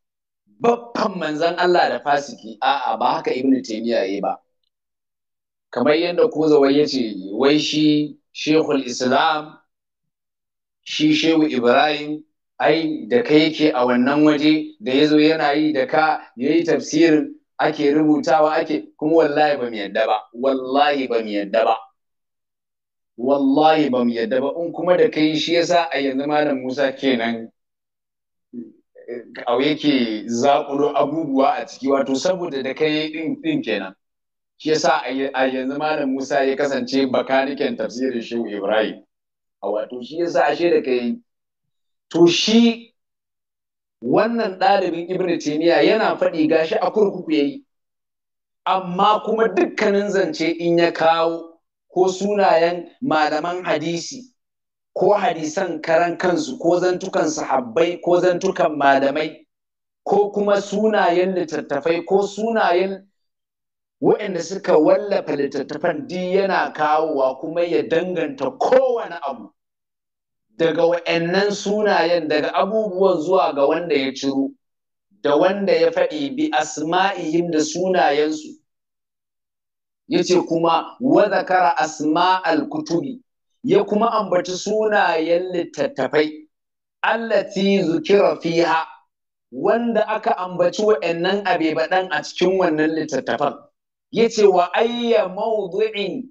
babban manzan Allah da fasiki, a'a ba haka Ibn Taymiya ya yi ba. Kamar yadda Kuzawai ya ce, wai shi shehu Islam, shi Shehu Ibrahim, ai da ka yake a wannan waje da ya zo yana yi da ka ya yi tafsirin ake rubutawa ake kuma wallahi ba mu yadda ba, wallahi ba mu yadda ba. wallahi ba mu yadda ba in kuma da kai shi yasa a yanzu malam Musa kenan eh, a yake zaƙuro abubuwa a ciki wato saboda da kai din din kenan shi yasa a yanzu malam Musa ya kasance bakaniken tafsirin Shehu Ibrahim a wato shi yasa ashe da kai to shi wannan ɗalibin Ibn Taymiyyah yana faɗi gashi a kurkuku yayi amma kuma dukkanin zance in ya kawo ko sunayen malaman hadisi ko hadisan karan kansu ko zantukan sahabbai ko zantukan malamai ko kuma sunayen littattafai ko sunayen waɗanda suka wallafa littattafan di yana kawowa kuma ya danganta kowane abu daga waɗannan sunayen daga abubuwan zuwa ga wanda ya ciro da wanda ya faɗi bi asma'ihim da sunayensu yace kuma wa zakara asma'al kutubi ya kuma ambaci sunayen littattafai allati zukira fiha wanda aka ambaci wa'annan abebaɗan a cikin wannan littattafan yace wa ayya mawdu'in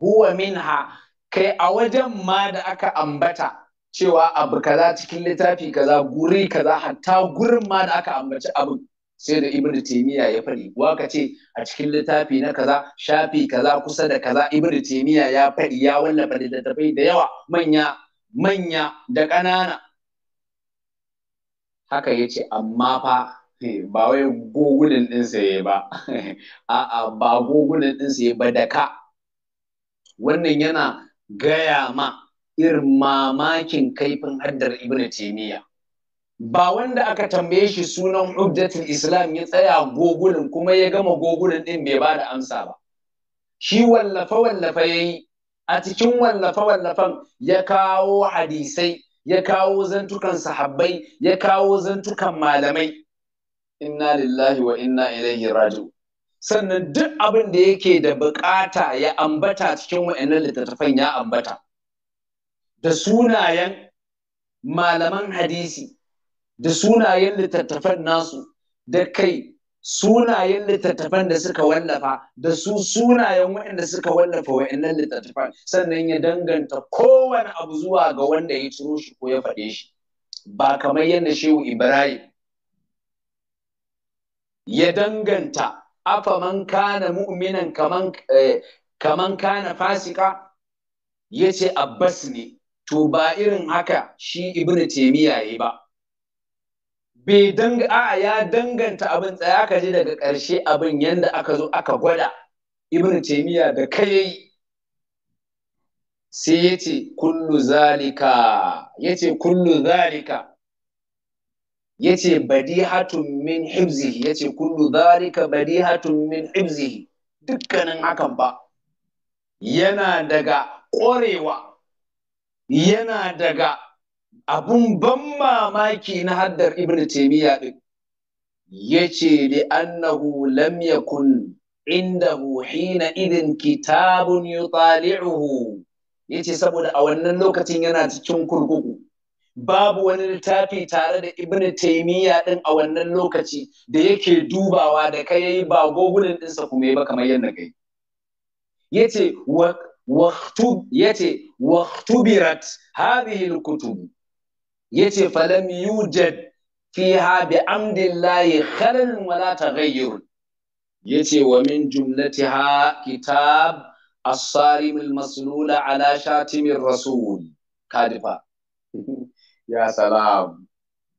huwa minha kai a wajen ma da aka ambata cewa abu kaza cikin littafi kaza guri kaza hatta gurin ma da aka ambaci abin sai da ibnu taymiya ya faɗi wa ka ce a cikin littafi na kaza shafi kaza kusa da kaza ibnu taymiya ya faɗi ya wallafa littattafai da yawa manya manya da ƙanana haka ya ce amma fa ba wai gogulin ɗinsa ya ba a'a ba gogulin ɗinsa ya ba da ka wannan yana gaya ma irin mamakin kaifin haddar ibnu taymiya ba wanda aka tambaye shi sunan hujjatul islam ya tsaya gogulin kuma ya gama gogulin din bai ba da amsa ba shi wallafe wallafe yayi a cikin wallafe wallafan ya kawo hadisai ya kawo zantukan sahabbai ya kawo zantukan malamai inna lillahi wa inna ilaihi sannan duk abin da yake da bukata ya ambata cikin wa'annan littattafan ya ambata da sunayen malaman hadisi da sunayen littattafan nasu da kai sunayen littattafan da suka wallafa da su sunayen waɗanda suka wallafa waɗannan littattafan sannan ya danganta kowane abu zuwa ga wanda ya ciro shi ko ya faɗe shi ba kamar yadda shehu ibrahim ya danganta man kana mu'minan kaman eh, kaman kana fasika yace abbas ne to ba irin haka shi ibnu taymiya yi ba bai danga a ya danganta abin tsaya ka je daga ƙarshe abin yanda aka zo aka gwada ibn taymiya da kai yayi sai yace kullu zalika yace kullu zalika yace badihatun min hibzihi yace kullu zalika badihatun min hibzihi dukkanin hakan ba yana daga ƙorewa yana daga abun ban mamaki na haddar ibn taymiya din yace li annahu lam yakun indahu hina idin kitabun yutali'uhu yace saboda a wannan lokacin yana cikin kurkuku babu wani littafi tare da ibn taymiya din a wannan lokaci da yake dubawa da kai ba gogulin dinsa kuma ba kamar yadda kai yace waqtub yace waqtubirat hadhihi alkutub yace falam yujad fiha bi amdillahi khalal wala taghayyur yace wa min jumlatiha kitab as-sarim al-maslul ala shatim rasul kadifa ya salam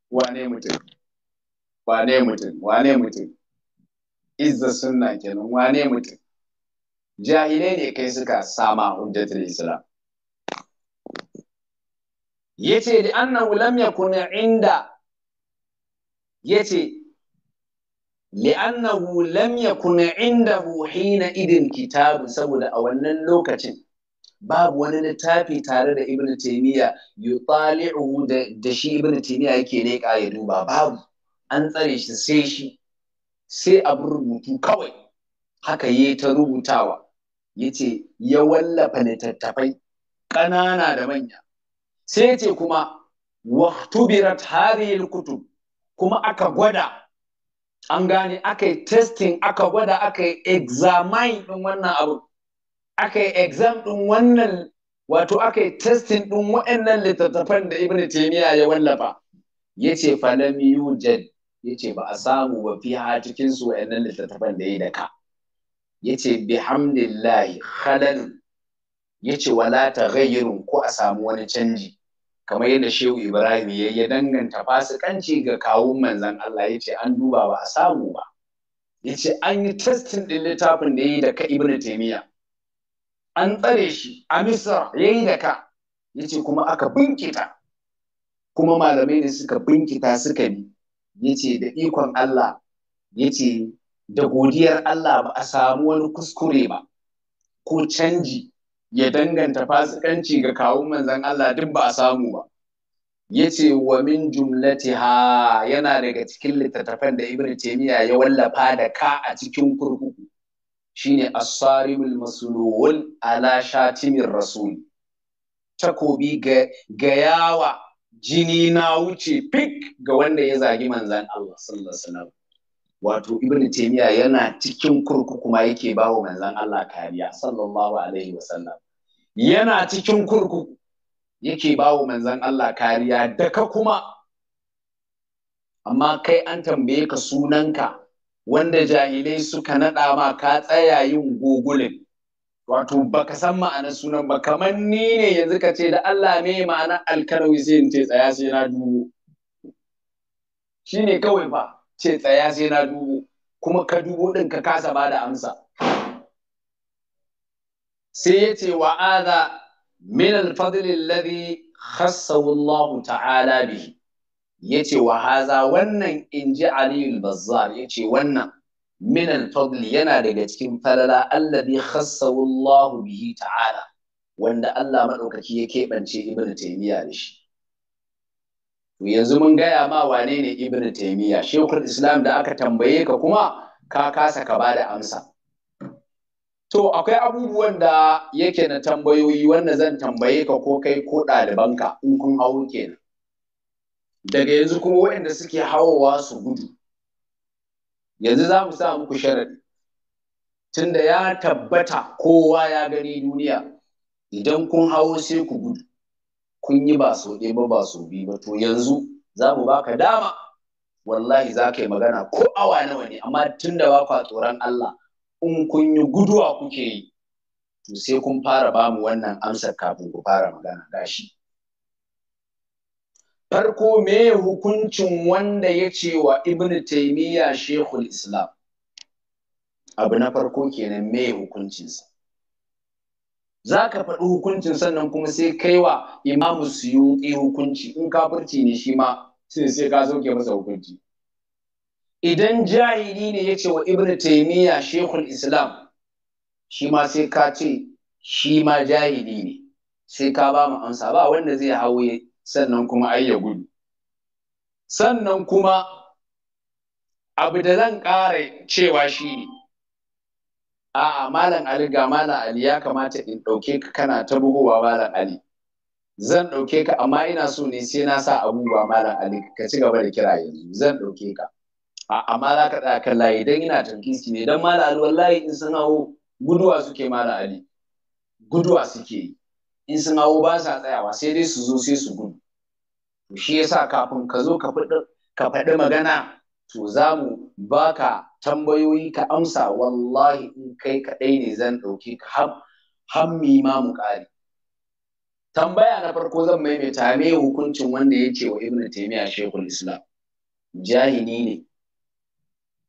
wane mutum wane mutum wane mutum izza sunna kenan wane mutum jahilai ne kai suka sama hujjatul islam yace da annan lam yakun inda yace li'annahu lam yakun indahu hina idin saboda a wannan lokacin babu wani littafi tare da ibn taymiya yutali'u da shi ibn taymiya yake ne ka ya duba babu an tsare shi sai shi sai abin rubutu kawai haka yi ta rubutawa yace ya wallafa littattafai ƙanana da manya sai ce kuma wahtubirat hadhihi kuma aka gwada an gane aka yi testing aka gwada aka yi examine ɗin wannan abu aka yi exam ɗin wannan wato aka yi testing ɗin waɗannan littattafan da ibn taymiya ya wallafa ce falami yujad ce ba a samu ba fiha cikin su waɗannan littattafan da ya yi daka yace bihamdillahi khalal ce, wala taghayyurun ko a samu wani canji kamar yadda shehu ibrahim ya ya danganta fasikanci ga kawun manzan Allah ya ce an duba ba a samu ba ya ce an yi testin ɗin littafin da ya yi da ka ibn taimiyya an tsare shi a misra ya yi da ka ya ce kuma aka binkita kuma malamai ne suka binkita suka bi ya ce da ikon Allah ya ce da godiyar Allah ba a samu wani kuskure ba ko canji ya danganta fasikanci ga kawun manzan Allah duk ba a samu ba Ya ce wa min ha, yana daga cikin littattafan da Ibn Taymiyyah ya wallafa da ka a cikin kurkuku shine as-sarimul maslul ala shatimin rasul takobi ga yawa jini na wuce fik ga wanda ya zagi manzan Allah sallallahu alaihi wato ibn taymiya yana cikin kurkuku ma yake wa manzon Allah kariya sallallahu alaihi wasallam yana cikin kurkuku yake bawa manzon Allah kariya daka kuma amma kai an tambaye ka sunanka wanda jahilai suka naɗa ma ka tsaya yin gogulin wato baka san ma'anar sunan ba kamar ni ne yanzu ka ce da Allah ne ma'anar alkarawi sai in ce tsaya sai na dubo shine kawai ba ce tsaya sai na dubu, kuma ka dubu din ka kasa ba da amsa sai ya ce wa aza min alfadli alladhi khassahu Allah ta'ala bihi yace wa haza wannan inji Ali al-Bazzar yace wannan min al-fadli yana daga cikin falala alladhi khassahu Allah bihi ta'ala wanda Allah madaukaki ya keɓance ibnu taymiya da shi yanzu mun gaya ma wane ne ibn Taymiyyah, shekul islam da aka tambaye ka kuma ka kasa ka bada amsa to akwai abubuwan da yake na tambayoyi wanda zan tambaye ka ko kai ko ɗalibanka in kun hawo kenan daga yanzu kuma waɗanda suke hawowa su gudu yanzu za mu sa muku sharadi tunda ya tabbata kowa ya gani duniya idan kun hawo sai ku gudu kun yi ba so ɗaya ba ba so biyu ba to yanzu za mu baka dama wallahi za ka yi magana ko awa nawa ne amma tun da ba kwa tsoron Allah in kun yi guduwa kuke yi to sai kun fara ba mu wannan amsar kafin ku fara magana gashi farko me hukuncin wanda ya ce wa ibn taimiyya shekul islam abu na farko kenan me hukuncinsa za ka faɗi hukuncin sannan kuma sai kai wa imamu yi hukunci in kafirci ne shi ma sai sai ka sauke masa hukunci idan jahili ne ya ce wa ibn taimiyya shekul islam shi ma sai ka ce shi ma jahili ne sai ka ba mu amsa ba wanda zai hauye sannan kuma ai ya gudu sannan kuma abu da zan ƙara cewa shi ne a'a malam ali ga malam ali ya kamata in ɗauke ka kana ta bugowa malam ali zan ɗauke ka amma ina so ne sai na sa abubuwa malam ali ka ci gaba da kira yanzu zan ɗauke ka amma za ka tsaya kan layi don ina tankisi ne don malam ali wallahi in sun hawo guduwa suke malam ali guduwa suke yi in sun hawo ba sa tsayawa sai dai su zo sai su gudu shi yasa kafin ka zo ka faɗi magana to za mu ba ka tambayoyi ka amsa wallahi in kai kaɗai ne zan ɗauki ka hammi ma mu ƙari tambaya na farko zan maimaita me hukuncin wanda ya ce wa ibn taymiya shekul islam jahili ne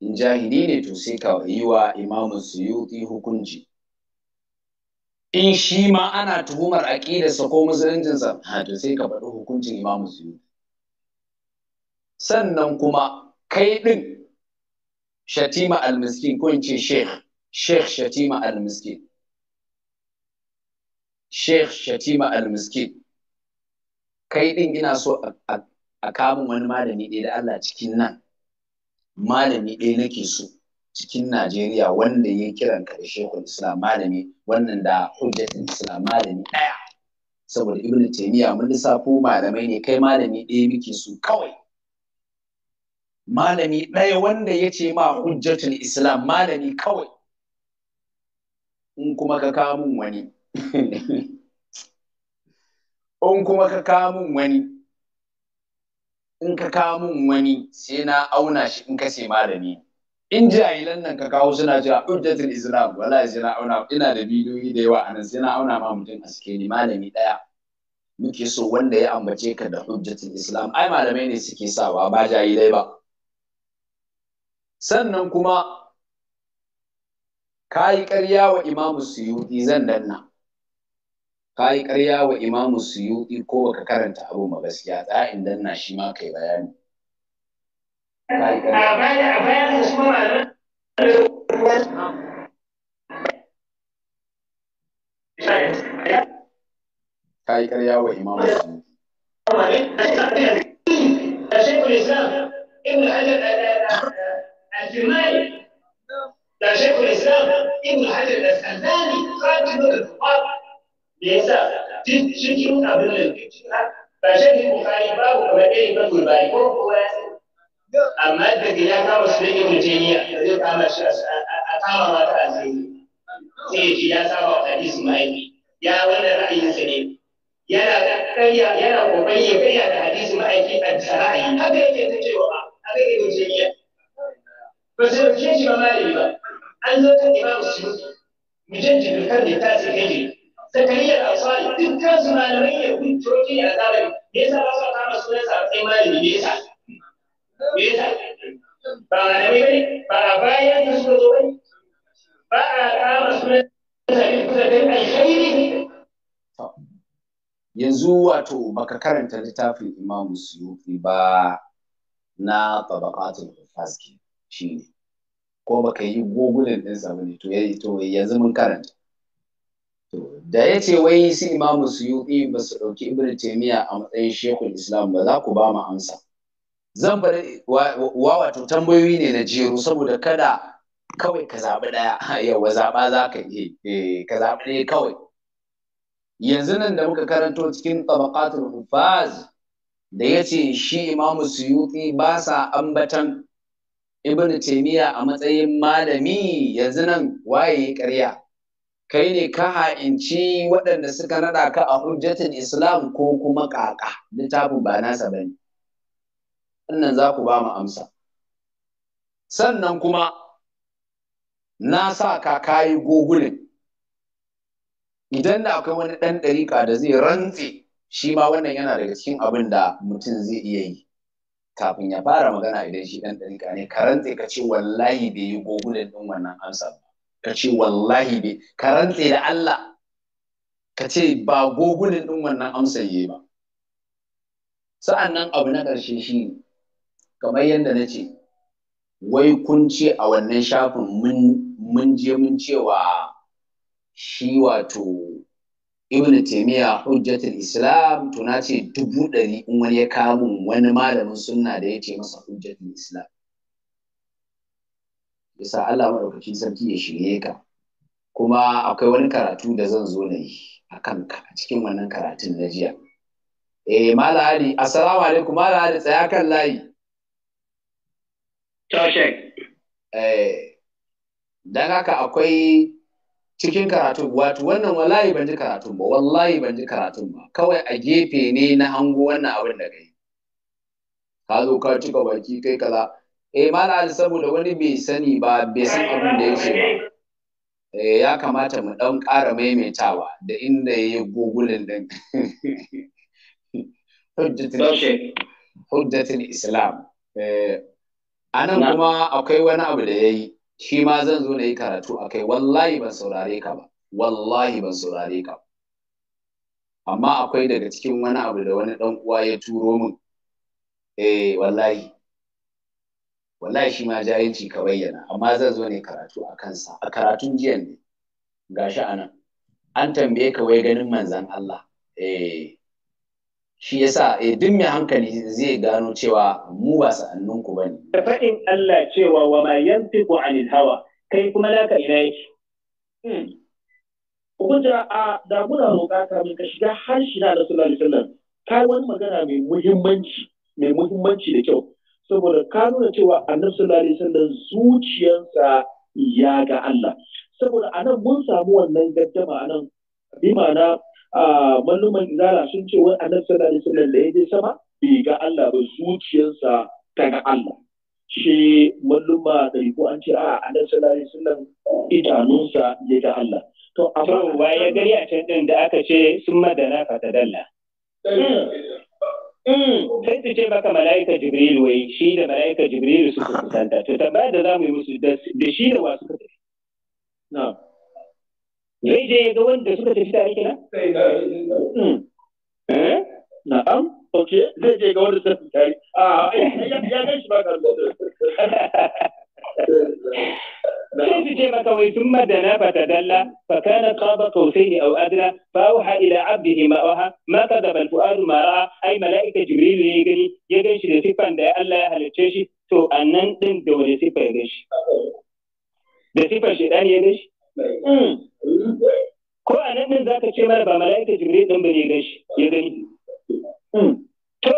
in jahili ne to sai ka yi wa Imam suyuti hukunci in shi ma ana tuhumar aƙidarsa ko musuluncinsa to sai ka faɗi hukuncin Imam suyuti sannan kuma kai ɗin shatima almiskin ko in ce sheikh sheikh shatima almiskin sheikh shatima almiskin kai ɗin ina so a kamun wani malami ɗaya da Allah cikin nan malami ɗaya nake so cikin Najeriya wanda ya kiran ka da shekul islam malami wannan da hujjatul islam malami ɗaya saboda ibn taymiya mun lissafo malamai ne kai malami ɗaya muke so kawai malami ɗaya wanda ya ce ma hujjatul islam malami kawai in kuma ka kamun wani in kuma ka kamun wani in ka kamun wani sai na auna shi in ka malami in jahilan nan ka kawo suna cewa hujjatul islam Wala sai na auna ina da bidiyoyi da yawa anan sai na auna ma mutum aske ni malami ɗaya muke so wanda ya ambace ka da hujjatun islam ai malamai ne suke sawa ba jahilai ba sannan kuma ka yi ƙarya wa imamu suyuɗi zan danna ka yi ƙarya wa imamu suyuɗi ko ka karanta abu ma gaskiya tsa'in danna shi ma kai bayani ka yi ƙarya wa imamu yi suyuɗi الفيماري ده شيخ الاسلام ابن حجر الاسقلاني خرج من الفقار ليس cikin abin da ba shi bukari babu kamar irin ban gurbari ko kowa ya san amma daga ya kama su da ibn taymiya zai kama shi a kama mata a zai sai ya ce ya saba wa hadisi ma'aiki ya wannan ra'ayinsa ne yana ƙarya yana kokari ya karya da hadisi ma'aiki a bisa ra'ayi haka yake ta cewa haka yake ba sai ba shi ba malami ba an zo kan imamu suyuti mujajjid kan da ta sai kai zakariya al-asali dukkan su malamai ya kun toki a zalimi me yasa ba su kama sunan sa sai malami me yasa me yasa ba malamai bane ba a bayan da suka zo ba? ba a kama sunan sa in kusa kai alkhairi yanzu wato baka karanta littafin imamu suyuti ba na tabaqatul hufaz shi ne ko baka yi gogulin ɗin ba ne to yanzu mun karanta to da ya ce wai su imamu suyuɗi ba su ɗauki ibn a matsayin shekul islam ba za ku ba mu amsa zan faɗi wa wato tambayoyi ne na jeru saboda kada kawai ka zaɓi ɗaya yawa zaɓa za ka yi eh, ka zaɓi ɗaya kawai yanzu nan da muka karanto cikin tabaqatul hufaz da ya ce shi imamu suyuti ba sa ambatan ibn taimiya a matsayin malami yanzu nan waye ƙarya kai ne ka ha'inci waɗanda suka naɗa ka a hujjatin islam ko kuma ƙaƙa littafin ba nasa ba ne wannan za ku ba mu amsa sannan kuma na sa ka kayi gogulin idan da akwai wani ɗan ɗariƙa da zai rantse shi ma wannan yana daga cikin abin da mutum zai iya yi kafin ya fara magana idan shi dan ɗarika ne rantse ka ce wallahi bai yi gogulan ɗin wannan amsa ba ka ce wallahi bai rantse da Allah ka ce ba gogulan ɗin wannan amsa yayi ba sa'an abu na karshe shi kamar yadda na ce wai kun ce a wannan shafin mun je mun cewa shi wato ibn taimiyya hujjatul islam to na ce dubu ɗari in wani ya kawo wani malamin sunna da ya ce masa hujjatul islam bisa Allah maɗaukakin sarki ya shirye ka kuma akwai wani karatu da zan zo na yi a kanka a cikin wannan karatun na jiya eh mala ali assalamu alaikum mala tsaya kan layi to eh dan haka akwai cikin karatun wato wannan wallahi ban ji karatun ba wallahi ban ji karatun ba kawai a gefe ne na hango wannan abin da kai ka zo ka cika baki kai kaza eh malal saboda wani bai sani ba bai san abin da yake ba eh ya kamata mu dan ƙara maimaitawa da inda yayi gogulin din hujjatul islam eh anan kuma akwai wani abu da yayi shi ma zan zo na yi karatu a kai wallahi ban saurare ka ba wallahi ban saurare ka ba amma akwai daga cikin wani abu da wani dan uwa ya turo min eh wallahi wallahi shi ma jahilci ka bayyana amma zan zo ne karatu a kansa a karatun jiya ne gashi anan an tambaye ka wai ganin manzon Allah eh shi yasa eh duk mai hankali zai gano cewa mu ba sa'annin ku bane faɗin Allah cewa wa ma yantiqu anil hawa kai kuma laka ina yake hmm. Ugunja a da muna roƙa kamin ka shiga har shi na Rasulullahi sallallahu alaihi wasallam kai wani magana mai muhimmanci mai muhimmanci da kyau saboda ka nuna cewa annabi sallallahu alaihi wasallam zuciyarsa ya ga Allah saboda anan mun samu wannan gaddama anan bi ma'ana manoman izara sun ce wani annabi sallallahu alaihi da ya je sama bai ga Allah ba zuciyarsa ta ga Allah shi malluma da ko an ce a annabi sallallahu alaihi wasallam idanunsa ya ga Allah to amma ba ya gari a can din da aka ce sun madana fatadalla hmm. hmm. sai su ce baka mala'ika jibril wai shi da mala'ika jibril suka kusanta to tambayar da mu yi musu da shi da wasu ka tafi ريجي يقول ده سورة الفتاح كنا نعم أوكي ريجي يقول ده سورة الفتاح آه يا يا يا مش ما كان بس ما توي ثم دنا فتدلى فكان قاب قوسين او ادنى فاوحى الى عبده ما اوحى ما كذب الفؤاد ما راى اي ملائكه جبريل يجري يجري شريفي فاندى الا اهل تو انن دن دوري سيفا يجري شريفي فاندى Hmm. Ko a nan ɗin za ka ce mana ba mala'ika jibril ɗin ba ne ya gani. Hmm. To,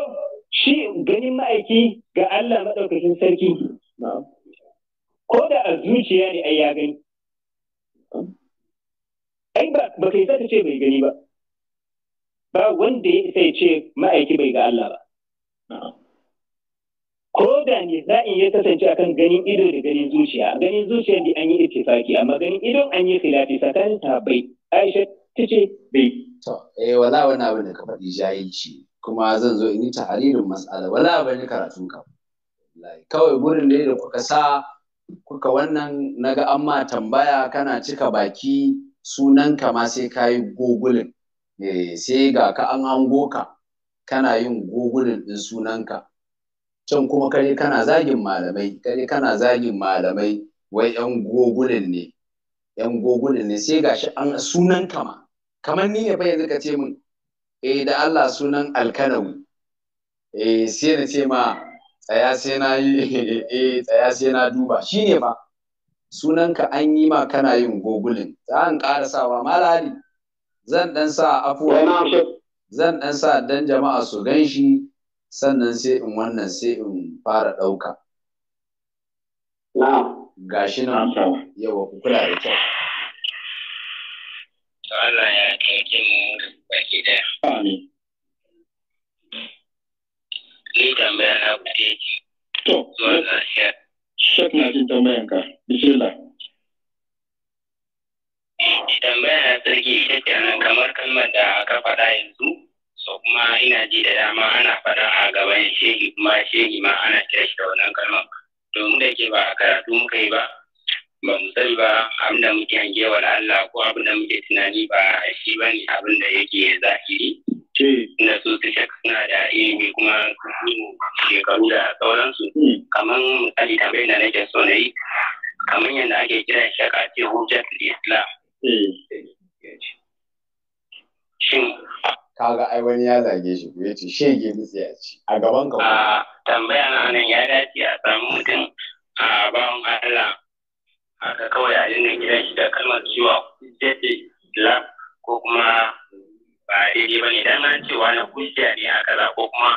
shi ganin ma'aiki ga Allah maɗaukakin sarki. Ko da a zuciya ne ai ya gani. Ai ba ba kai ta ce bai gani ba. Ba wanda ya isa ce ma'aiki bai ga Allah ba. ko da ne za'in ya kasance akan ganin ido da ganin zuciya ganin zuciya ne an yi ittifaki amma ganin idon an yi khilafi tsakanin bai. Aisha ta ce bai to eh wala wani abin da ka faɗi jahilci kuma zan zo in yi tahririn mas'ala wala bane karatun ka kawai gurin da da kuka sa kuka wannan naga an ma tambaya kana cika baki sunan ka ma sai ka yi gogulin eh, sai ga ka an hango ka kana yin gogulin din sunanka can kuma kare kana zagin malamai kare kana zagin malamai wai yan gogunan ne yan gogunan ne sai gashi an sunan kama kamar ni ne fa yanzu ka ce min eh da Allah sunan alkanawi eh sai na ce ma tsaya sai na yi eh tsaya sai na duba shine ba sunanka an yi ma kana yin gogulin za an ƙara sawa malali zan dan sa afuwa zan dan sa dan jama'a su gan shi sannan sai in wannan sai in fara ɗauka. Ga shi nan yawa ku kula da kyau. Allah ya taimake mu baki da. Ni tambaya na ku da yake. To, Shek na jin tambayan ka, bismillah. Tambaya na sarki ita ce nan kamar kalmar da aka faɗa yanzu. kuma ina ji da dama ana faɗa a gaban shehi kuma shehi ma ana kira shi da wannan kalmar domin da ke ba a karatu muka yi ba ba mu sani ba abinda muke hange Allah ko abinda muke tunani ba shi ba ne abinda yake zahiri eh. da su su suna da ilimi kuma shekaru da sauransu hmm. kamar misali tambayar da nake so na yi kamar yadda ake kira shaka ce hujjatul islam eh. shin kaga ai wani ya zage shi ko yace shege sai a ci a gaban ka a ah, tambaya na nan ya dace a samu mutum a bawan Allah haka kawai a dinga gidan shi da kalmar ciwa jace la ko kuma ba daidai ba ne dan an ce na kunciya ne a kaza ko kuma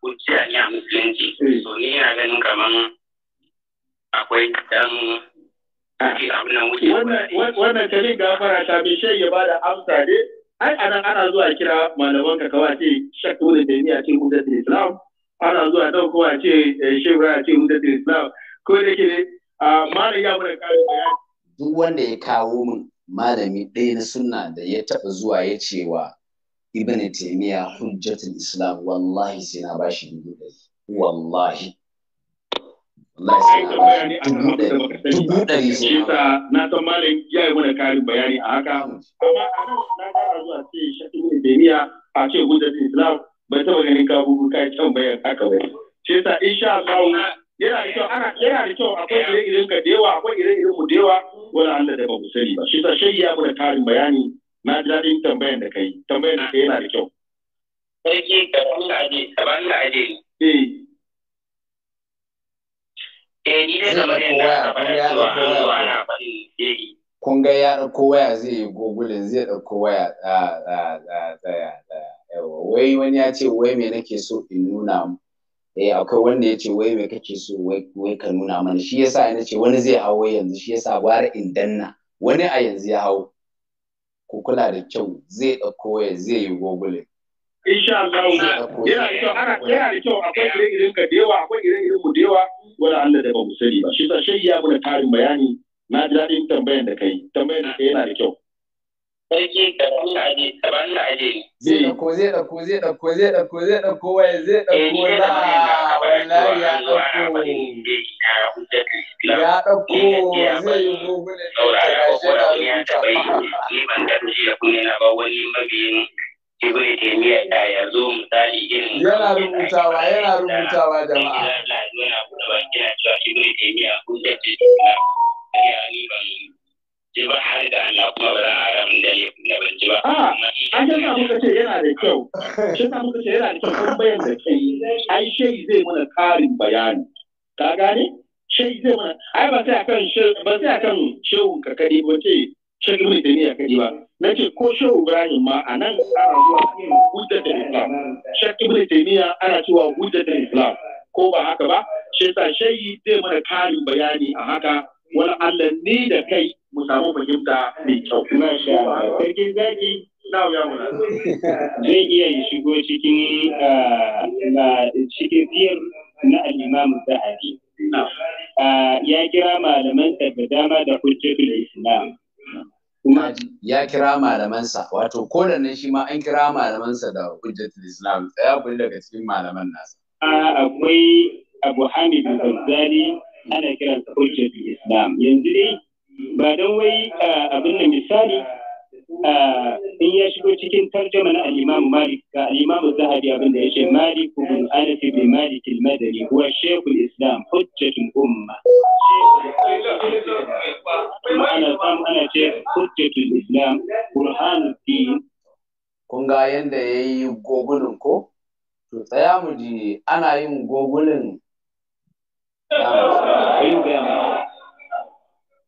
kunciya ne a musulunci hmm. so ni ina ganin kaman akwai dan ah. wannan ta ne gafara ta bishe ya da amsa ne ai ana ana zuwa kira malaman ka kawai ce shakka da a ce hujjar islam ana zuwa dauko a ce eh, a ce hujjar islam ko da ke ah, Malami ya mana kare bayani duk wanda ya kawo min malami ɗaya na sunna da ya taɓa zuwa ya ce wa ibn taymiya hujjatul islam wallahi sai na bashi dubu ɗari wallahi dubu ɗari sai na san malam ya yi mana karin bayani a haka amma a nan na kara zuwa ce shakin ibeniya a ce hujjar islam bai taɓa ganin kabubu kai can bayan haka ba shi yasa insha Allah yana da kyau ana yana da kyau akwai ire-iren ka da yawa akwai ire-iren mu da yawa wala Allah da ba ku sani ba shi yasa shehi ya mana karin bayani na ji daɗin tambayan da kai tambayan da kai yana da kyau sarki ka ban la'aje ka ban la'aje eh eh ni faɗin kun ga ya ɗauko waya zai yi gogulin zai ɗauko waya tsaya tsaya wai wani ya ce wai me nake so in nuna mu? eh akwai wanda ya ce wai me kake so wai ka nuna mana shi yasa ina ce wani zai hawo yanzu shi yasa gwara in danna wani a yanzu ya hawo ku kula da kyau zai ɗauko waya zai yi gogulin insha Allah da kyau yana da kyau akwai ire-iren ka da yawa akwai ire-iren mu da yawa wala Allah da ba mu sani ba shi sa shai ya muna karin bayani na ji daɗin tambayar da kai tambayar da kai yana da kyau sarki da wani aje da wani aje zai ɗauko zai ɗauko zai ɗauko zai ɗauko zai ɗauko waye zai ɗauko eh, na wallahi ya ɗauko ya ɗauko zai yi gogule saurara ko wani ya taɓa yi ban da ba wani mabiyin ibn taymiya da ya zo misali irin yana rubutawa yana rubutawa jama'a ina yana buɗe baki na cewa ibn taymiya hujja ce ya ni ban ji ba har da Allah kuma ba za a ramin da laifin da ban ji ba ah, an ta sa muka ce yana da kyau shi sa muka ce yana da kyau tambayan da kai ai zai mana karin bayani ka gane shehi zai mana ai ba sai akan shehu ba sai akan ka ba ce shekaru mai a kaji ba na ce ko shehu ibrahim ma a nan ana zuwa cikin hujjar da islam shekaru mai tafiya ana cewa hujjar da islam ko ba haka ba shi yasa shayi zai mana karin bayani a haka wani allah ni da kai mu samu fahimta mai kyau. Masha Allah, sarki zaki zai iya shigo cikin ah, cikin biyar na al'imamu hadi. Ah, ya kira malaman da dama da hujjatul islam kuma ya kira malamansa wato ko da shi ma an kira malamansa da hujjatul islam tsaya ku daga cikin malaman nasa akwai abu hamid al-ghazali ana kiransa hujjatul islam yanzu dai ba don wai abin da misali Ah, in ya shigo cikin tarjama na al-Imam Malik ga al-Imam Zahabi abin da yace Malik ibn Anas bin Malik al-Madani huwa Sheikh al-Islam al umma ana san ana ce al Islam Qur'an din kun ga yanda yayi gogulin ko to tsaya mu ji ana yin gogulin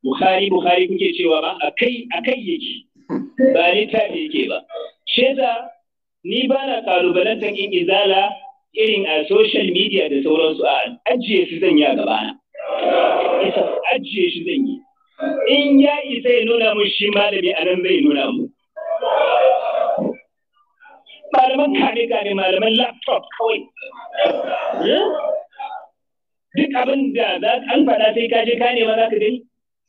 Bukhari Bukhari kuke cewa ba akai akai yake ba littafi ke ba sheza ni ba na kalubalantar in izala irin a social media da sauransu a ajiye su zan yi a gabana ajiye shi zan yi in ya isa ya nuna mun shi malami a nan zai nuna mu malaman kane kane malaman laptop kawai eh? duk abin da an faɗa sai ka je ka nema za ka gani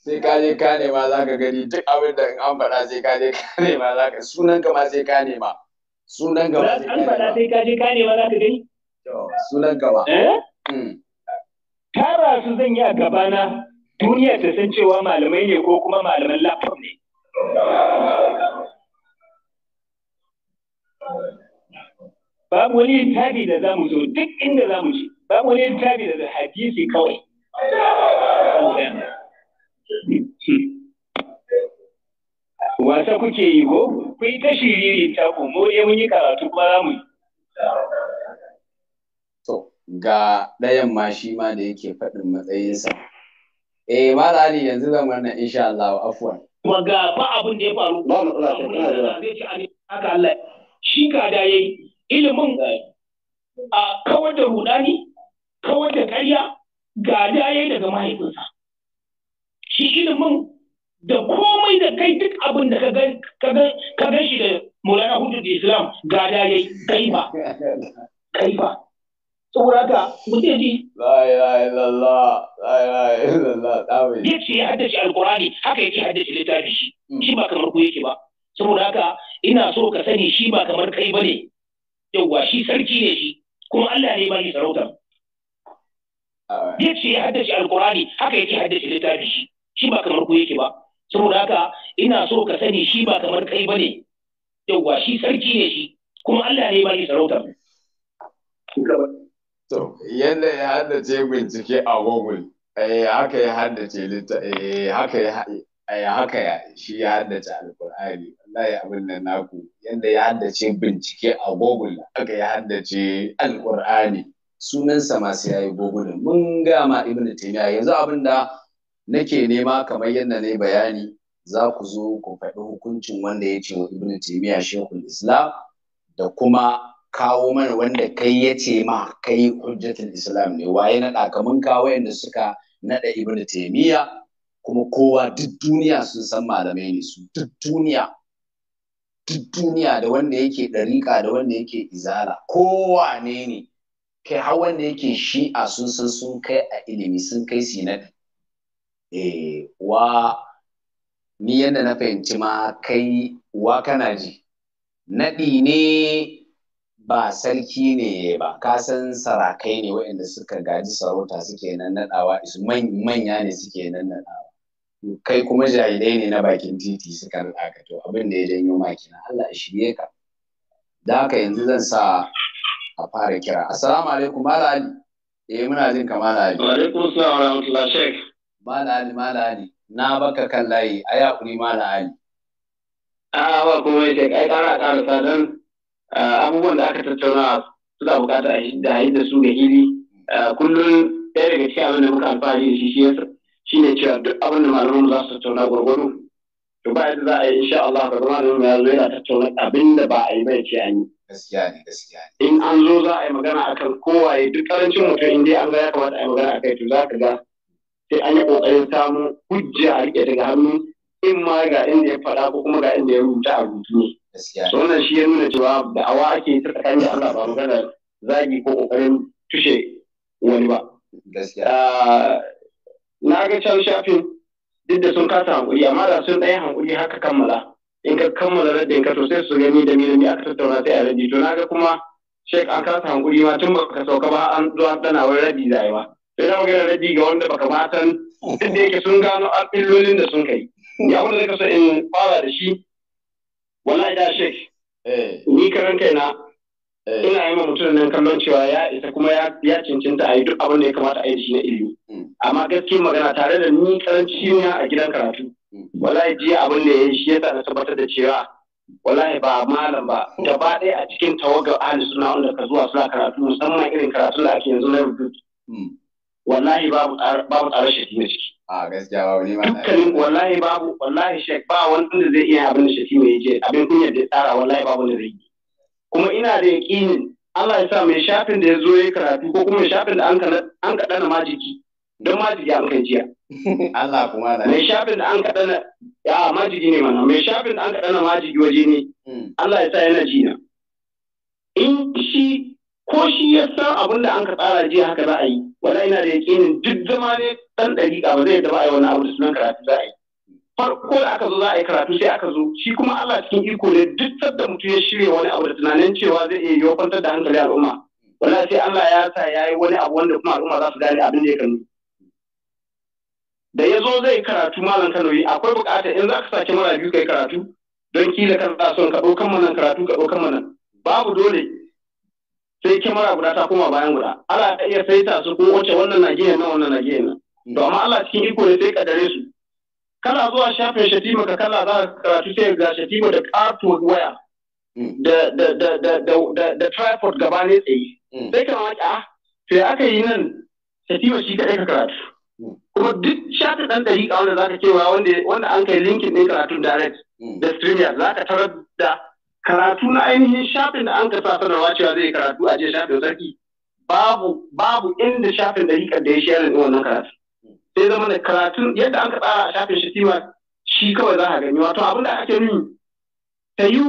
sai ka je ka nema za ka gani duk abin da an faɗa sai ka je ka nema za ka sunan ka ma sai ka nema sunan ka ma sai ka nema an faɗa sai ka je ka nema za ka gani sunan ka ma eh? hmm. tara su zan yi a gabana duniya ta san cewa malamai ne ko kuma malaman lafam ne babu wani littafi da za mu zo duk inda za mu je babu wani littafi da hadisi kawai Wasa kuke yi ko? Kun yi ta shiriri ta ku, mu mun yi karatu kuma za mu yi. To, ga ɗayan ma shi ma da yake faɗin matsayinsa. Eh, Mala Ali yanzu zan wannan insha Allah afuwa. Kuma ga ba abin da ya faru. Ba matsala ta kana da. Haka Allah shi ka da yi ilimin a kawar da rudani, kawar da ƙarya, ga da yi daga mahaifinsa. shi ilimin da komai da kai duk abin da ka gan shi da Maulana Hudu da Islam ga da yayi kaifa kaifa saboda ka mutum ji la ilaha illallah la ilaha illallah amin yace ya haddace alqur'ani haka ya yake haddace littafi shi hmm. shi ba kamar ku yake ba saboda haka ina so ka sani shi ba kamar kai ba bane yawwa shi sarki ne shi kuma Allah ne ba shi sarautar yace ya haddace alqur'ani haka ya yake haddace littafi shi shi ba kamar ku yake ba saboda haka ina so ka sani shi ba kamar kai bane yauwa shi sarki ne shi kuma Allah ne ba shi sarauta to yanda ya haddace bincike a Google eh haka ya haddace litta eh haka ya eh haka ya shi ya haddace alqur'ani wallahi abin nan naku yanda ya haddace bincike a Google haka ya haddace alqur'ani sunansa masu yayi Google mun ga ma ibnu taymiya yanzu abin da nake nema kamar yadda na bayani za ku zo ku faɗi hukuncin wanda ya ce wa ibn taymiya shehu islam da kuma kawo mana wanda kai ya ce ma kai hujjatul islam ne waye ɗaka mun kawo yadda suka naɗa ibn taymiya kuma kowa duk duniya sun san malamai ne su duk duniya duk duniya da wanda yake ɗariƙa da wanda yake izala kowa ne ne kai har wanda yake shi'a sun san sun kai a ilimi sun kai sinadi eh wa ni yadda na fahimci ma kai wa kana ji naɗi ne ba sarki ne ba Ka san sarakai ne waɗanda suka gaji sarauta suke nan naɗawa manya ne suke nan naɗawa kai kuma jaridai ne na bakin titi suka naɗa ka to abin da ya janyo makina Allah ya shirye ka da haka yanzu zan sa a fara kira assalamu alaikum mala ali eh muna jin ka mala ali wa alaikum assalam wa rahmatullahi malali ali ali na baka kan layi a yi mala ali a ba kuma kai ai ƙara ƙarasa don abubuwan da aka tattauna da bukata a yi da su ga hili kullum ɗaya daga cikin abin da muka alfahari da shi shi ne cewa duk abin da malamin za su tattauna gwargwaro to ba yadda za a yi insha Allah ga malamin ya zo yana tattauna abin da ba a yi ba ce an yi gaskiya ne gaskiya ne in an zo za a yi magana akan kowaye duk karancin mutum in dai an ga ya kamata a yi magana akai to za ka ga sai an yi ƙoƙarin samu hujja a riƙe daga hannu in ma ga inda ya faɗa ko kuma ga inda ya rubuta a rubutu ne. So wannan shi ya nuna cewa da awa ake ta tsakanin da Allah ba magana zagi ko ƙoƙarin tushe wani ba. Ah, na ga can shafin duk da sun kasa hankuri amma da sun ɗaya hankuri haka kammala. In ka kammala raddin ka to su gani da ni aka tattauna sai a raddi to na ga kuma shek an kasa hankuri ma tun baka sauka ba an zo an ɗana wani zai ba. to yana magana rabi ga wanda baka matan duk yake sun gano illolin da sun kai ya wanda zai so in fara da shi wallahi da shek eh. ni karan kaina eh. ina yi ma mutum nan kallon cewa ya isa kuma ya cincinta a yi duk abin da ya kamata a yi da shi na ilimi mm. amma gaskiya magana tare da ni karanci ne a gidan karatu mm. Wala jiya abin da ya yi shi sa na tabbatar da cewa wallahi ba malam ba gaba ɗaya a cikin tawagar ahli suna wanda ka zuwa suna karatu musamman irin karatu da ake yanzu na rubutu mm. wallahi babu babu tsare shatima ciki a gaskiya babu ne ma dukkanin wallahi babu wallahi shek ba wanda zai iya abin da mai yake abin kunya da tsara wallahi babu ne zai kuma ina da yaqinin Allah ya sa mai shafin da ya zo ya karatu ko kuma shafin da an an kadana ma don ma an kan jiya Allah kuma da mai shafin da an kadana ya ma ne mana mai shafin da an kadana dana jiki waje ne hmm. Allah ya sa yana jina in shi ko shi ya san abin da an ka tsara jiya haka za a yi wala ina da yakinin duk zama ne dan dariƙa ba zai da ba a yi wani abu da sunan karatu za a yi farko da aka zo za a yi karatu sai aka zo shi kuma Allah cikin iko ne duk sadda mutum ya shirya wani abu da tunanin cewa zai iya yiwa kwantar da hankali al'umma wala sai Allah ya sa ya yi wani abu wanda kuma al'umma za su gane abin da ya kanu da ya zo zai karatu malam Kano yi akwai buƙata, in za ka sake mara biyu kai karatu don kila kan za son ka ɗaukan mana karatu ka ɗaukan mana babu dole sai kyamara guda ta koma bayan guda Allah ta iya saita su kuma wace wannan na gina nan wannan na gina nan to amma Allah cikin iko ne sai kadare su kana zuwa shafin shatima ka kalla za ka karatu sai ga shatima da ƙatuwar waya mm. da da da da da da tripod gaba ne tsaye mm. sai ka mamaki a ah, to ya aka yi nan shatima shi kaɗai ka karatu mm. kuma duk shata ɗan ɗari a wanda za ka cewa wanda an kai linkin ɗin karatun direct da streamer za ka tarar da karatu na ainihin shafin da an ka sa sanarwa cewa zai karatu a je shafin sarki babu babu inda shafin hikar da ya shayar da wannan karatu sai zama da karatun yadda an ka tsara a shafin shi, shatima shi kawai za a gani wato abin da ake nuni ta yi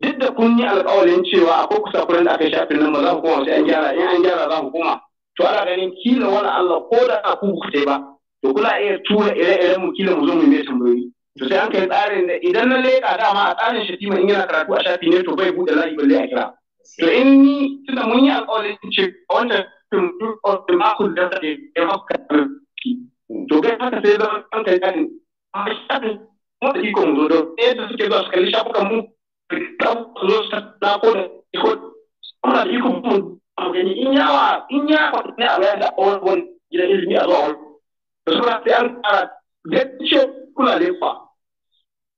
duk da kun yi alƙawarin cewa akwai kusakuren da aka yi shafin nan ba za ku koma sai an gyara in an gyara za ku koma to ana ganin kila wani Allah ko da ku ba to kuna iya tura ire-iren mu kila mu zo mu yi tambayoyi to sai aka yi tsarin da idan na leƙa dama a tsarin shatima in yana karatu a shafi ne to bai buɗe layi balle a kira to in ni tunda mun yi alƙawarin ce a wannan fim makon da ta yi maka to kai haka sai zama an kai tsarin amma shafin wata ikon zo don yadda suke zuwa su kalli shafukan mu ta zo su tattala ko da iko suna da ikon mu a gani in yawa in ya faɗi ne a bayan da a wani gidan ilimi a zuwa wani da suna sai an ƙara da ce kula da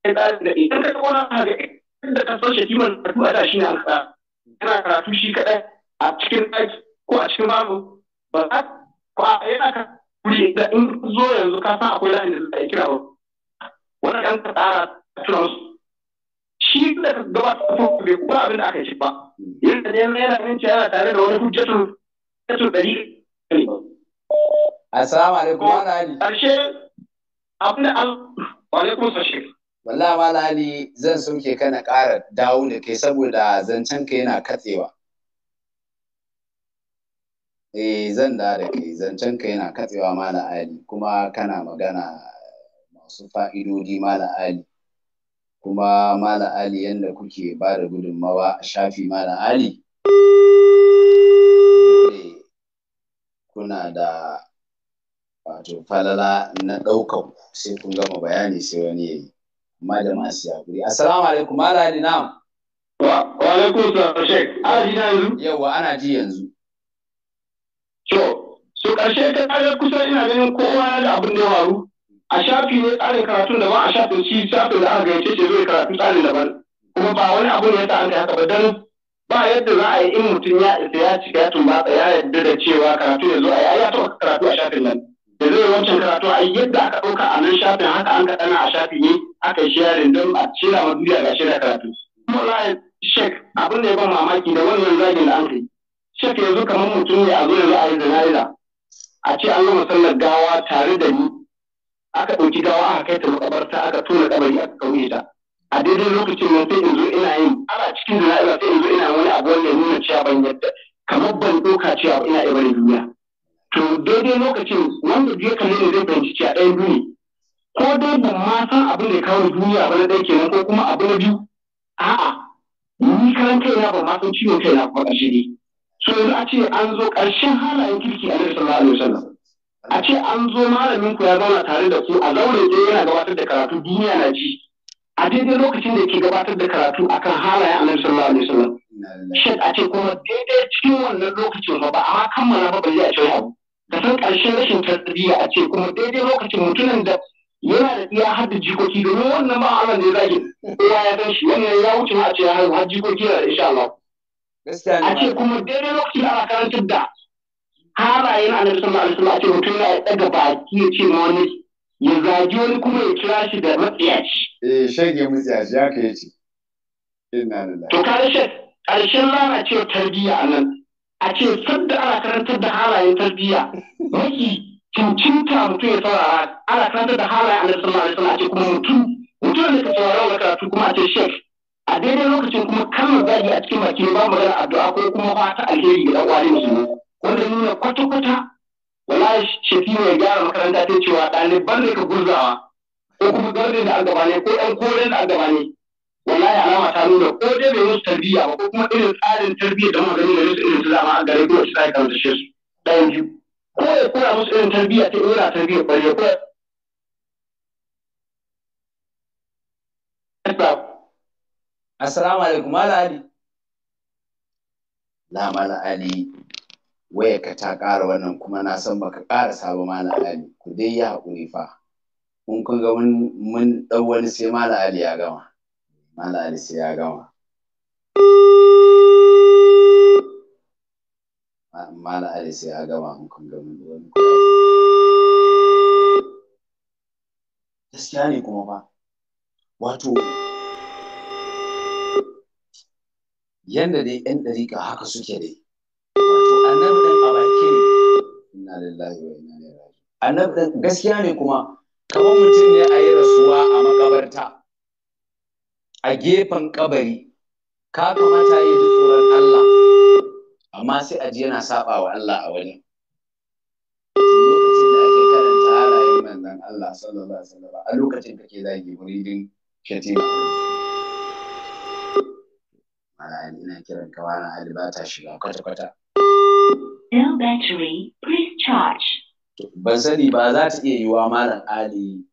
da idan ka kona ga inda ka soshe kiman karatu a da shi ne alƙa yana karatu shi kaɗai a cikin ɗaki ko a cikin babu ba za ku a yana ka kuri da in zo yanzu ka san akwai layin da zai kira ba wannan 'yan ka tsara tunan su shi da ka gabata ko bai kuma abin da aka yi shi ba yadda ne yana nan yana tare da wani hujjatun hujjatun ɗari ne Assalamu alaikum. Ƙarshe abin da an wa alaikum sashi. wallahi malali zan soke kana ƙara dawo da kai saboda zancen ka yana katsewa eh zan da da kai zancen ka yana katsewa malam ali kuma kana magana masu fa'idodi malam ali kuma malam ali yanda kuke ba da gudunmawa a shafi malam ali eh, kuna da wato falala na ɗaukan sai kun gama bayani sai wani ya yi amma da masu yakuri assalamu alaikum mala Nam. wa alaikum salam shek ana na yanzu yawa ana ji yanzu to su ƙarshe ta kare kusan ina ganin kowa da abin da waru. a shafi ne tsarin karatun da ba a shafi shi shafi da aka gayyace ce zai karatu tsarin daban kuma ba wani abu ne ya sa an kai haka ba dan ba yadda za a yi in mutum ya isa ya ci ya tumbatsa ya yarda da cewa karatu ya zo a yi ya taɓa karatu a shafin nan da zai wancan karatu a yadda aka ɗauka a nan shafin haka an kaɗana a shafi ne aka share don a cira ma duniya ga shirya karatu wallahi shek abin da ya ban mamaki da wannan zagin da an kai shek yanzu kamar mutum ne a zo yanzu a yi zanayiza a ce an gama sallar gawa tare da ni aka ɗauki gawa aka kai ta makabarta aka tona kabari aka kauye ta a daidai lokacin nan sai in zo ina yin ana cikin jana'iza sai in zo ina wani abu wanda ya nuna cewa ban yadda kamar ban ɗauka cewa ina iya duniya to daidai lokacin wanda ya kalli ne zai fahimci cewa ɗayan duniya? ko dai ban ma san abin da ya kawo duniya ba na ɗaya kenan ko kuma abu na biyu a'a ni karan kaina ban ma san ciwon kaina kuma ƙarshe ne so yanzu a ce an zo ƙarshen halayen kirki a nan sallallahu alaihi wasallam a ce an zo malamin ku ya zauna tare da ku a zaure ɗaya yana gabatar da karatu duniya na ji a daidai lokacin da ke gabatar da karatu akan halayen annabi sallallahu alaihi wasallam shin a ce kuma daidai cikin wannan lokacin ba a kammala ba bai a ce da san ƙarshen rashin tarbiyya a ce kuma daidai lokacin mutumin da yana da iya hadda jikoki domin wannan ba Allah ne zaki kowa ya san shi wannan ya wuce ma ce har jikoki da insha Allah a ce kuma daidai lokacin da ana karantar da halayen annabi sallallahu A wasallam a ce mutum ya daga baki ya ce ma wani ya zagi wani kuma ya kira shi da matsiyaci eh shege matsiyaci ya kai ce inna lillahi to karshen karshen lana ce tarbiyya nan a ce sadda ana karantar da halayen tarbiyya maki Cincinta mutum ya saurara ana karanta da halaye a nasarar alaihi a ce kuma mutum mutum da ka saurara wani karatu kuma a ce shek a daidai lokacin kuma kalmar zagi a cikin baki ba mu gana addu'a ko kuma fata alheri ga ne musulmi wanda nuna kwata-kwata wala shafi mai gyara makaranta ta cewa ɗaliban da ka gurzawa ko kuma gardin da agaba ne ko ɗan koren da agaba ne wallahi alama ta nuna ko dai bai musu tarbiyya ba ko kuma irin tsarin tarbiyya da gani da musu irin su zama a gare ko su sai kan su ɗayan biyu ko ya koya musu irin tarbiyya ta irin tarbiyyar bari ya koya Assalamu alaikum Mala Ali Na Mala Ali waya ka ta ƙara wannan kuma na san baka ƙara sabon Mala Ali ku dai ya haƙuri fa Mun kun ga mun ɗau wani sai Mala Ali ya gama Mala Ali sai ya gama mala ali sai a gama kun gaskiya ne kuma ba wato yanda dai yan dariƙa haka suke dai wato annabi dan ne inna lillahi wa inna ilaihi raji'un annabi dan gaskiya ne kuma kamar mutum ne a yi rasuwa a makabarta a gefen kabari ka kamata yi duk tsoron amma sai a ji yana saba wa Allah a wani lokacin da ake karanta halayen manzon Allah sallallahu alaihi wasallam a lokacin kake zagi muridin shatima mala'in ina kiran ka wani hali ba ta shiga kwata-kwata No battery, please charge. Ban sani ba za ta iya yiwa Malam Ali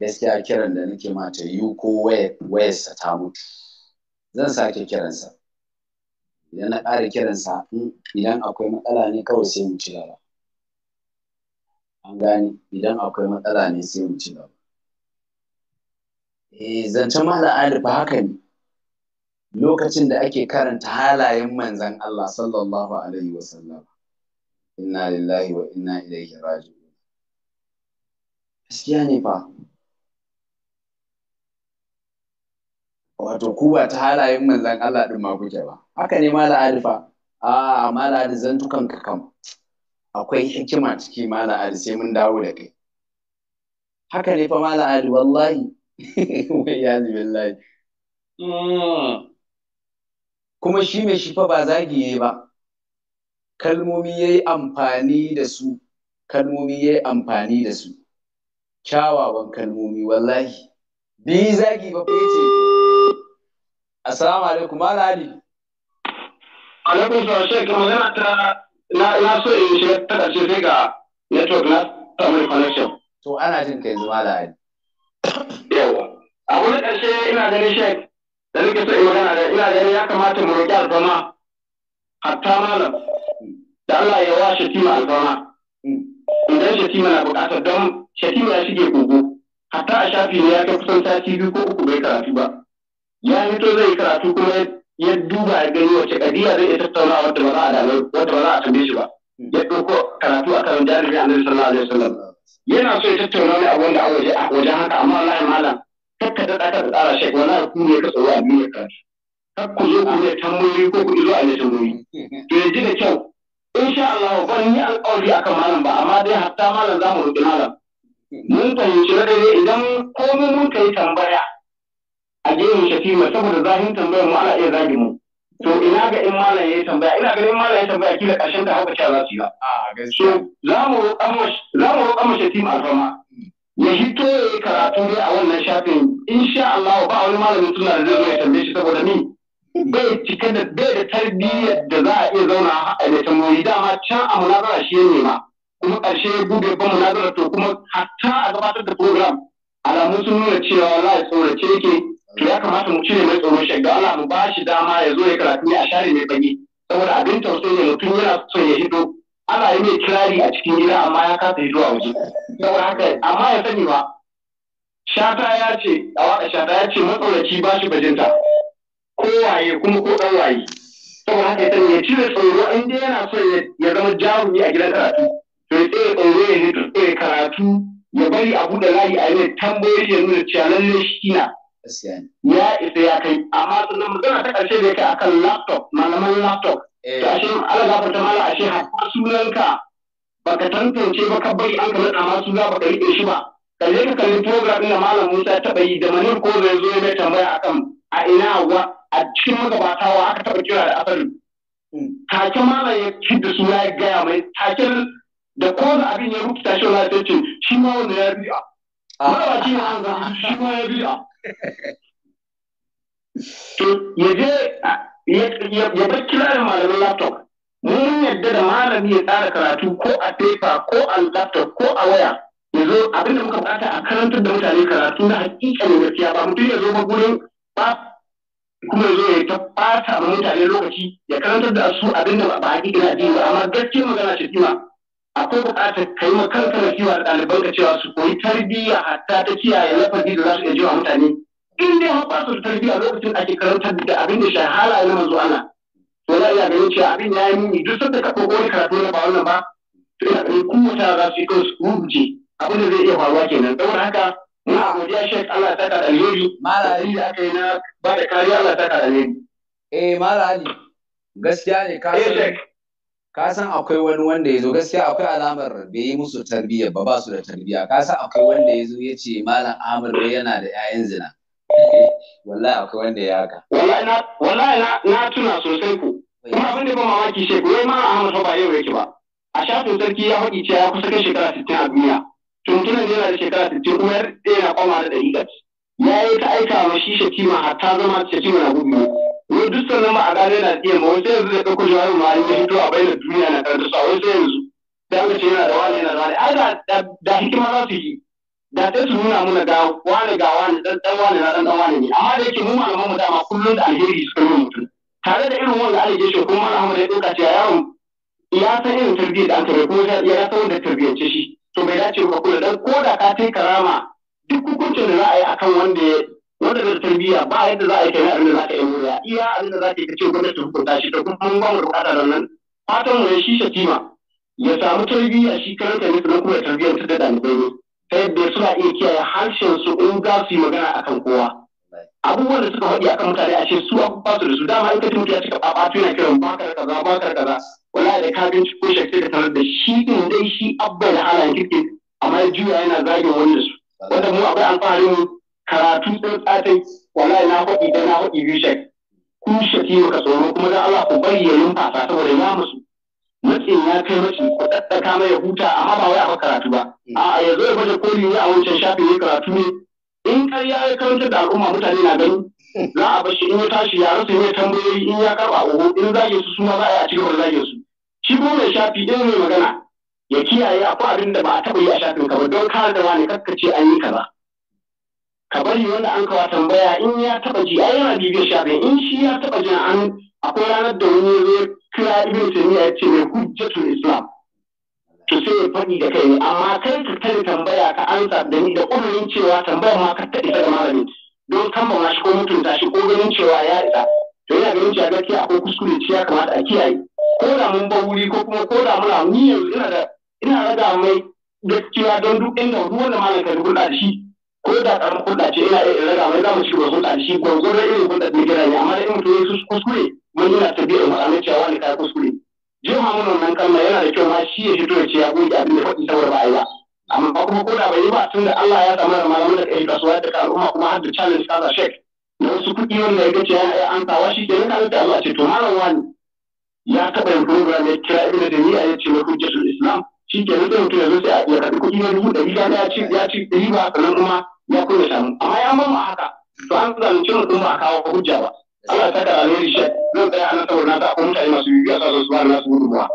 gaskiya kiran da nake mata yi ko wayarsa ta mutu. Zan sake kiransa. idan na ƙara kiransa hmm, idan akwai matsala ne kawai sai mu ci gaba an gane idan akwai matsala ne sai mu ci gaba eh zancen malam Ali fa haka ne lokacin da ake karanta halayen manzan Allah sallallahu alaihi wasallam inna lillahi wa inna ilaihi raji'un gaskiya ne fa wato ku ba ta halayen manzan Allah ɗin ma kuke ba haka ne mala arifa a mala arifa zantukan ka kam akwai hikima ciki mala arifa sai mun dawo da kai haka ne fa mala arifa wallahi wai ya billahi hmm. kuma shi mai shi fa ba zagiye ba kalmomi yayi amfani da su kalmomi yayi amfani da su kyawawan kalmomi wallahi bi zagi ba fa Assalamu alaikum Malam Ali. Alaikum salam shek magana ta na na so in shiga ta ƙarshe sai ga network na family connection. To ana jin kai zuwa da Ali. Yawa. Abu na ƙarshe ina ganin shek da nake so in magana da ina ganin ya kamata mu roƙi alfama hatta malam da Allah ya wa shatima alfama. Idan shatima na buƙatar don shatima ya shige kogo hatta a shafi ne ya kai kusan sati biyu ko uku bai karatu ba. ya fito zai karatu kuma ya duba ya gani wace kadiya zai iya tattauna wadda ba za a dame wadda ba za a tambaye shi ba ya ɗauko karatu a karan jami'in nan sallallahu alaihi wasallam yana so ya tattauna wani abu wanda a waje a wajen haka amma wallahi malam kakka da ɗaka da tsara shek Wani ku ne ka tsoro a duniya karatu kar ku zo ku ne tambayoyi ko ku zo a ne tambayoyi to ji da kyau insha Allah ban yi alƙawari akan malam ba amma dai hatta malam za mu rubi malam mun fahimci na dai idan komai mun kai tambaya a addinin shatima saboda zahin tambayar mu ana iya zagi mu to ina ga in malam yi tambaya ina ganin malam yi tambaya kila ƙarshen ta haka cewa za su yi ba so za mu roƙa mu za mu roƙa mu alfama hmm. ya hito ya yi karatu ne a wannan shafin insha Allah ba wani malamin suna da zai zo ya tambaye shi saboda ni bai cike da bai da tarbiyyar da za a iya zauna a da tambayoyi dama can a munazara shi ya nema kuma ƙarshe ya gube ba munazara to kuma hatta a gabatar da program alamu sun nuna cewa wallahi tsorace yake to ya kamata mu cire mai tsoro shagga da Allah mu ba shi dama ya zo ya karatu ne a share mai fage saboda abin tausayi ne mutum yana son ya hito ana yi mai kirari a cikin gida amma ya kasa hito a waje saboda haka amma ya sani ba shata ya ce a waka shata ya ce matsoraci ba shi bajinta waye kuma ko dan waye saboda haka ya sani ya cire tsoro in dai yana son ya zama jarumi a gidan karatu to ya tsaye tsoro ya hito ya karatu ya bari a buɗe layi a yi tambayoyi ya nuna cewa lallai shi na ya isa ya kai amma sannan magana ta ƙarshe da ya kai akan laptop malaman laptop ta eh. shi ala gafarta mala shi hatta sunanka ba ka tantance ba ka bari an ka amma ma suna ka riƙe shi ba kalle ka kalli program ɗin da malam Musa ya taɓa yi da Manir ko zai zo ya tambaya akan a ina wa a cikin magabatawa aka taɓa kira da asali hmm. take malam ya kidda suna ya gaya mai taken da ko abin ya rubuta shi wani sai ce shi ma wanda ya biya. Ah. Mara ba shi ne an zama shi ma ya biya. ya ya bar kirarin malamin laptop mun yadda da malami ya tsara karatu ko a paper ko a laptop ko a waya ya zo abin da muka bukata a karantar da mutane karatu na hakika ne gaskiya ba mutum ya zo ba gurin ba kuma ya ya ta mutane lokaci ya karantar da su abin da ba hakika na ba amma gaskiya magana ce akwai buƙatar kai ma kanka na kiwa ɗaliban ka cewa su koyi tarbiyya hatta ta kiyaye lafazi da za su iya jiwa mutane in dai har ba su da tarbiyya lokacin ake karantar da abin da shi ya manzo Allah to za iya ganin cewa abin ya yi nuni duk sanda ka ɗauko wani karatu na ba wannan ba to ina ganin kowace za su yi kawai su rubuce abin da zai iya faruwa kenan saboda haka muna godiya shek Allah ta kada alheri malami da aka yi na ba da kariya Allah ta kada alheri eh malami gaskiya ne ka eh, ka san akwai wani wanda ya zo gaskiya akwai alamar bai yi musu tarbiyya ba ba su da tarbiyya ka san akwai wanda ya zo ya ce malam amur bai yana da 'ya'yan zina wallahi akwai wanda ya haka wallahi na tuna sosai ku kuma abin da ba mamaki shi ku wai ma ahmad ba yau yake ba a shafin sarki ya faɗi cewa ya kusa kai shekara sittin a duniya tuntunan yana da shekara sittin kuma ɗaya yana kwama da ɗari ya yi ta aika wa shi shatima hatta zama shatima na gudu wai duk sannan ma a gane na iya ma wasu yanzu zai ɗauko jawabin ma an yi hito a bayyana duniya na karanta sa wasu yanzu da aka ce yana da wani yana zane. wani a da da hikima za su yi da sai su nuna mana ga wani ga wani dan dan wani na dan dan wani ne amma da yake mu malaman mu dama kullum da alheri suka nuna mutum tare da irin wanda ake shi kuma malam Ahmad ya ɗauka cewa yaron ya san irin tarbiyyar da aka bai kuma ya san wanda tarbiyyance shi to bai dace ba kula dan ko da ka kai karama duk hukuncin da za a yi akan wanda ya. wanda da tarbiyya ba yadda za a yi kai abin da za ka yi murya iya abin da za ka yi kace gwamnati hukunta shi da kuma ban ba bukata da nan fatan mu shi shatima ya samu tarbiyya shi karanta ne kuma kuma tarbiyyar ta da ne ta yadda suna iya kiyaye harshen su in ga su yi magana akan kowa abubuwan da suka faɗi akan mutane a ce su ba su da su dama in ka tunki ya cika ɓaɓatu yana kiran ba ka kaza ba ka kaza wala da ka binci ko shakki da tarar da shi din dai shi abba da halayen amma ya juya yana zagin wanda su wanda mu akwai alfaharin karatu ɗin tsatai wallahi na faɗi da na faɗi bishek ku shaki maka tsoro kuma za Allah ku bari ya fasa saboda ya musu matsin ya kai mace ku daddaka mai huta amma ba wai a karatu ba a yanzu ya baje koli ne a wancan shafi ne karatu ne in kar ya yi karanta da al'umma mutane na gani za a bar in ya tashi ya rasa ne tambayoyi in ya karɓa oho in zage su suma za a yi a cikin zage su shi ko mai shafi in mai magana ya kiyaye akwai abin da ba a taɓa yi a shafin ka ba don kare da wani kakkace an yi kaza ka bari wanda an kawo tambaya in ya taba ji ai yana bibiyar shafin in shi ya taba ji an akwai ranar da wani ya kira ibn taymiya ya ce mai hujjatul islam to sai ya faɗi da kai amma kai ka tare tambaya ka ansa da ni da ƙudurin cewa tambaya ma ka ta isa da malami don kammala shi ko mutunta shi ko ganin cewa ya isa to yana ganin cewa gaskiya akwai kuskure ce ya kamata a kiyaye ko da mun ba wuri ko kuma ko da muna ni yanzu ina da ina raga mai gaskiya don duk inda duk wanda malam rubuta shi ko da karam kuɗa ce ina iya raga mai zamu ci gwarzo da shi gwarzo da irin kuɗa da gira ne amma da in mutum ya kuskure mun yana na mu ana cewa wani ka kuskure jefa mun wannan kalma yana da kyau ma shi ya fito ya ce ya goge abin da faɗi saboda ba a yi ba amma kuma ko da bai yi ba tun da Allah ya samu da malamin da kai kasuwa da ka al'umma kuma har da challenge kaza shek da wasu kuɗi wanda ya gace ya an kawo shi ke nan da Allah ce to malam wani ya taɓa yin program ya kira ibnu da ya ce mai hujjatul islam shi ke nan mutum yanzu sai a karɓi kuɗi na dubu ɗari ya ci ya ci ɗari ba sannan kuma ya kuma shanu? amma ya mamma haka to an zalunci mutum ba a kawo hujja ba Allah ta kara alheri shi zan tsaya a nan saboda na sa kuma mutane masu bibiya sa su ba na su gudunmuwa.